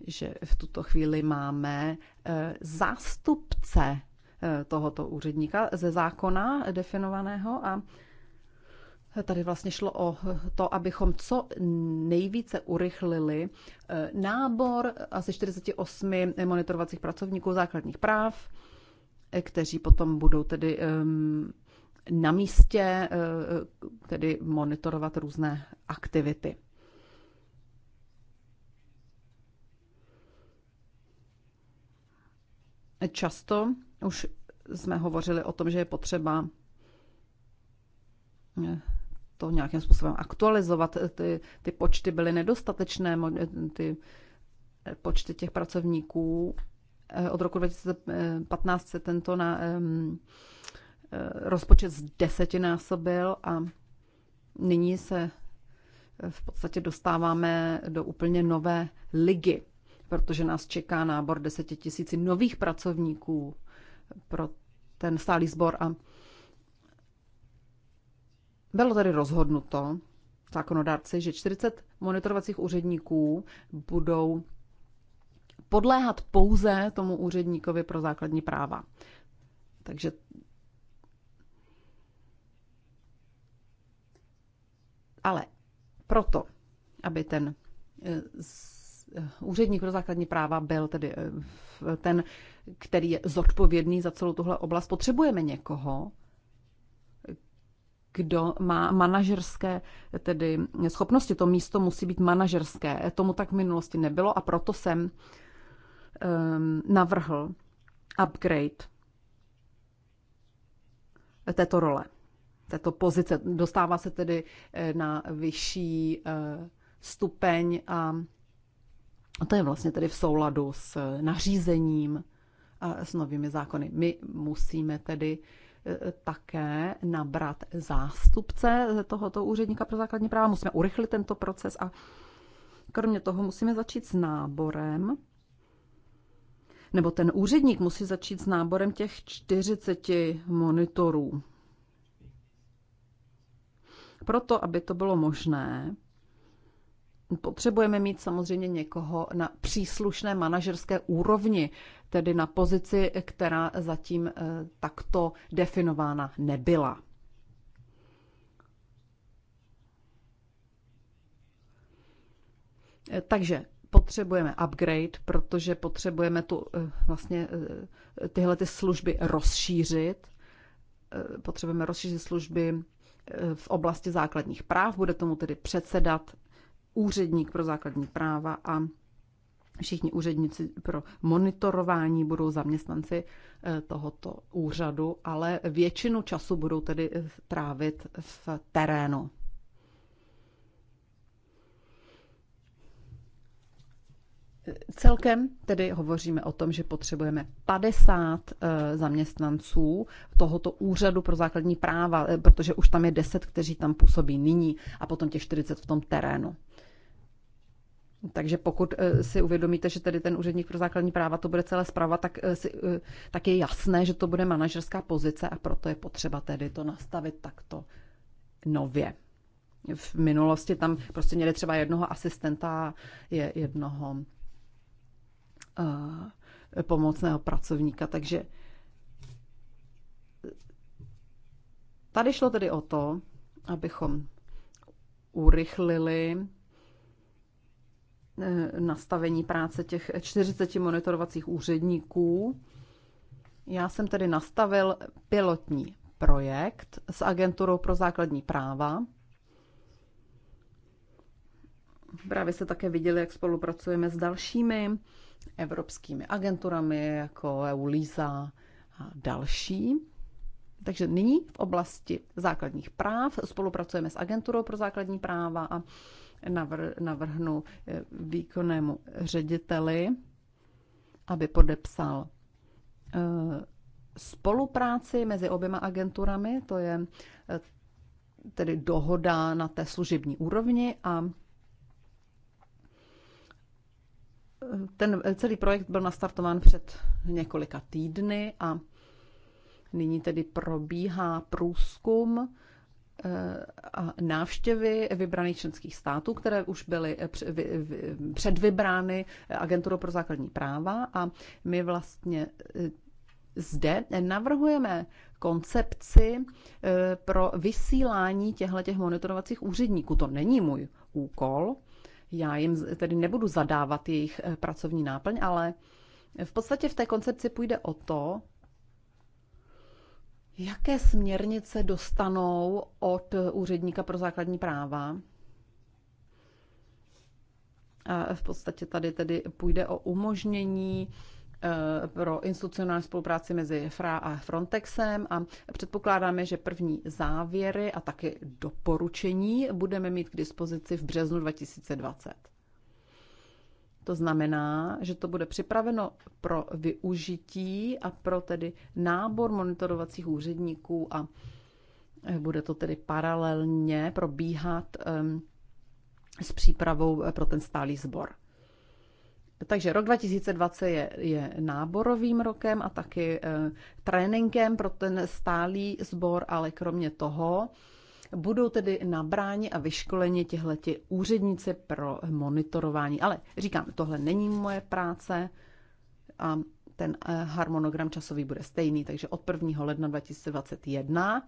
že v tuto chvíli máme eh, zástupce eh, tohoto úředníka ze zákona definovaného a Tady vlastně šlo o to, abychom co nejvíce urychlili eh, nábor asi 48 monitorovacích pracovníků základních práv, kteří potom budou tedy ehm, na místě tedy monitorovat různé aktivity. Často už jsme hovořili o tom, že je potřeba eh, to nějakým způsobem aktualizovat. Ty, ty počty byly nedostatečné, eh, ty eh, počty těch pracovníků. Od roku 2015 se tento na, rozpočet z desetinásobil a nyní se v podstatě dostáváme do úplně nové ligy protože nás čeká nábor tisíci nových pracovníků pro ten stálý sbor a bylo tady rozhodnuto zákonodárci, že 40 monitorovacích úředníků budou podléhat pouze tomu úředníkovi pro základní práva. Takže ale proto, aby ten eh, Eh, úředník pro základní práva byl tedy eh, ten, který je zodpovědný za celou tuhle oblast. Potřebujeme někoho, kdo má manažerské eh, tedy schopnosti. To místo musí být manažerské. Tomu tak v minulosti nebylo a proto jsem um, navrhl upgrade této role, této pozice. Dostává se tedy na vyšší stupeň a a to je vlastně tedy v souladu s eh, nařízením a s novými zákony. My musíme tedy eh, také nabrat zástupce tohoto úředníka pro základní práva. Musíme urychlit tento proces a kromě toho musíme začít s náborem nebo ten úředník musí začít s náborem těch 40 monitorů. Proto, aby to bylo možné, potřebujeme mít samozřejmě někoho na příslušné manažerské úrovni, tedy na pozici, která zatím eh, takto definována nebyla. Eh, takže potřebujeme upgrade, protože potřebujeme tu, eh, vlastně, tyhle ty služby rozšířit. Potřebujeme rozšířit služby v oblasti základních práv. Bude tomu tedy předsedat úředník pro základní práva a všichni úředníci pro monitorování budou zaměstnanci eh, tohoto úřadu, ale většinu času budou tedy eh, trávit v terénu. Celkem tedy hovoříme o tom, že potřebujeme 50 eh, zaměstnanců tohoto úřadu pro základní práva, protože už tam je 10, kteří tam působí nyní a potom těch 40 v tom terénu. Takže pokud eh, si uvědomíte, že tedy ten úředník pro základní práva to bude celé zpravovat, tak, eh, eh, tak je jasné, že to bude manažerská pozice a proto je potřeba tedy to nastavit takto nově. V minulosti tam prostě měli třeba jednoho asistenta, je jednoho uh, pomocného pracovníka, takže tady šlo tedy o to, abychom urychlili Eh, nastavení práce těch 40 monitorovacích úředníků. Já jsem tedy nastavil pilotní projekt s agenturou pro základní práva. Právě se také viděli, jak spolupracujeme s dalšími evropskými agenturami, jako EULISA a další. Takže nyní v oblasti základních práv spolupracujeme s agenturou pro základní práva a navrhnu eh, výkonnému řediteli, aby podepsal eh, spolupráci mezi oběma agenturami, to je eh, tedy dohoda na té služební úrovni a ten celý projekt byl nastartován před několika týdny a nyní tedy probíhá průzkum Eh, a návštěvy vybraných členských států, které už byly eh, předvybrány eh, Agenturou pro základní práva a my vlastně zde navrhujeme koncepci pro vysílání těchto monitorovacích úředníků. To není můj úkol, já jim tedy nebudu zadávat jejich pracovní náplň, ale v podstatě v té koncepci půjde o to, Jaké směrnice dostanou od úředníka pro základní práva? A v podstatě tady tedy půjde o umožnění eh, pro institucionální spolupráci mezi FRA a Frontexem a předpokládáme, že první závěry a taky doporučení budeme mít k dispozici v březnu 2020. To znamená, že to bude připraveno pro využití a pro tedy nábor monitorovacích úředníků a eh, bude to tedy paralelně probíhat ehm, s přípravou eh, pro ten stálý sbor. Takže rok 2020 je, je náborovým rokem a taky e, tréninkem pro ten stálý sbor, ale kromě toho budou tedy nabráni a vyškoleni těhleti úředníci pro monitorování. Ale říkám, tohle není moje práce a ten eh, harmonogram časový bude stejný, takže od 1. ledna 2021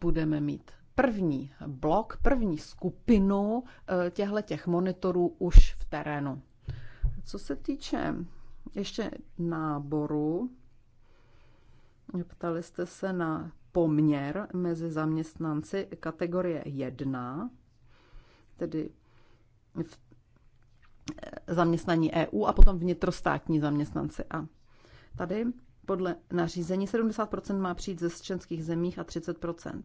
budeme mít první blok, první skupinu eh, těchto těch monitorů už v terénu. Co se týče ještě náboru, Ptali jste se na poměr mezi zaměstnanci kategorie 1, tedy v zaměstnaní EU a potom vnitrostátní zaměstnanci. A tady podle nařízení 70% má přijít ze členských zemích a 30%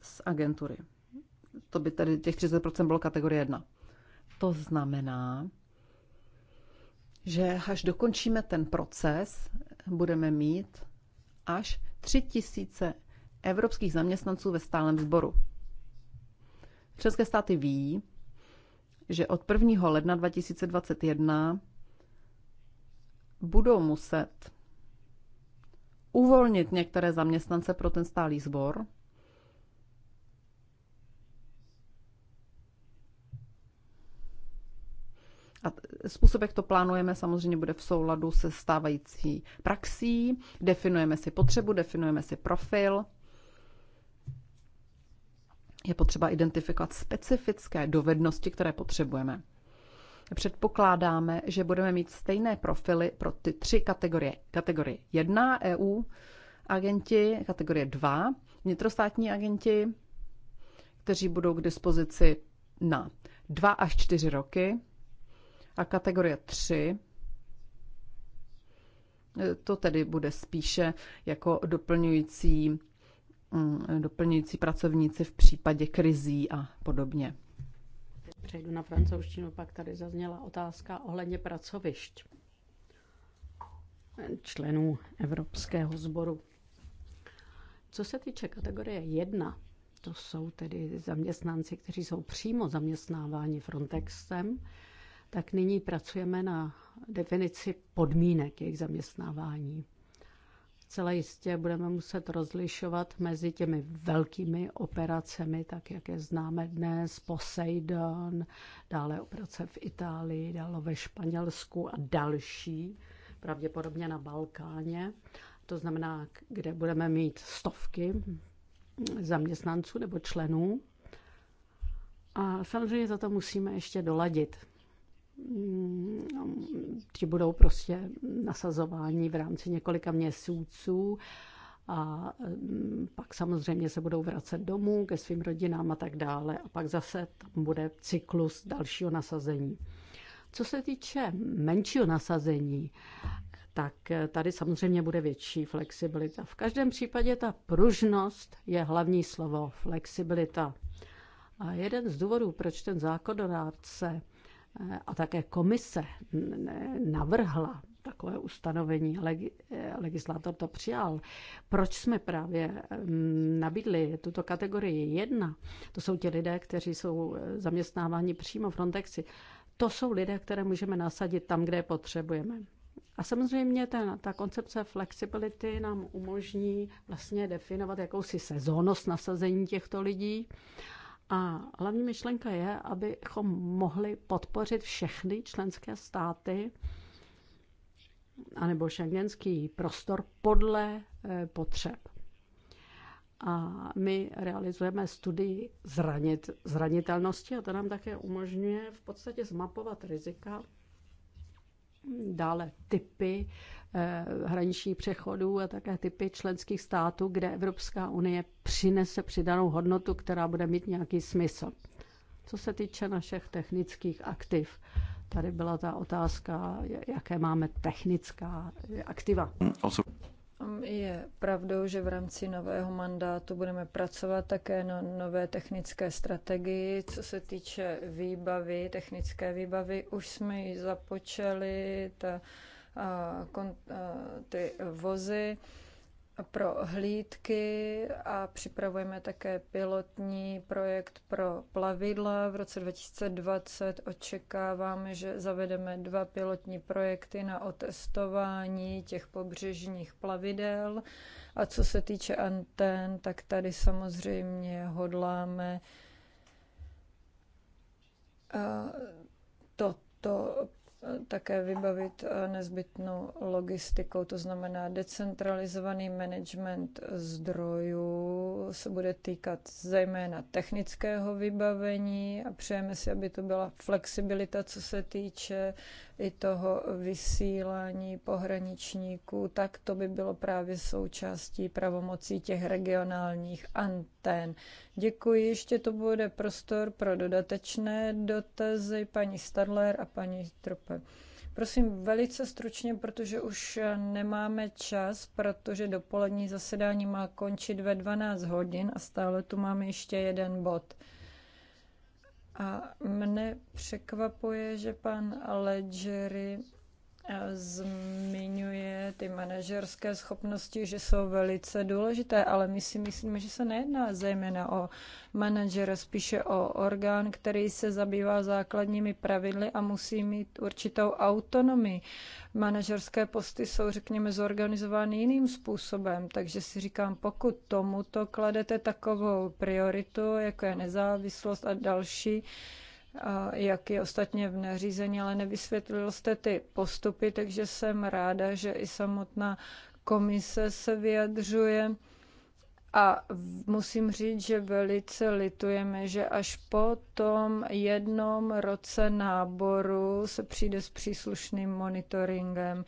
z agentury. To by tedy těch 30% bylo kategorie 1. To znamená, že až dokončíme ten proces, budeme mít až 3 tisíce evropských zaměstnanců ve stálem sboru. České státy ví, že od 1. ledna 2021 budou muset uvolnit některé zaměstnance pro ten stálý sbor, A způsob, jak to plánujeme, samozřejmě bude v souladu se stávající praxí. Definujeme si potřebu, definujeme si profil. Je potřeba identifikovat specifické dovednosti, které potřebujeme. Předpokládáme, že budeme mít stejné profily pro ty tři kategorie. Kategorie 1 EU agenti, kategorie 2 vnitrostátní agenti, kteří budou k dispozici na 2 až 4 roky a kategorie 3 e, to tedy bude spíše jako doplňující, mm, doplňující pracovníci v případě krizí a podobně. Přejdu na francouzštinu, pak tady zazněla otázka ohledně pracovišť členů Evropského sboru. Co se týče kategorie 1, to jsou tedy zaměstnanci, kteří jsou přímo zaměstnáváni Frontexem, tak nyní pracujeme na definici podmínek jejich zaměstnávání. Celé jistě budeme muset rozlišovat mezi těmi velkými operacemi, tak jak je známe dnes, Poseidon, dále operace v Itálii, dále ve Španělsku a další, pravděpodobně na Balkáně. To znamená, kde budeme mít stovky zaměstnanců nebo členů. A samozřejmě toto musíme ještě doladit ti mm, budou prostě nasazováni v rámci několika měsíců a mm, pak samozřejmě se budou vracet domů ke svým rodinám a tak dále a pak zase tam bude cyklus dalšího nasazení. Co se týče menšího nasazení, tak eh, tady samozřejmě bude větší flexibilita. V každém případě ta pružnost je hlavní slovo, flexibilita. A jeden z důvodů, proč ten zákonodárce a také komise navrhla takové ustanovení, legislátor to přijal. Proč jsme právě nabídli tuto kategorii jedna? To jsou ti lidé, kteří jsou e, zaměstnáváni přímo Frontexi. To jsou lidé, které můžeme nasadit tam, kde je potřebujeme. A samozřejmě ta, ta koncepce flexibility nám umožní vlastně definovat jakousi sezónost nasazení těchto lidí a hlavní myšlenka je, abychom mohli podpořit všechny členské státy anebo šengenský prostor podle eh, potřeb. A my realizujeme studii zranit, zranitelnosti a to nám také umožňuje v podstatě zmapovat rizika dále typy eh, hraničních přechodů a také typy členských států, kde Evropská unie přinese přidanou hodnotu, která bude mít nějaký smysl. Co se týče našich technických aktiv, tady byla ta otázka, jaké máme technická aktiva. Je pravdou, že v rámci nového mandátu budeme pracovat také na nové technické strategii. Co se týče výbavy, technické výbavy, už jsme ji započali, ta, kon, ty vozy pro hlídky a připravujeme také pilotní projekt pro plavidla. V roce 2020 očekáváme, že zavedeme dva pilotní projekty na otestování těch pobřežních plavidel. A co se týče antén, tak tady samozřejmě hodláme toto také vybavit eh, nezbytnou logistikou, to znamená decentralizovaný management zdrojů se bude týkat zejména technického vybavení a přejeme si, aby to byla flexibilita, co se týče i toho vysílání pohraničníků, tak to by bylo právě součástí pravomocí těch regionálních antén. Děkuji, ještě to bude prostor pro dodatečné dotazy paní Stadler a paní Trope. Prosím, velice stručně, protože už nemáme čas, protože dopolední zasedání má končit ve 12 hodin a stále tu máme ještě jeden bod. A mne překvapuje, že pan Ledgery zmiňuje ty manažerské schopnosti, že jsou velice důležité, ale my si myslíme, že se nejedná zejména o manažera, spíše o orgán, který se zabývá základními pravidly a musí mít určitou autonomii. Manažerské posty jsou, řekněme, zorganizovány jiným způsobem, takže si říkám, pokud tomuto kladete takovou prioritu, jako je nezávislost a další, jak je ostatně v nařízení, ale nevysvětlil jste ty postupy, takže jsem ráda, že i samotná komise se vyjadřuje. A musím říct, že velice litujeme, že až po tom jednom roce náboru se přijde s příslušným monitoringem.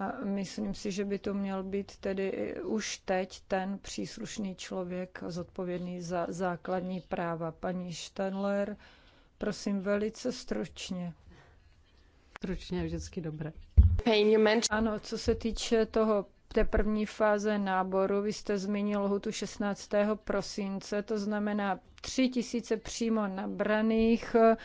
A myslím si, že by to měl být tedy už teď ten příslušný člověk zodpovědný za základní práva. Paní Štenler. Prosím, velice stručně. Stručně je vždycky dobré. Ano, co se týče toho té první fáze náboru, vy jste zmínil lhutu 16. prosince, to znamená 3 tisíce přímo nabraných eh,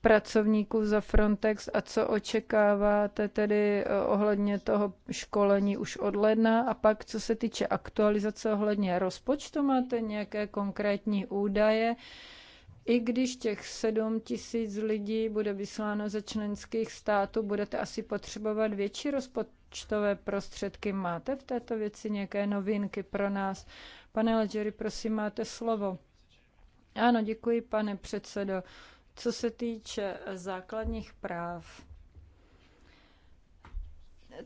pracovníků za Frontex a co očekáváte tedy eh, ohledně toho školení už od ledna a pak co se týče aktualizace ohledně rozpočtu, máte nějaké konkrétní údaje? i když těch 7 tisíc lidí bude vysláno ze členských států, budete asi potřebovat větší rozpočtové prostředky. Máte v této věci nějaké novinky pro nás? Pane Ledgery, prosím, máte slovo. Ano, děkuji, pane předsedo. Co se týče základních práv,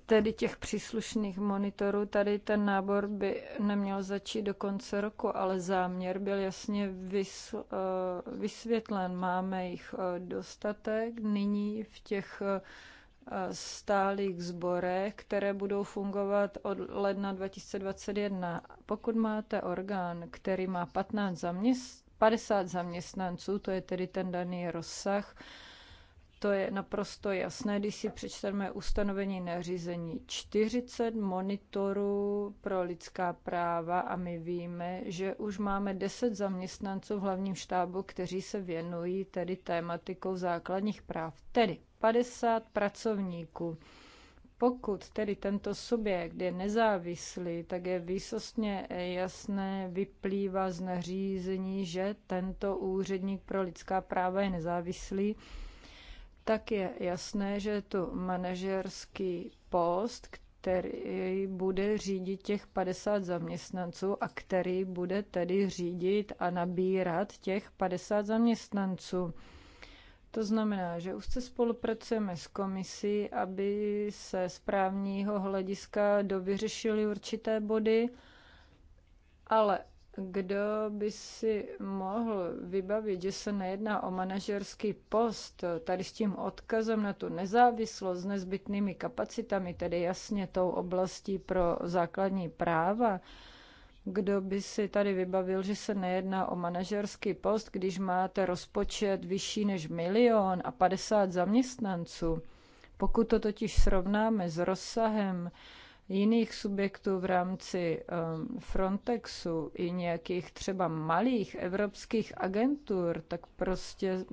tedy těch příslušných monitorů, tady ten nábor by neměl začít do konce roku, ale záměr byl jasně eh, vysvětlen. Máme jich eh, dostatek nyní v těch eh, stálých zborech, které budou fungovat od ledna 2021. Pokud máte orgán, který má 15 zaměst- 50 zaměstnanců, to je tedy ten daný rozsah, to je naprosto jasné, když si přečteme ustanovení nařízení 40 monitorů pro lidská práva a my víme, že už máme 10 zaměstnanců v hlavním štábu, kteří se věnují tedy tématikou základních práv, tedy 50 pracovníků pokud tedy tento subjekt je nezávislý, tak je výsostně jasné, vyplývá z nařízení, že tento úředník pro lidská práva je nezávislý tak je jasné, že je to manažerský post, který bude řídit těch 50 zaměstnanců a který bude tedy řídit a nabírat těch 50 zaměstnanců. To znamená, že už se spolupracujeme s komisí, aby se z právního hlediska dovyřešily určité body, ale kdo by si mohl vybavit, že se nejedná o manažerský post, tady s tím odkazem na tu nezávislost s nezbytnými kapacitami, tedy jasně tou oblastí pro základní práva, kdo by si tady vybavil, že se nejedná o manažerský post, když máte rozpočet vyšší než milion a 50 zaměstnanců. Pokud to totiž srovnáme s rozsahem jiných subjektů v rámci um, Frontexu i nějakých třeba malých evropských agentur, tak prostě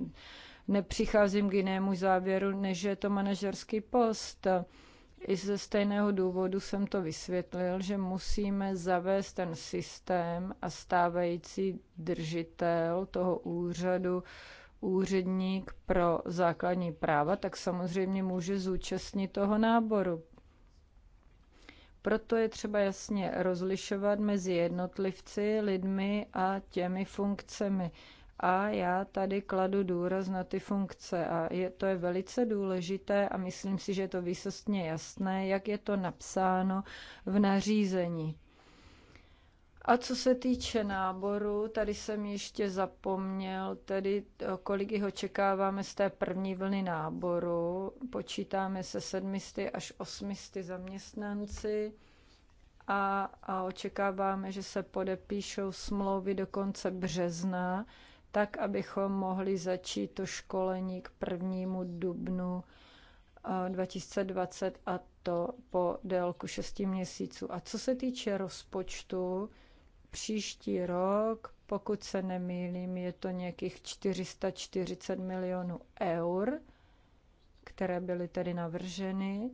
nepřicházím k jinému závěru, než že je to manažerský post. I ze stejného důvodu jsem to vysvětlil, že musíme zavést ten systém a stávající držitel toho úřadu, úředník pro základní práva, tak samozřejmě může zúčastnit toho náboru. Proto je třeba jasně rozlišovat mezi jednotlivci, lidmi a těmi funkcemi. A já tady kladu důraz na ty funkce a je, to je velice důležité a myslím si, že je to výsostně jasné, jak je to napsáno v nařízení. A co se týče náboru, tady jsem ještě zapomněl, tedy eh, kolik ho čekáváme z té první vlny náboru. Počítáme se 700 až 800 zaměstnanci a, a očekáváme, že se podepíšou smlouvy do konce března, tak abychom mohli začít to školení k prvnímu dubnu 2020 eh, a to po délku 6 měsíců. A co se týče rozpočtu, Příští rok, pokud se nemýlím, je to nějakých 440 milionů eur, které byly tedy navrženy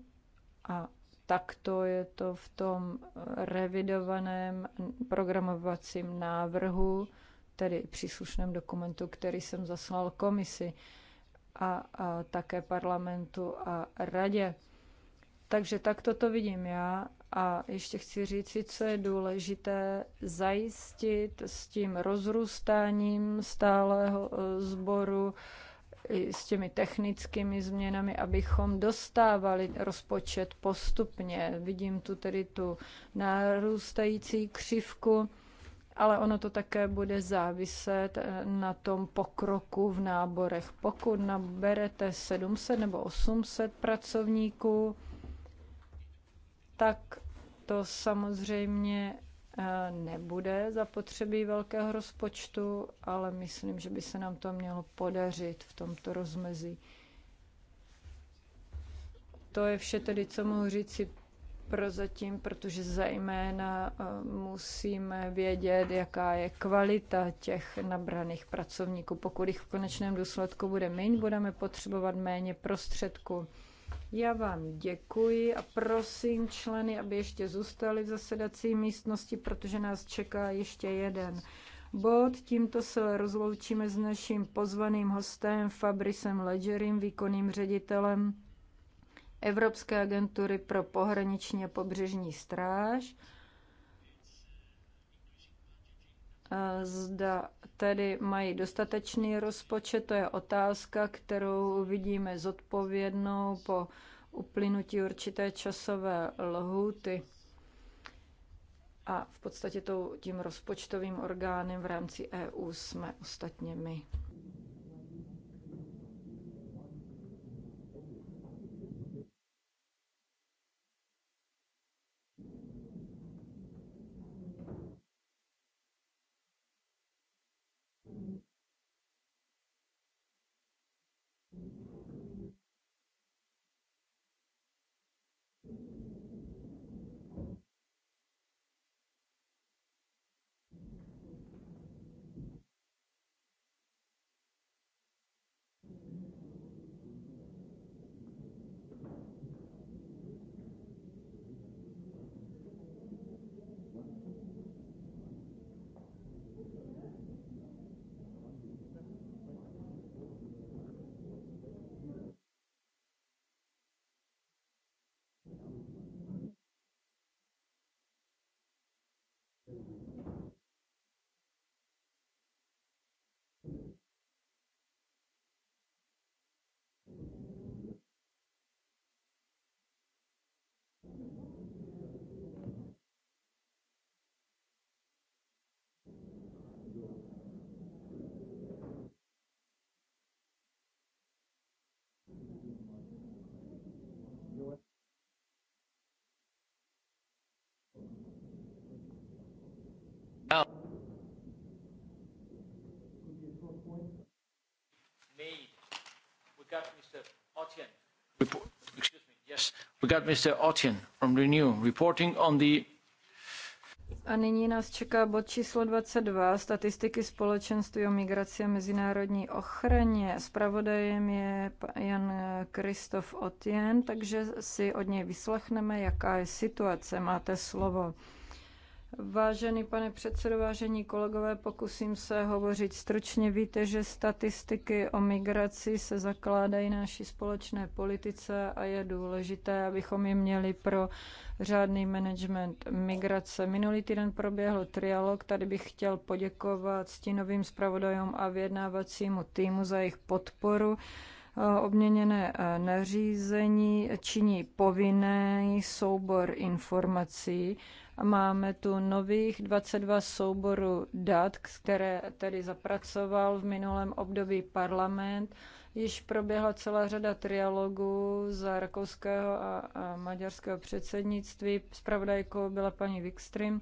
a takto je to v tom revidovaném programovacím návrhu, tedy příslušném dokumentu, který jsem zaslal komisi a, a také parlamentu a radě. Takže takto to vidím já a ještě chci říct, co je důležité zajistit s tím rozrůstáním stálého e, sboru, s těmi technickými změnami, abychom dostávali rozpočet postupně. Vidím tu tedy tu narůstající křivku, ale ono to také bude záviset e, na tom pokroku v náborech. Pokud naberete 700 nebo 800 pracovníků, tak to samozřejmě eh, nebude zapotřebí velkého rozpočtu, ale myslím, že by se nám to mělo podařit v tomto rozmezí. To je vše tedy, co mohu říci prozatím, protože zejména eh, musíme vědět, jaká je kvalita těch nabraných pracovníků. Pokud jich v konečném důsledku bude méně, budeme potřebovat méně prostředků. Já vám děkuji a prosím členy, aby ještě zůstali v zasedací místnosti, protože nás čeká ještě jeden bod. Tímto se rozloučíme s naším pozvaným hostem Fabrisem Ledgerem, výkonným ředitelem Evropské agentury pro pohraniční a pobřežní stráž. Zda tedy mají dostatečný rozpočet, to je otázka, kterou vidíme zodpovědnou po uplynutí určité časové lhuty. A v podstatě tím rozpočtovým orgánem v rámci EU jsme ostatně my. A nyní nás čeká bod číslo 22, statistiky společenství o migraci a mezinárodní ochraně. Spravodajem je Jan Kristof Otjen, takže si od něj vyslechneme, jaká je situace. Máte slovo. Vážený pane předsedo, vážení kolegové, pokusím se hovořit stručně. Víte, že statistiky o migraci se zakládají naší společné politice a je důležité, abychom je měli pro řádný management migrace. Minulý týden proběhl trialog, tady bych chtěl poděkovat stínovým zpravodajům a vyjednávacímu týmu za jejich podporu obměněné eh, nařízení činí povinný soubor informací Máme tu nových 22 souborů dat, které tedy zapracoval v minulém období parlament. Již proběhla celá řada trialogů za rakouského a, a maďarského předsednictví. Spravodajkou byla paní Wikström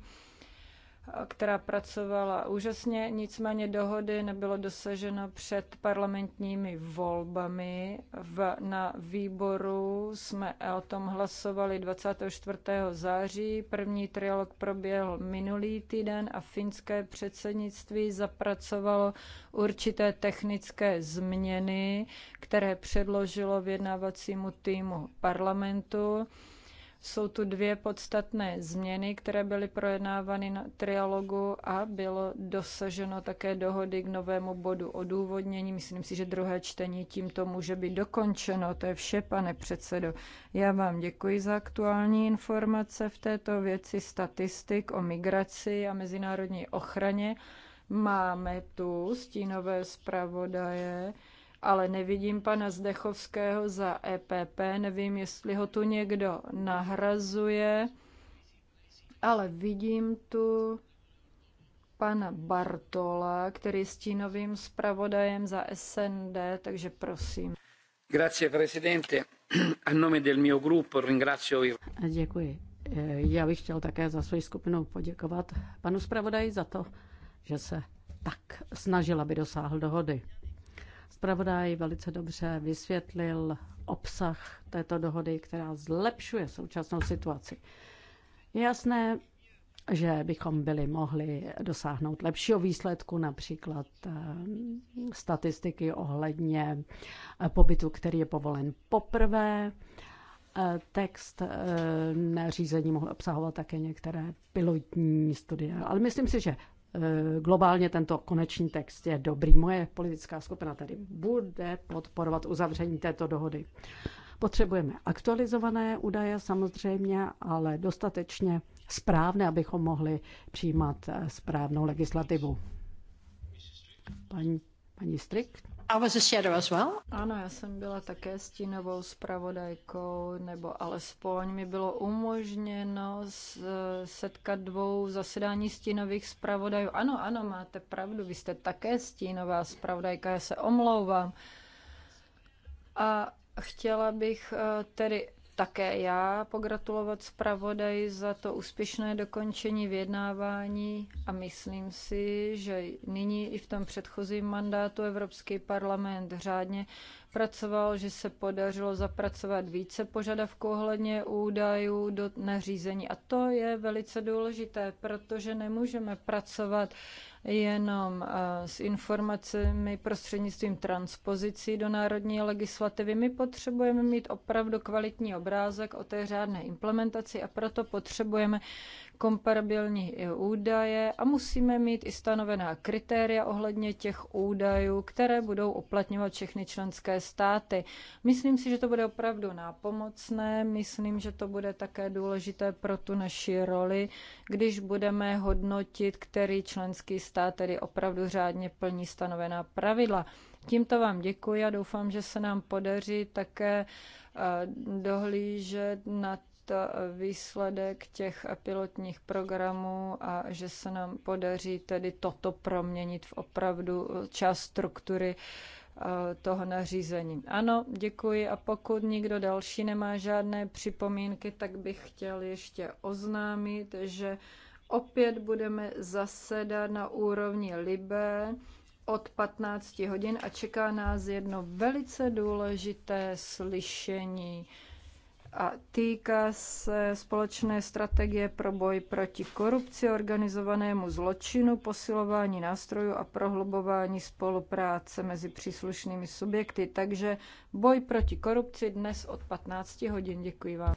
která pracovala úžasně, nicméně dohody nebylo dosaženo před parlamentními volbami. V, na výboru jsme o tom hlasovali 24. září, první trialog proběhl minulý týden a finské předsednictví zapracovalo určité technické změny, které předložilo vyjednávacímu týmu parlamentu jsou tu dvě podstatné změny, které byly projednávány na trialogu a bylo dosaženo také dohody k novému bodu odůvodnění. Myslím si, že druhé čtení tímto může být dokončeno. To je vše, pane předsedo. Já vám děkuji za aktuální informace v této věci statistik o migraci a mezinárodní ochraně. Máme tu stínové zpravodaje ale nevidím pana Zdechovského za EPP, nevím, jestli ho tu někdo nahrazuje, ale vidím tu pana Bartola, který je stínovým zpravodajem za SND, takže prosím. Grazie, presidente. A nome del mio gruppo ringrazio i... Děkuji. Já bych chtěl také za svoji skupinu poděkovat panu zpravodaji za to, že se tak snažil, aby dosáhl dohody zpravodaj velice dobře vysvětlil obsah této dohody, která zlepšuje současnou situaci. Je jasné, že bychom byli mohli dosáhnout lepšího výsledku, například eh, statistiky ohledně eh, pobytu, který je povolen poprvé. Eh, text nařízení mohl obsahovat také některé pilotní studie, ale myslím si, že Eh, globálně tento konečný text je dobrý. Moje politická skupina tedy bude podporovat uzavření této dohody. Potřebujeme aktualizované údaje samozřejmě, ale dostatečně správné, abychom mohli přijímat eh, správnou legislativu. Paní, paní Strikt? I was a shadow as well. Ano, já jsem byla také stínovou zpravodajkou, nebo alespoň mi bylo umožněno setkat dvou zasedání stínových zpravodajů. Ano, ano, máte pravdu, vy jste také stínová zpravodajka, já se omlouvám. A chtěla bych eh, tedy také já pogratulovat zpravodaji za to úspěšné dokončení vyjednávání a myslím si, že nyní i v tom předchozím mandátu Evropský parlament řádně zapracoval, že se podařilo zapracovat více požadavků ohledně údajů do nařízení. A to je velice důležité, protože nemůžeme pracovat jenom eh, s informacemi prostřednictvím transpozicí do národní legislativy. My potřebujeme mít opravdu kvalitní obrázek o té řádné implementaci a proto potřebujeme komparabilní údaje a musíme mít i stanovená kritéria ohledně těch údajů, které budou uplatňovat všechny členské státy. Myslím si, že to bude opravdu nápomocné, myslím, že to bude také důležité pro tu naši roli, když budeme hodnotit, který členský stát tedy opravdu řádně plní stanovená pravidla. Tímto vám děkuji a doufám, že se nám podaří také eh, dohlížet na Eh, výsledek těch eh, pilotních programů a že se nám podaří tedy toto proměnit v opravdu eh, část struktury toho nařízení. Ano, děkuji a pokud nikdo další nemá žádné připomínky, tak bych chtěl ještě oznámit, že opět budeme zasedat na úrovni Libé od 15 hodin a čeká nás jedno velice důležité slyšení a týká se společné strategie pro boj proti korupci, organizovanému zločinu, posilování nástrojů a prohlubování spolupráce mezi příslušnými subjekty. Takže boj proti korupci dnes od 15 hodin. Děkuji vám.